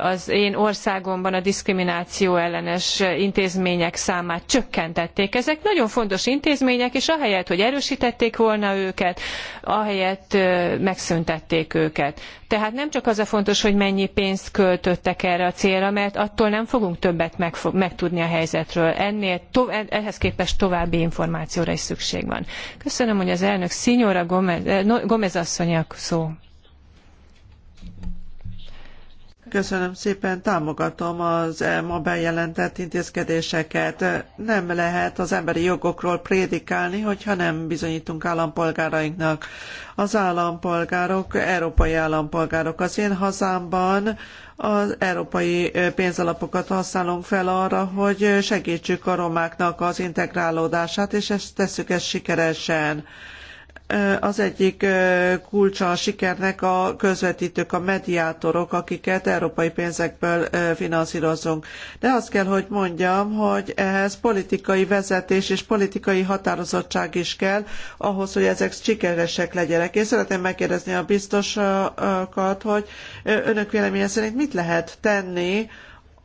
az én országomban a diszkrimináció ellenes intézmények számát csökkentették. Ezek nagyon fontos intézmények, és ahelyett, hogy erősítették volna őket, ahelyett megszüntették őket. Tehát nem csak az a fontos, hogy mennyi pénzt költöttek erre a célra, mert attól nem fogunk többet megtudni a helyzetről. Ennél ehhez képest további információra is szükség van. Köszönöm, hogy az elnök Signora Gomez, eh, Gomez asszonyak szó. Köszönöm szépen, támogatom az e ma bejelentett intézkedéseket. Nem lehet az emberi jogokról prédikálni, hogyha nem bizonyítunk állampolgárainknak. Az állampolgárok, európai állampolgárok. Az én hazámban az európai pénzalapokat használunk fel arra, hogy segítsük a romáknak az integrálódását, és ezt tesszük ezt sikeresen az egyik kulcsa a sikernek a közvetítők, a mediátorok, akiket európai pénzekből finanszírozunk. De azt kell, hogy mondjam, hogy ehhez politikai vezetés és politikai határozottság is kell ahhoz, hogy ezek sikeresek legyenek. Én szeretném megkérdezni a biztosokat, hogy önök véleménye szerint mit lehet tenni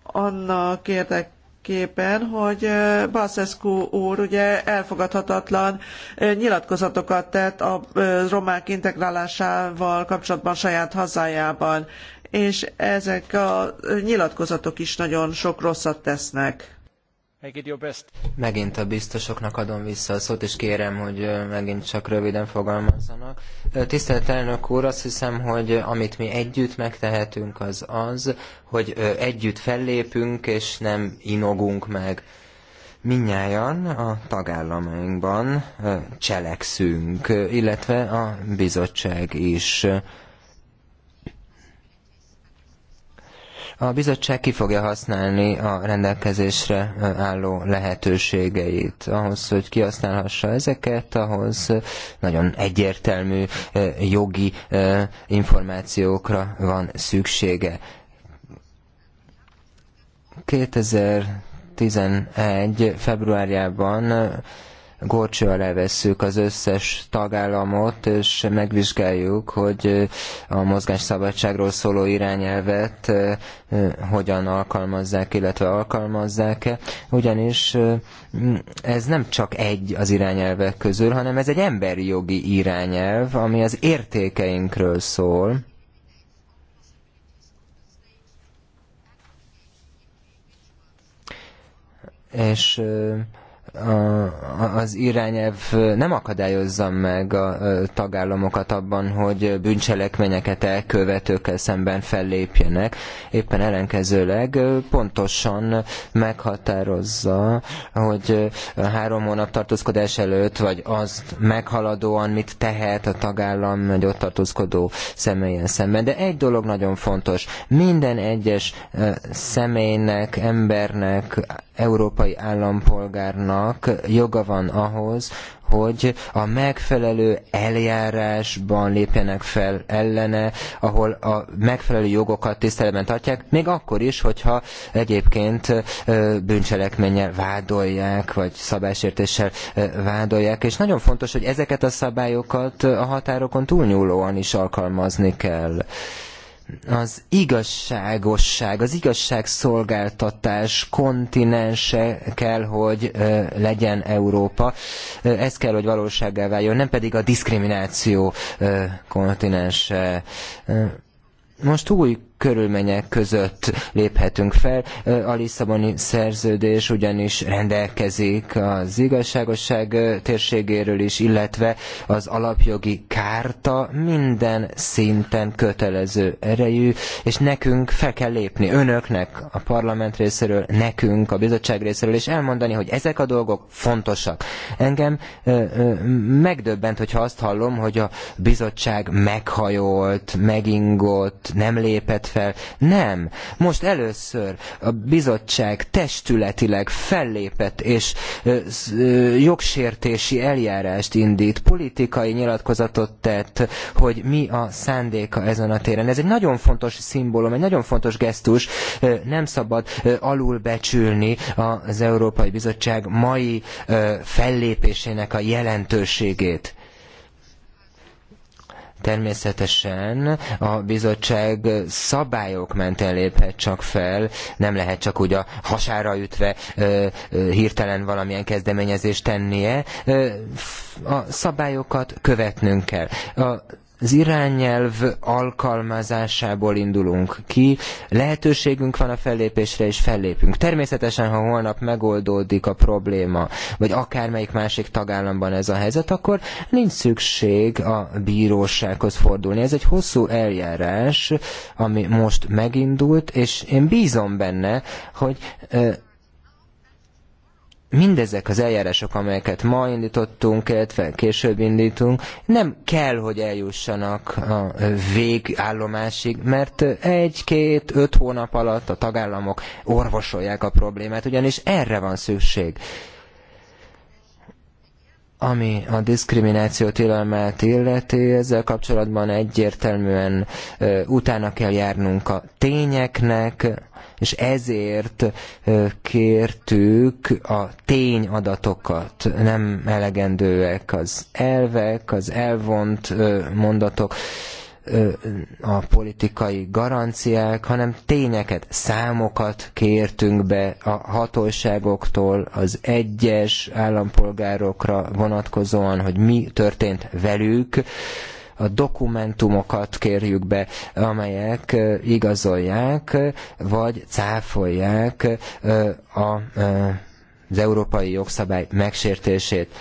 annak érdekében, képen, hogy Baszescu úr ugye elfogadhatatlan nyilatkozatokat tett a romák integrálásával kapcsolatban saját hazájában, és ezek a nyilatkozatok is nagyon sok rosszat tesznek. Megint a biztosoknak adom vissza a szót, és kérem, hogy megint csak röviden fogalmazzanak. Tisztelt elnök úr, azt hiszem, hogy amit mi együtt megtehetünk, az az, hogy együtt fellépünk, és nem inogunk meg. Minnyáján a tagállamainkban cselekszünk, illetve a bizottság is A bizottság ki fogja használni a rendelkezésre álló lehetőségeit. Ahhoz, hogy kihasználhassa ezeket, ahhoz nagyon egyértelmű jogi információkra van szüksége. 2011. februárjában górcső alá vesszük az összes tagállamot, és megvizsgáljuk, hogy a mozgásszabadságról szóló irányelvet hogyan alkalmazzák, illetve alkalmazzák-e, ugyanis ez nem csak egy az irányelvek közül, hanem ez egy emberi jogi irányelv, ami az értékeinkről szól, és az irányelv nem akadályozza meg a tagállamokat abban, hogy bűncselekményeket elkövetőkkel szemben fellépjenek, éppen ellenkezőleg pontosan meghatározza, hogy három hónap tartózkodás előtt, vagy az meghaladóan mit tehet a tagállam egy ott tartózkodó személyen szemben. De egy dolog nagyon fontos, minden egyes személynek, embernek, európai állampolgárnak, tagállamnak joga van ahhoz, hogy a megfelelő eljárásban lépjenek fel ellene, ahol a megfelelő jogokat tiszteletben tartják, még akkor is, hogyha egyébként bűncselekménnyel vádolják, vagy szabálysértéssel vádolják, és nagyon fontos, hogy ezeket a szabályokat a határokon túlnyúlóan is alkalmazni kell az igazságosság, az igazságszolgáltatás kontinense kell, hogy legyen Európa. Ez kell, hogy valósággá váljon, nem pedig a diszkrimináció kontinense. Most új körülmények között léphetünk fel. A Lisszaboni szerződés ugyanis rendelkezik az igazságosság térségéről is, illetve az alapjogi kárta minden szinten kötelező erejű, és nekünk fel kell lépni önöknek a parlament részéről, nekünk a bizottság részéről, és elmondani, hogy ezek a dolgok fontosak. Engem ö, ö, megdöbbent, hogyha azt hallom, hogy a bizottság meghajolt, megingott, nem lépett vetett fel. Nem. Most először a bizottság testületileg fellépett és jogsértési eljárást indít, politikai nyilatkozatot tett, hogy mi a szándéka ezen a téren. Ez egy nagyon fontos szimbólum, egy nagyon fontos gesztus, nem szabad alulbecsülni az Európai Bizottság mai fellépésének a jelentőségét. Természetesen a bizottság szabályok mentén léphet csak fel, nem lehet csak úgy a hasára ütve hirtelen valamilyen kezdeményezést tennie. a szabályokat követnünk kell. A az irányelv alkalmazásából indulunk ki, lehetőségünk van a fellépésre, és fellépünk. Természetesen, ha holnap megoldódik a probléma, vagy akármelyik másik tagállamban ez a helyzet, akkor nincs szükség a bírósághoz fordulni. Ez egy hosszú eljárás, ami most megindult, és én bízom benne, hogy mindezek az eljárások, amelyeket ma indítottunk, illetve később indítunk, nem kell, hogy eljussanak a végállomásig, mert egy-két-öt hónap alatt a tagállamok orvosolják a problémát, ugyanis erre van szükség. Ami a diszkrimináció tilalmát illeti, ezzel kapcsolatban egyértelműen utána kell járnunk a tényeknek, és ezért kértük a tényadatokat, nem elegendőek az elvek, az elvont mondatok, a politikai garanciák, hanem tényeket, számokat kértünk be a hatóságoktól, az egyes állampolgárokra vonatkozóan, hogy mi történt velük, a dokumentumokat kérjük be, amelyek igazolják vagy cáfolják a az európai jogszabály megsértését.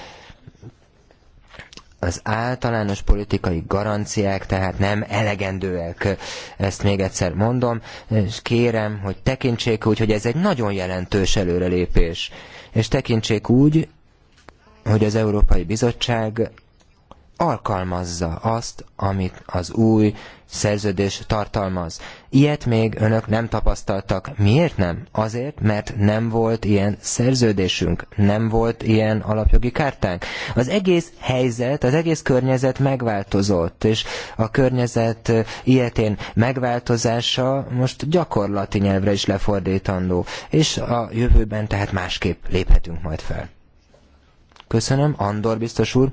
Az általános politikai garanciák tehát nem elegendőek, ezt még egyszer mondom, és kérem, hogy tekintsék úgy, hogy ez egy nagyon jelentős előrelépés, és tekintsék úgy, hogy az Európai Bizottság alkalmazza azt, amit az új szerződés tartalmaz. Ilyet még önök nem tapasztaltak. Miért nem? Azért, mert nem volt ilyen szerződésünk, nem volt ilyen alapjogi kártánk. Az egész helyzet, az egész környezet megváltozott, és a környezet ilyetén megváltozása most gyakorlati nyelvre is lefordítandó, és a jövőben tehát másképp léphetünk majd fel. Köszönöm, Andor biztos úr.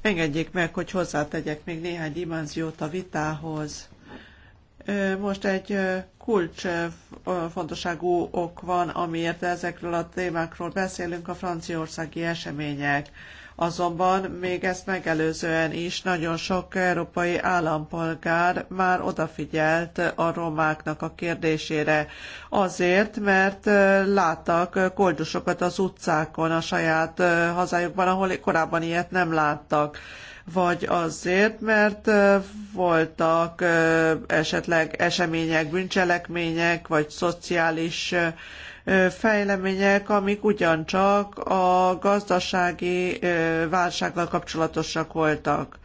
Engedjék meg, hogy hozzátegyek még néhány dimenziót a vitához. Most egy kulcs fontosságú ok van, amiért ezekről a témákról beszélünk, a franciaországi események. Azonban még ezt megelőzően is nagyon sok európai állampolgár már odafigyelt a romáknak a kérdésére. Azért, mert láttak koldusokat az utcákon a saját hazájukban, ahol korábban ilyet nem láttak vagy azért, mert voltak esetleg események, bűncselekmények, vagy szociális fejlemények, amik ugyancsak a gazdasági válsággal kapcsolatosak voltak.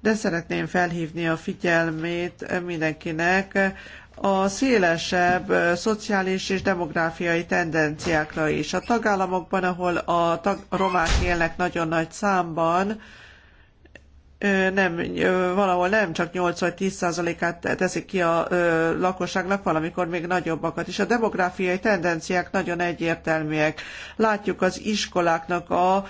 De szeretném felhívni a figyelmét mindenkinek a szélesebb szociális és demográfiai tendenciákra is. A tagállamokban, ahol a, tag- a romák élnek nagyon nagy számban, nem, valahol nem csak 8 vagy 10 százalékát teszik ki a lakosságnak, valamikor még nagyobbakat is. A demográfiai tendenciák nagyon egyértelműek. Látjuk az iskoláknak a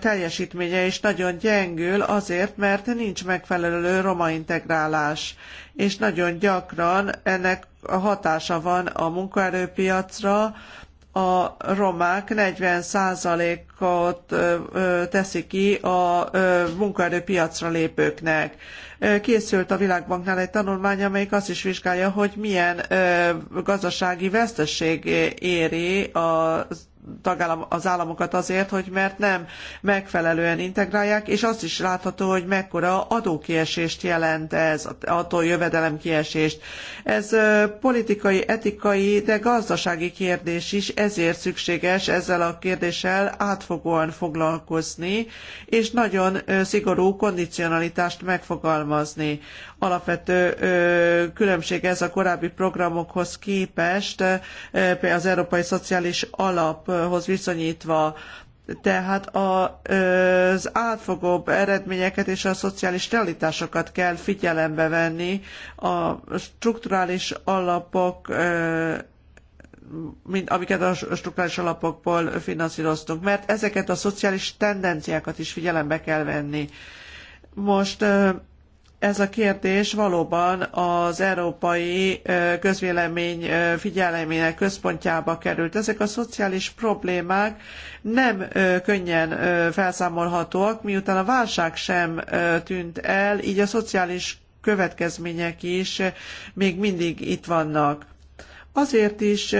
teljesítménye is nagyon gyengül azért, mert nincs megfelelő roma integrálás. És nagyon gyakran ennek hatása van a munkaerőpiacra, a romák 40%-ot teszik ki a munkaerőpiacra lépőknek. Készült a Világbanknál egy tanulmány, amelyik azt is vizsgálja, hogy milyen gazdasági veszteség éri az tagállam, az államokat azért, hogy mert nem megfelelően integrálják, és azt is látható, hogy mekkora adókiesést jelent ez, attól kiesést. Ez politikai, etikai, de gazdasági kérdés is, ezért szükséges ezzel a kérdéssel átfogóan foglalkozni, és nagyon szigorú kondicionalitást megfogalmazni alapvető különbség ez a korábbi programokhoz képest, például az Európai Szociális Alaphoz viszonyítva tehát az átfogóbb eredményeket és a szociális realitásokat kell figyelembe venni. A strukturális alapok mint, amiket a strukturális alapokból finanszíroztunk, mert ezeket a szociális tendenciákat is figyelembe kell venni. Most ez a kérdés valóban az európai közvélemény figyelmének központjába került. Ezek a szociális problémák nem könnyen felszámolhatóak, miután a válság sem tűnt el, így a szociális következmények is még mindig itt vannak. Azért is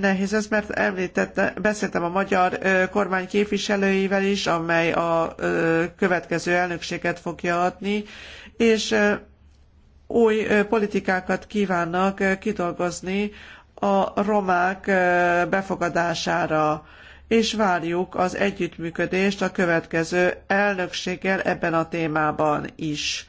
nehéz ez, mert említette, beszéltem a magyar kormány képviselőivel is, amely a következő elnökséget fogja adni, és új politikákat kívánnak kidolgozni a romák befogadására és várjuk az együttműködést a következő elnökséggel ebben a témában is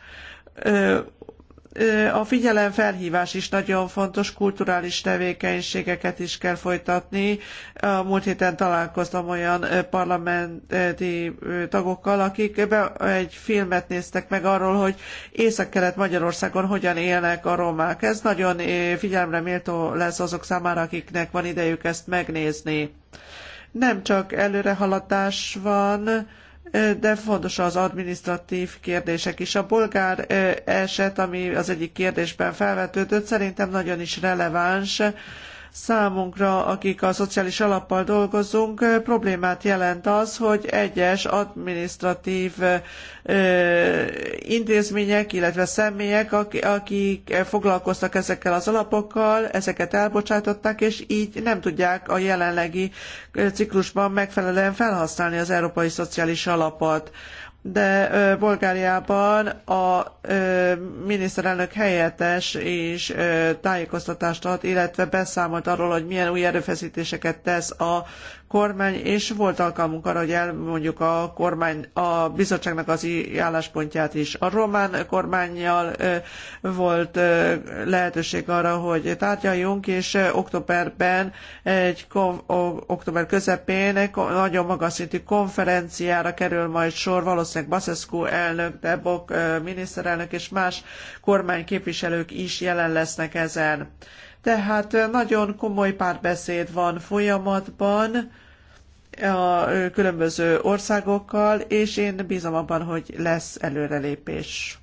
a figyelemfelhívás is nagyon fontos, kulturális tevékenységeket is kell folytatni. A múlt héten találkoztam olyan parlamenti tagokkal, akik egy filmet néztek meg arról, hogy Észak-Kelet Magyarországon hogyan élnek a romák. Ez nagyon figyelemre méltó lesz azok számára, akiknek van idejük ezt megnézni. Nem csak előrehaladás van, de fontos az adminisztratív kérdések is. A bolgár eset, ami az egyik kérdésben felvetődött, szerintem nagyon is releváns, Számunkra, akik a szociális alappal dolgozunk, problémát jelent az, hogy egyes administratív intézmények, illetve személyek, akik foglalkoztak ezekkel az alapokkal, ezeket elbocsátották, és így nem tudják a jelenlegi ciklusban megfelelően felhasználni az Európai Szociális Alapot de Bulgáriában a miniszterelnök helyettes is tájékoztatást ad, illetve beszámolt arról, hogy milyen új erőfeszítéseket tesz a kormány, és volt alkalmunk arra, hogy elmondjuk a kormány, a bizottságnak az álláspontját is. A román kormányjal volt lehetőség arra, hogy tárgyaljunk, és októberben, egy október közepén egy nagyon magas szintű konferenciára kerül majd sor, valószínűleg Baszeszkó elnök, Debok miniszterelnök és más kormányképviselők is jelen lesznek ezen. Tehát nagyon komoly párbeszéd van folyamatban, a különböző országokkal, és én bízom abban, hogy lesz előrelépés.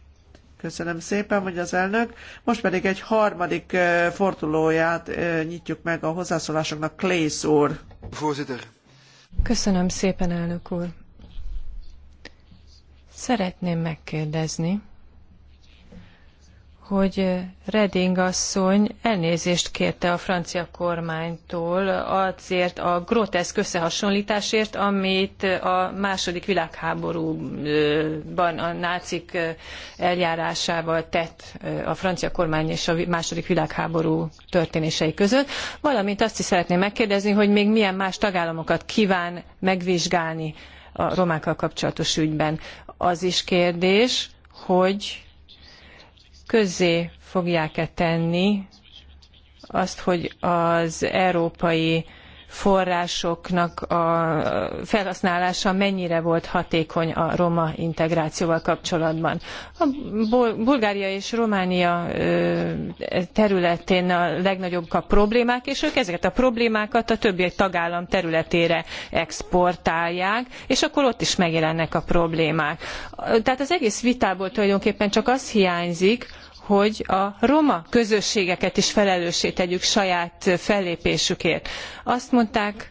Köszönöm szépen, hogy az elnök. Most pedig egy harmadik fordulóját nyitjuk meg a hozzászólásoknak, Klész úr. Köszönöm szépen, elnök úr. Szeretném megkérdezni, hogy Reding asszony elnézést kérte a francia kormánytól azért a groteszk összehasonlításért, amit a második világháborúban a nácik eljárásával tett a francia kormány és a második világháború történései között, valamint azt is szeretném megkérdezni, hogy még milyen más tagállamokat kíván megvizsgálni a romákkal kapcsolatos ügyben. Az is kérdés, hogy közzé fogják-e tenni azt, hogy az európai forrásoknak a felhasználása mennyire volt hatékony a roma integrációval kapcsolatban. A Bulgária és Románia területén a legnagyobbak a problémák, és ők ezeket a problémákat a többi tagállam területére exportálják, és akkor ott is megjelennek a problémák. Tehát az egész vitából tulajdonképpen csak az hiányzik, hogy a roma közösségeket is felelőssé tegyük saját fellépésükért. Azt mondták,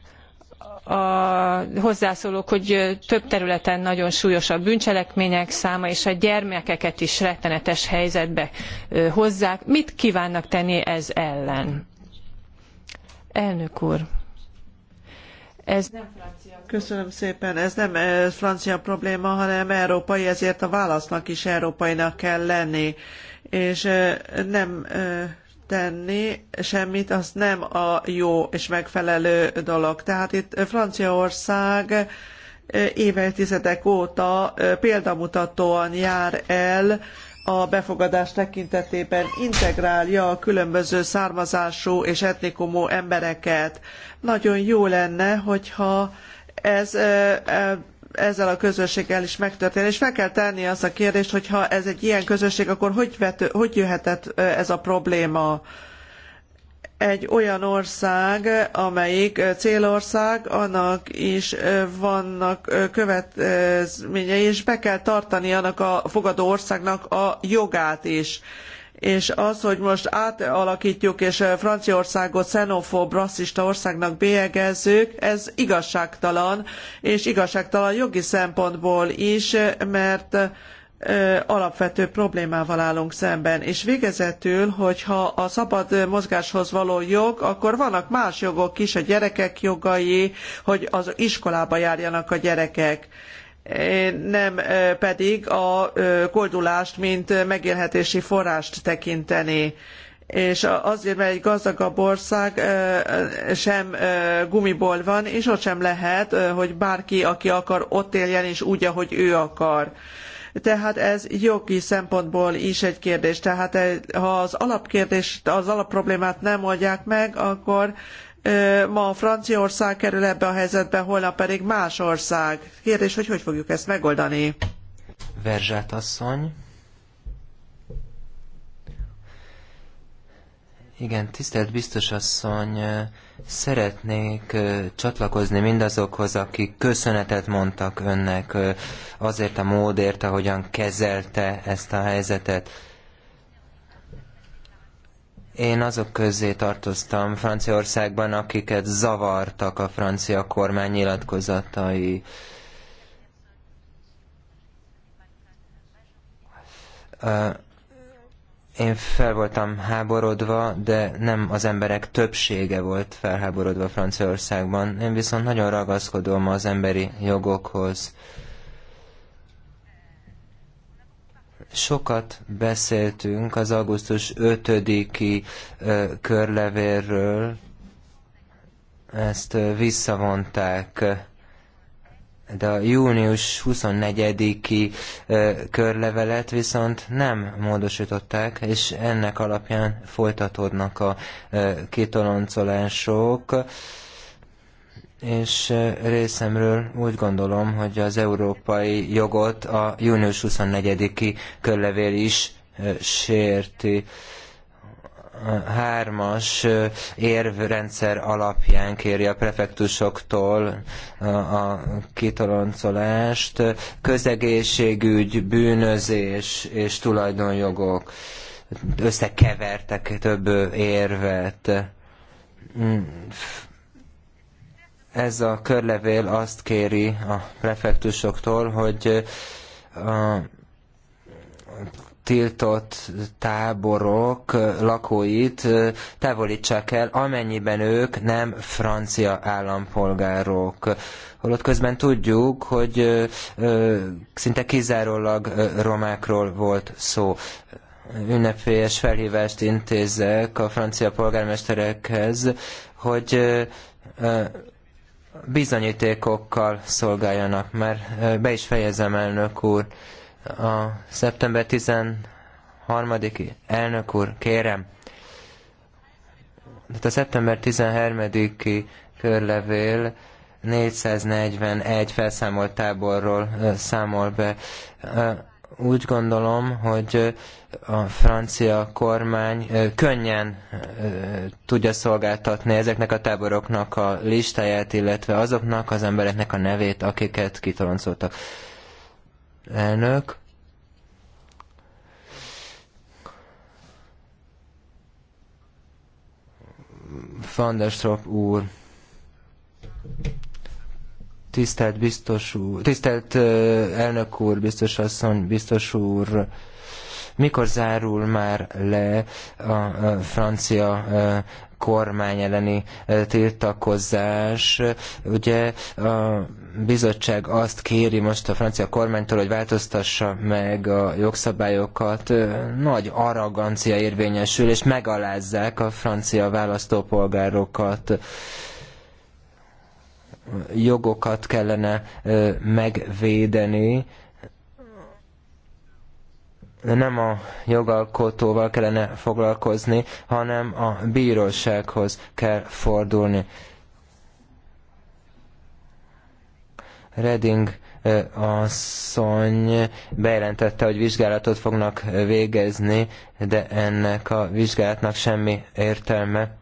a hozzászólók, hogy több területen nagyon súlyos a bűncselekmények száma, és a gyermekeket is rettenetes helyzetbe hozzák. Mit kívánnak tenni ez ellen? Elnök úr. Ez nem francia. Köszönöm szépen, ez nem francia probléma, hanem európai, ezért a válasznak is európainak kell lenni és nem tenni semmit, az nem a jó és megfelelő dolog. Tehát itt Franciaország évtizedek óta példamutatóan jár el a befogadás tekintetében integrálja a különböző származású és etnikumú embereket. Nagyon jó lenne, hogyha ez ezzel a közösséggel is megtörténni. És fel kell tenni azt a kérdést, hogy ha ez egy ilyen közösség, akkor hogy, vető, hogy jöhetett ez a probléma? egy olyan ország, amelyik célország, annak is vannak következményei, és be kell tartani annak a fogadó országnak a jogát is és az, hogy most átalakítjuk és Franciaországot xenofób, rasszista országnak bélyegezzük, ez igazságtalan, és igazságtalan jogi szempontból is, mert alapvető problémával állunk szemben. És végezetül, hogyha a szabad mozgáshoz való jog, akkor vannak más jogok is, a gyerekek jogai, hogy az iskolába járjanak a gyerekek nem pedig a koldulást, mint megélhetési forrást tekinteni és azért, mert egy gazdagabb ország sem gumiból van, és ott sem lehet, hogy bárki, aki akar, ott éljen, és úgy, ahogy ő akar. Tehát ez jogi szempontból is egy kérdés. Tehát ha az alapkérdést, az alapproblémát nem oldják meg, akkor Ma Franciaország kerül ebbe a helyzetbe, holnap pedig más ország. Kérdés, hogy hogy fogjuk ezt megoldani? Verzsát asszony. Igen, tisztelt biztos asszony, szeretnék csatlakozni mindazokhoz, akik köszönetet mondtak önnek azért a módért, ahogyan kezelte ezt a helyzetet én azok közé tartoztam Franciaországban, akiket zavartak a francia kormány nyilatkozatai. Én fel voltam háborodva, de nem az emberek többsége volt felháborodva Franciaországban. Én viszont nagyon ragaszkodom az emberi jogokhoz. Sokat beszéltünk az augusztus 5-i körlevérről, ezt visszavonták, de a június 24-i körlevelet viszont nem módosították, és ennek alapján folytatódnak a kitoloncolások és részemről úgy gondolom, hogy az európai jogot a június 24-i körlevél is sérti. Hármas érvrendszer alapján kéri a prefektusoktól a kitoloncolást, közegészségügy, bűnözés és tulajdonjogok. Összekevertek több érvet mm, ez a körlevél azt kéri a prefektusoktól, hogy a tiltott táborok lakóit távolítsák el, amennyiben ők nem francia állampolgárok. Holott közben tudjuk, hogy szinte kizárólag romákról volt szó. Ünnepélyes felhívást intézek a francia polgármesterekhez, hogy bizonyítékokkal szolgáljanak, mert be is fejezem, elnök úr. A szeptember 13-i elnök úr, kérem, tehát a szeptember 13-i körlevél 441 felszámolt táborról számol be úgy gondolom, hogy a francia kormány könnyen tudja szolgáltatni ezeknek a táboroknak a listáját, illetve azoknak az embereknek a nevét, akiket kitoloncoltak. Elnök. Van der Strop úr. Tisztelt biztos úr, tisztelt elnök úr, biztos asszony, biztos úr, mikor zárul már le a francia kormány elleni tiltakozás. Ugye a bizottság azt kéri most a francia kormánytól, hogy változtassa meg a jogszabályokat. Nagy arrogancia érvényesül, és megalázzák a francia választópolgárokat jogokat kellene megvédeni, de nem a jogalkotóval kellene foglalkozni, hanem a bírósághoz kell fordulni. Reding asszony bejelentette, hogy vizsgálatot fognak végezni, de ennek a vizsgálatnak semmi értelme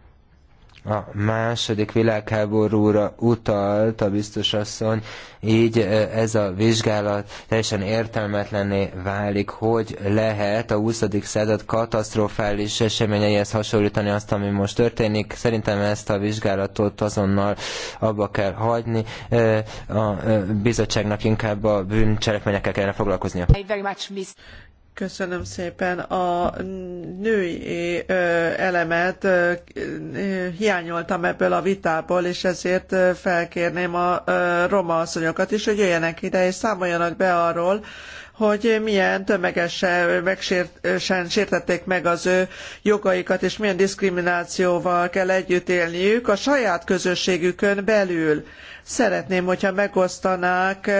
a második világháborúra utalt a biztos asszony, így ez a vizsgálat teljesen értelmetlenné válik, hogy lehet a 20. század katasztrofális eseményeihez hasonlítani azt, ami most történik. Szerintem ezt a vizsgálatot azonnal abba kell hagyni. A bizottságnak inkább a bűncselekményekkel kellene foglalkoznia. Köszönöm szépen. A női elemet hiányoltam ebből a vitából, és ezért felkérném a roma asszonyokat is, hogy jöjjenek ide, és számoljanak be arról, hogy milyen tömegesen megsértsen sértették meg az ő jogaikat, és milyen diszkriminációval kell együtt élniük a saját közösségükön belül. Szeretném, hogyha megosztanák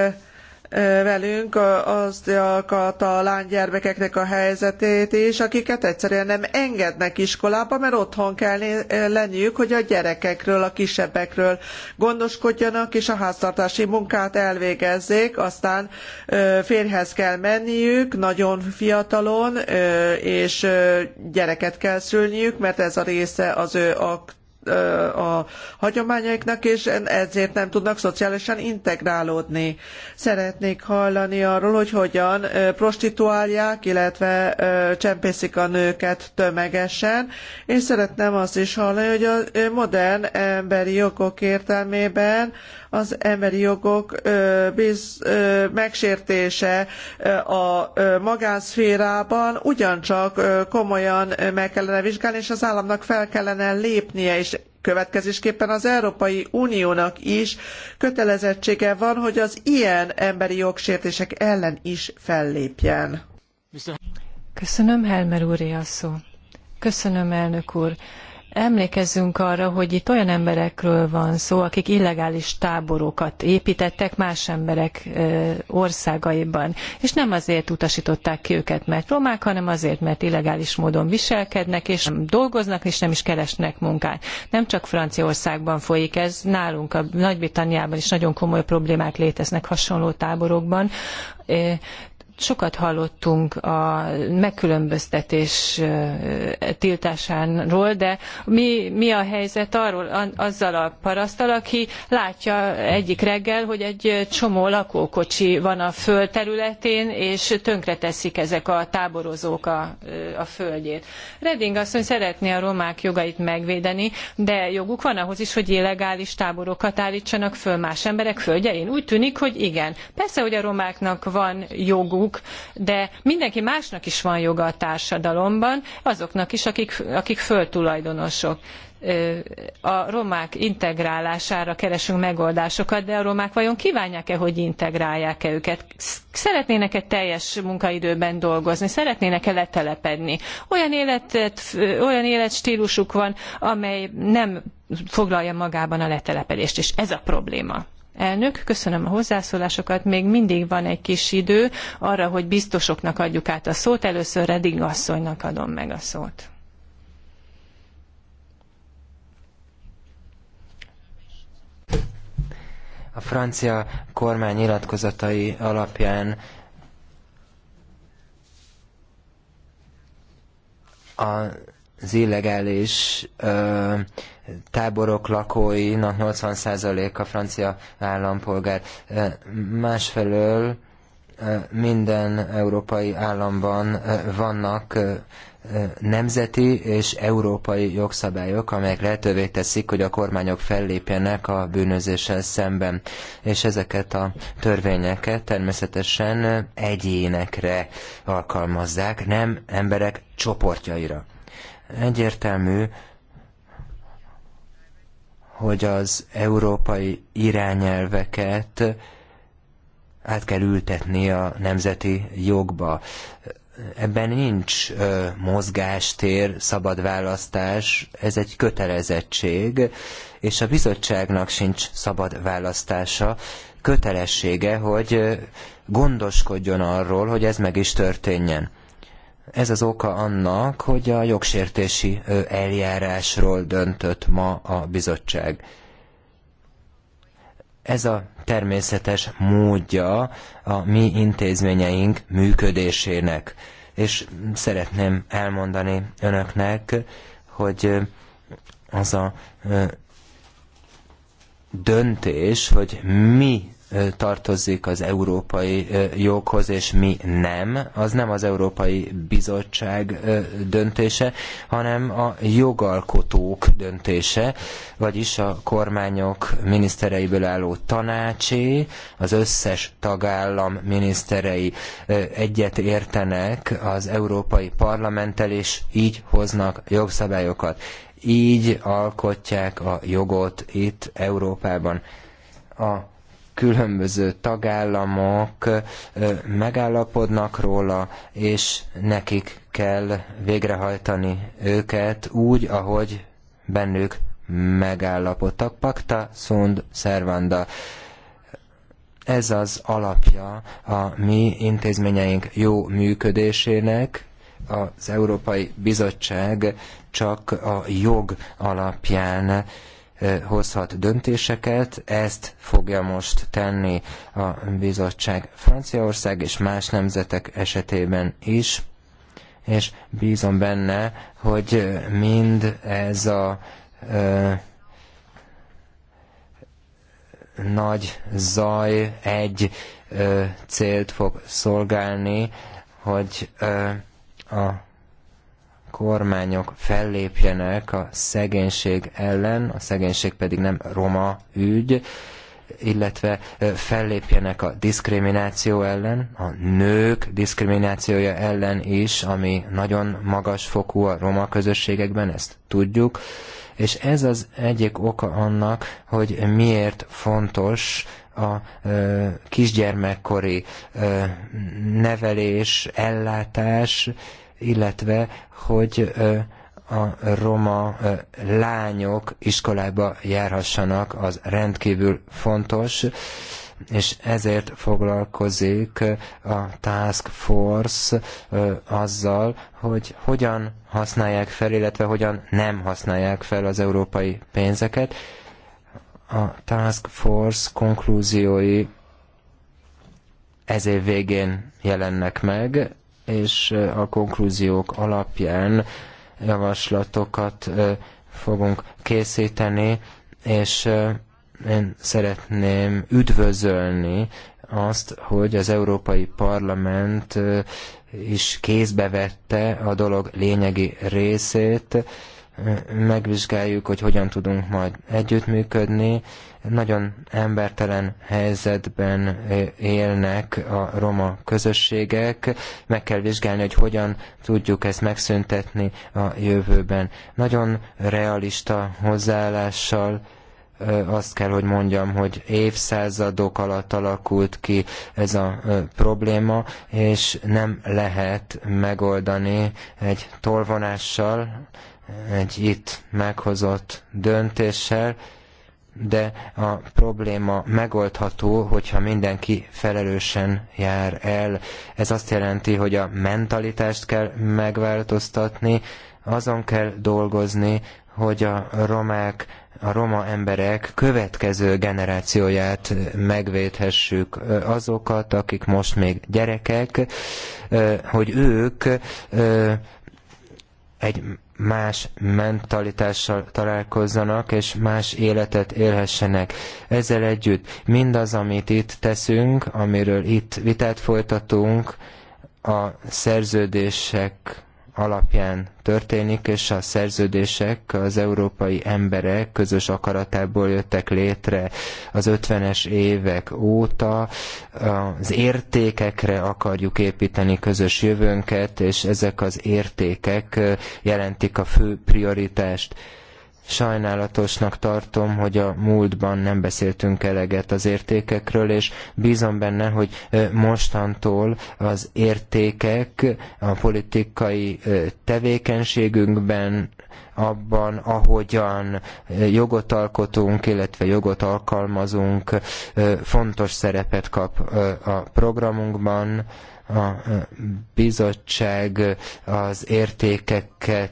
velünk azokat a lánygyermekeknek a helyzetét is, akiket egyszerűen nem engednek iskolába, mert otthon kell lenniük, hogy a gyerekekről, a kisebbekről gondoskodjanak, és a háztartási munkát elvégezzék, aztán férjhez kell menniük, nagyon fiatalon, és gyereket kell szülniük, mert ez a része az ő akt a hagyományaiknak, és ezért nem tudnak szociálisan integrálódni. Szeretnék hallani arról, hogy hogyan prostituálják, illetve csempészik a nőket tömegesen, és szeretném azt is hallani, hogy a modern emberi jogok értelmében az emberi jogok biz, megsértése a magánszférában ugyancsak komolyan meg kellene vizsgálni, és az államnak fel kellene lépnie, és Következésképpen az Európai Uniónak is kötelezettsége van, hogy az ilyen emberi jogsértések ellen is fellépjen. Köszönöm, Helmer úr, a szó. Köszönöm, elnök úr. Emlékezzünk arra, hogy itt olyan emberekről van szó, akik illegális táborokat építettek más emberek országaiban, és nem azért utasították ki őket, mert romák, hanem azért, mert illegális módon viselkednek, és nem dolgoznak, és nem is keresnek munkát. Nem csak Franciaországban folyik ez, nálunk a Nagy-Britanniában is nagyon komoly problémák léteznek hasonló táborokban sokat hallottunk a megkülönböztetés tiltásáról, de mi, mi a helyzet arról, azzal a parasztal, aki látja egyik reggel, hogy egy csomó lakókocsi van a föld területén, és tönkreteszik ezek a táborozók a, a földjét. Reding asszony szeretné a romák jogait megvédeni, de joguk van ahhoz is, hogy illegális táborokat állítsanak föl más emberek földjein. Úgy tűnik, hogy igen. Persze, hogy a romáknak van joguk, joguk, de mindenki másnak is van joga a társadalomban, azoknak is, akik, akik földtulajdonosok a romák integrálására keresünk megoldásokat, de a romák vajon kívánják-e, hogy integrálják-e őket? Szeretnének-e teljes munkaidőben dolgozni? Szeretnének-e letelepedni? Olyan, életet, olyan életstílusuk van, amely nem foglalja magában a letelepedést, és ez a probléma. Elnök, köszönöm a hozzászólásokat. Még mindig van egy kis idő arra, hogy biztosoknak adjuk át a szót. Először Reding asszonynak adom meg a szót. A francia kormány nyilatkozatai alapján a az illegális ö, táborok lakóinak 80%-a francia állampolgár. Másfelől minden európai államban vannak nemzeti és európai jogszabályok, amelyek lehetővé teszik, hogy a kormányok fellépjenek a bűnözéssel szemben. És ezeket a törvényeket természetesen egyénekre alkalmazzák, nem emberek csoportjaira. Egyértelmű, hogy az európai irányelveket át kell ültetni a nemzeti jogba. Ebben nincs ö, mozgástér, szabad választás, ez egy kötelezettség, és a bizottságnak sincs szabad választása, kötelessége, hogy gondoskodjon arról, hogy ez meg is történjen. Ez az oka annak, hogy a jogsértési eljárásról döntött ma a bizottság. Ez a természetes módja a mi intézményeink működésének. És szeretném elmondani önöknek, hogy az a döntés, hogy mi tartozik az európai joghoz, és mi nem, az nem az Európai Bizottság döntése, hanem a jogalkotók döntése, vagyis a kormányok minisztereiből álló tanácsé, az összes tagállam miniszterei egyet értenek az Európai Parlamenttel, és így hoznak jogszabályokat. Így alkotják a jogot itt Európában. A különböző tagállamok megállapodnak róla, és nekik kell végrehajtani őket úgy, ahogy bennük megállapodtak. Pakta sunt servanda. Ez az alapja a mi intézményeink jó működésének, az Európai Bizottság csak a jog alapján Eh, hozhat döntéseket, ezt fogja most tenni a bizottság Franciaország és más nemzetek esetében is, és bízom benne, hogy mind ez a ö, eh, nagy zaj egy ö, eh, célt fog szolgálni, hogy ö, a kormányok fellépjenek a szegénység ellen, a szegénység pedig nem roma ügy, illetve fellépjenek a diszkrimináció ellen, a nők diszkriminációja ellen is, ami nagyon magas fokú a roma közösségekben, ezt tudjuk. És ez az egyik oka annak, hogy miért fontos a ö, kisgyermekkori ö, nevelés, ellátás, illetve hogy a roma lányok iskolába járhassanak, az rendkívül fontos, és ezért foglalkozik a Task Force azzal, hogy hogyan használják fel, illetve hogyan nem használják fel az európai pénzeket. A Task Force konklúziói ez év végén jelennek meg, és a konklúziók alapján javaslatokat fogunk készíteni, és én szeretném üdvözölni azt, hogy az Európai Parlament is kézbe vette a dolog lényegi részét, megvizsgáljuk, hogy hogyan tudunk majd együttműködni. Nagyon embertelen helyzetben eh, élnek a roma közösségek. Meg kell vizsgálni, hogy hogyan tudjuk ezt megszüntetni a jövőben. Nagyon realista hozzáállással eh, azt kell, hogy mondjam, hogy évszázadok alatt alakult ki ez a eh, probléma, és nem lehet megoldani egy tolvonással, egy itt meghozott döntéssel, de a probléma megoldható, hogyha mindenki felelősen jár el. Ez azt jelenti, hogy a mentalitást kell megváltoztatni, azon kell dolgozni, hogy a romák, a roma emberek következő generációját megvédhessük, azokat, akik most még gyerekek, hogy ők egy más mentalitással találkozzanak, és más életet élhessenek. Ezzel együtt mindaz, amit itt teszünk, amiről itt vitát folytatunk, a szerződések alapján történik, és a szerződések az európai emberek közös akaratából jöttek létre az 50-es évek óta. Az értékekre akarjuk építeni közös jövőnket, és ezek az értékek jelentik a fő prioritást. Sajnálatosnak tartom, hogy a múltban nem beszéltünk eleget az értékekről, és bízom benne, hogy mostantól az értékek a politikai tevékenységünkben, abban, ahogyan jogot alkotunk, illetve jogot alkalmazunk, fontos szerepet kap a programunkban. A bizottság az értékeket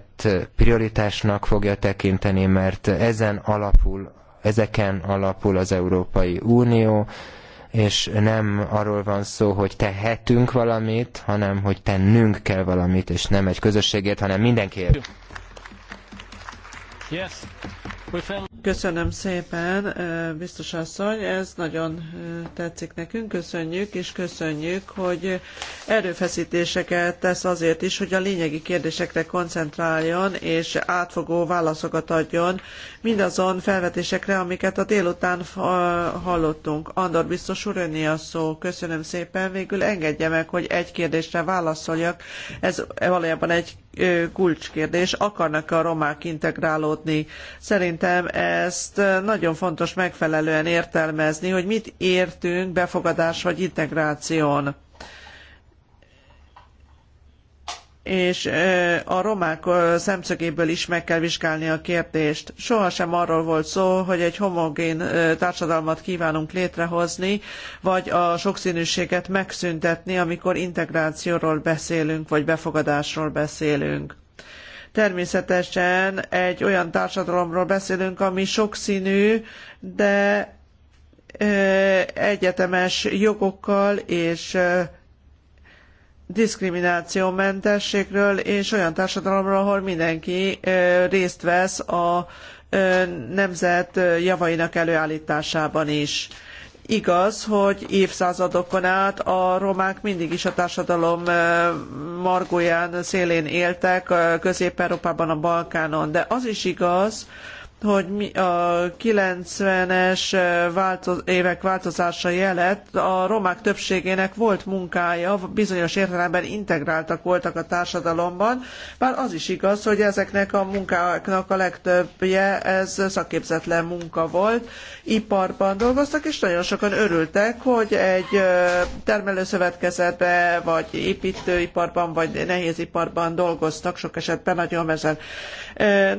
prioritásnak fogja tekinteni, mert ezen alapul, ezeken alapul az Európai Unió, és nem arról van szó, hogy tehetünk valamit, hanem hogy tennünk kell valamit, és nem egy közösségért, hanem mindenkiért. Yes. Köszönöm szépen, eh, biztos asszony, ez nagyon eh, tetszik nekünk, köszönjük, és köszönjük, hogy erőfeszítéseket tesz azért is, hogy a lényegi kérdésekre koncentráljon, és átfogó válaszokat adjon mindazon felvetésekre, amiket a délután hallottunk. Andor biztos úr, önné a szó, köszönöm szépen, végül engedje meg, hogy egy kérdésre válaszoljak, ez valójában egy kulcskérdés, akarnak a romák integrálódni. Szerintem ezt nagyon fontos megfelelően értelmezni, hogy mit értünk befogadás vagy integráción és a romák szemszögéből is meg kell vizsgálni a kérdést. Sohasem arról volt szó, hogy egy homogén társadalmat kívánunk létrehozni, vagy a sokszínűséget megszüntetni, amikor integrációról beszélünk, vagy befogadásról beszélünk. Természetesen egy olyan társadalomról beszélünk, ami sokszínű, de egyetemes jogokkal és diszkriminációmentességről és olyan társadalomról, ahol mindenki részt vesz a nemzet javainak előállításában is. Igaz, hogy évszázadokon át a romák mindig is a társadalom margóján, szélén éltek, Közép-Európában, a Balkánon, de az is igaz, hogy mi a 90-es eh, változ, évek változása jelett a romák többségének volt munkája, bizonyos értelemben integráltak voltak a társadalomban, bár az is igaz, hogy ezeknek a munkáknak a legtöbbje ez szakképzetlen munka volt. Iparban dolgoztak, és nagyon sokan örültek, hogy egy eh, termelőszövetkezetbe, vagy építőiparban, vagy nehéziparban dolgoztak, sok esetben nagyon ezen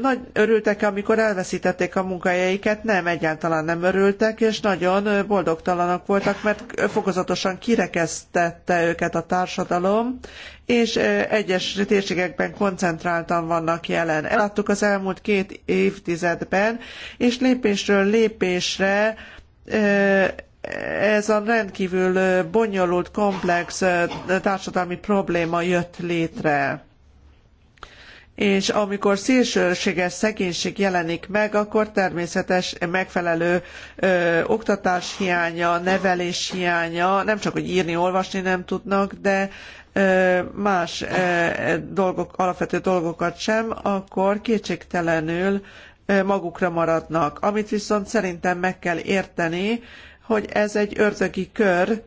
nagy örültek, amikor elveszítették a munkahelyeiket, nem, egyáltalán nem örültek, és nagyon boldogtalanok voltak, mert fokozatosan kirekesztette őket a társadalom, és egyes térségekben koncentráltan vannak jelen. Láttuk az elmúlt két évtizedben, és lépésről lépésre ez a rendkívül bonyolult, komplex társadalmi probléma jött létre és amikor szélsőséges szegénység jelenik meg, akkor természetes megfelelő ö, oktatás hiánya, nevelés hiánya, nem csak hogy írni, olvasni nem tudnak, de ö, más ö, dolgok, alapvető dolgokat sem, akkor kétségtelenül magukra maradnak. Amit viszont szerintem meg kell érteni, hogy ez egy ördögi kör,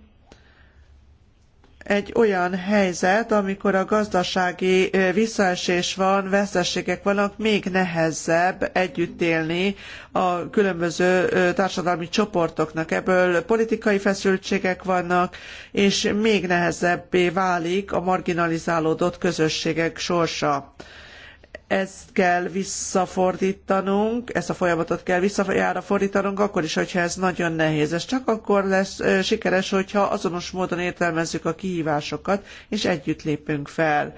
egy olyan helyzet, amikor a gazdasági visszaesés van, veszteségek vannak, még nehezebb együtt élni a különböző társadalmi csoportoknak. Ebből politikai feszültségek vannak, és még nehezebbé válik a marginalizálódott közösségek sorsa ezt kell visszafordítanunk, ezt a folyamatot kell visszajára fordítanunk, akkor is, hogyha ez nagyon nehéz. Ez csak akkor lesz sikeres, hogyha azonos módon értelmezzük a kihívásokat, és együtt lépünk fel.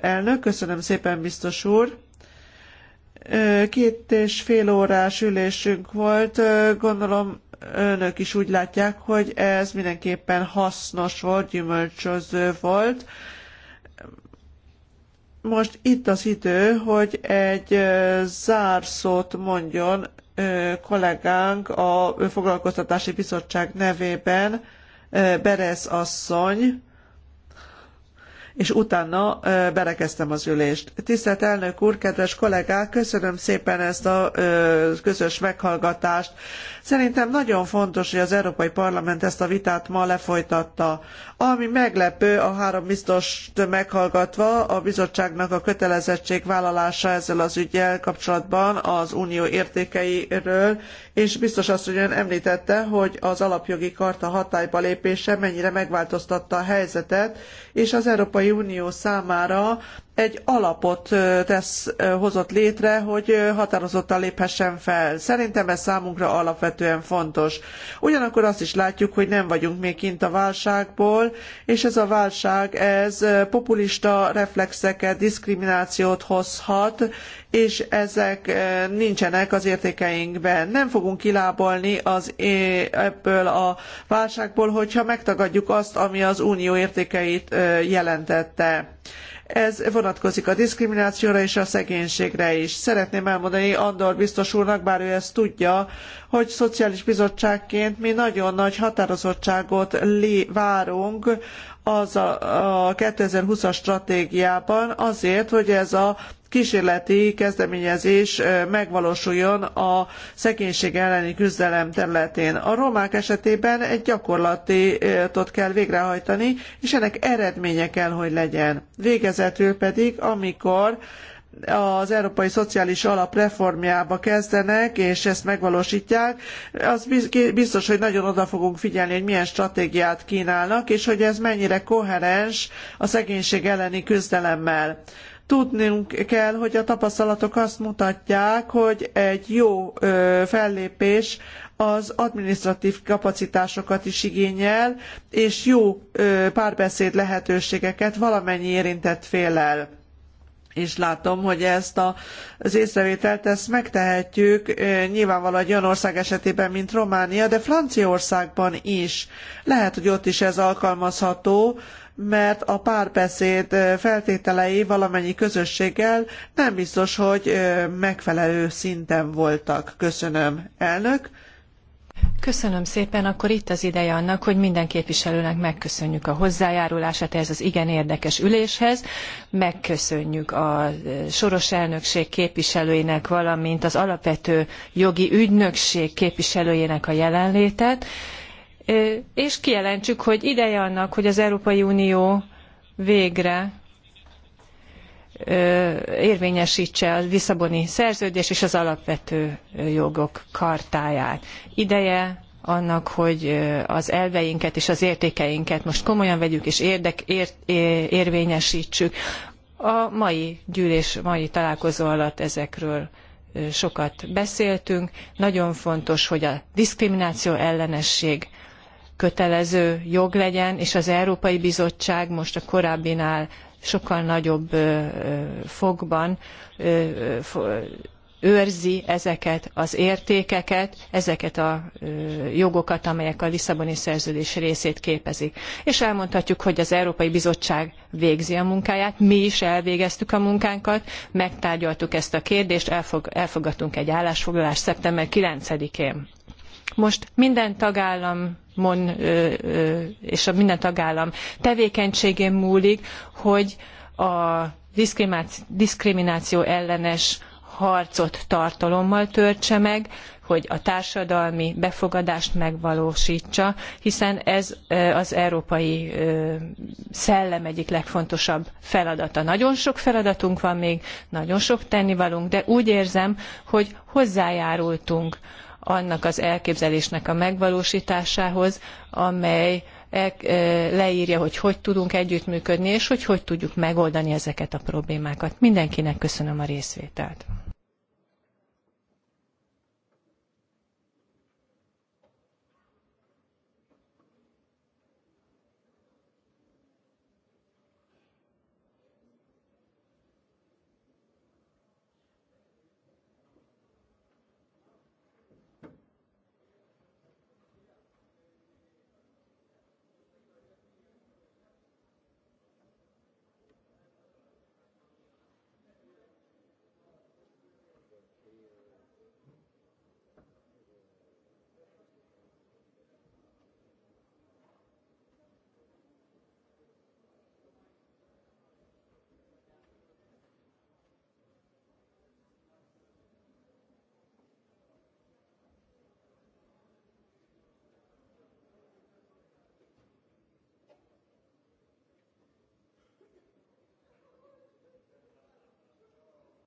Elnök, köszönöm szépen, biztos úr. Két és fél órás ülésünk volt, gondolom önök is úgy látják, hogy ez mindenképpen hasznos volt, gyümölcsöző volt most itt az idő, hogy egy zárszót mondjon kollégánk a Foglalkoztatási Bizottság nevében, Berez asszony, és utána berekeztem az ülést. Tisztelt elnök úr, kedves kollégák, köszönöm szépen ezt a közös meghallgatást. Szerintem nagyon fontos, hogy az Európai Parlament ezt a vitát ma lefolytatta. Ami meglepő, a három biztost meghallgatva a bizottságnak a kötelezettség vállalása ezzel az ügyel kapcsolatban az unió értékeiről, és biztos azt, hogy ön említette, hogy az alapjogi karta hatályba lépése mennyire megváltoztatta a helyzetet, és az Európai Unió számára egy alapot tesz, hozott létre, hogy határozottan léphessen fel. Szerintem ez számunkra alapvetően fontos. Ugyanakkor azt is látjuk, hogy nem vagyunk még kint a válságból, és ez a válság, ez populista reflexeket, diszkriminációt hozhat, és ezek nincsenek az értékeinkben. Nem fogunk kilábalni az, ebből a válságból, hogyha megtagadjuk azt, ami az unió értékeit jelentette. Ez vonatkozik a diszkriminációra és a szegénységre is. Szeretném elmondani Andor biztos úrnak, bár ő ezt tudja, hogy Szociális Bizottságként mi nagyon nagy határozottságot várunk az a, a 2020-as stratégiában azért, hogy ez a kísérleti kezdeményezés megvalósuljon a szegénység elleni küzdelem területén. A romák esetében egy gyakorlatot kell végrehajtani, és ennek eredménye kell, hogy legyen. Végezetül pedig, amikor az Európai Szociális Alap reformjába kezdenek, és ezt megvalósítják, az biztos, hogy nagyon oda fogunk figyelni, hogy milyen stratégiát kínálnak, és hogy ez mennyire koherens a szegénység elleni küzdelemmel. Tudnunk kell, hogy a tapasztalatok azt mutatják, hogy egy jó fellépés az administratív kapacitásokat is igényel, és jó párbeszéd lehetőségeket valamennyi érintett félel és látom, hogy ezt a, az észrevételt ezt megtehetjük nyilvánvalóan egy olyan ország esetében, mint Románia, de Franciaországban is. Lehet, hogy ott is ez alkalmazható, mert a párbeszéd feltételei valamennyi közösséggel nem biztos, hogy megfelelő szinten voltak. Köszönöm, elnök. Köszönöm szépen, akkor itt az ideje annak, hogy minden képviselőnek megköszönjük a hozzájárulását ehhez az igen érdekes üléshez, megköszönjük a soros elnökség képviselőinek, valamint az alapvető jogi ügynökség képviselőjének a jelenlétet, és kijelentsük, hogy ideje annak, hogy az Európai Unió végre érvényesítse a Lisszaboni szerződés és az alapvető jogok kartáját. Ideje annak, hogy az elveinket és az értékeinket most komolyan vegyük és érdek, ér, érvényesítsük. A mai gyűlés, mai találkozó alatt ezekről sokat beszéltünk. Nagyon fontos, hogy a diszkrimináció ellenesség kötelező jog legyen, és az Európai Bizottság most a korábbinál sokkal nagyobb fogban őrzi ezeket az értékeket, ezeket a jogokat, amelyek a Lisszaboni szerződés részét képezik. És elmondhatjuk, hogy az Európai Bizottság végzi a munkáját, mi is elvégeztük a munkánkat, megtárgyaltuk ezt a kérdést, elfog, elfogadtunk egy állásfoglalást szeptember 9-én. Most minden tagállam mon, és a minden tagállam tevékenységén múlik, hogy a diszkrimináció ellenes harcot tartalommal töltse meg, hogy a társadalmi befogadást megvalósítsa, hiszen ez az európai szellem egyik legfontosabb feladata. Nagyon sok feladatunk van még, nagyon sok tennivalunk, de úgy érzem, hogy hozzájárultunk annak az elképzelésnek a megvalósításához, amely leírja, hogy hogy tudunk együttműködni, és hogy hogy tudjuk megoldani ezeket a problémákat. Mindenkinek köszönöm a részvételt.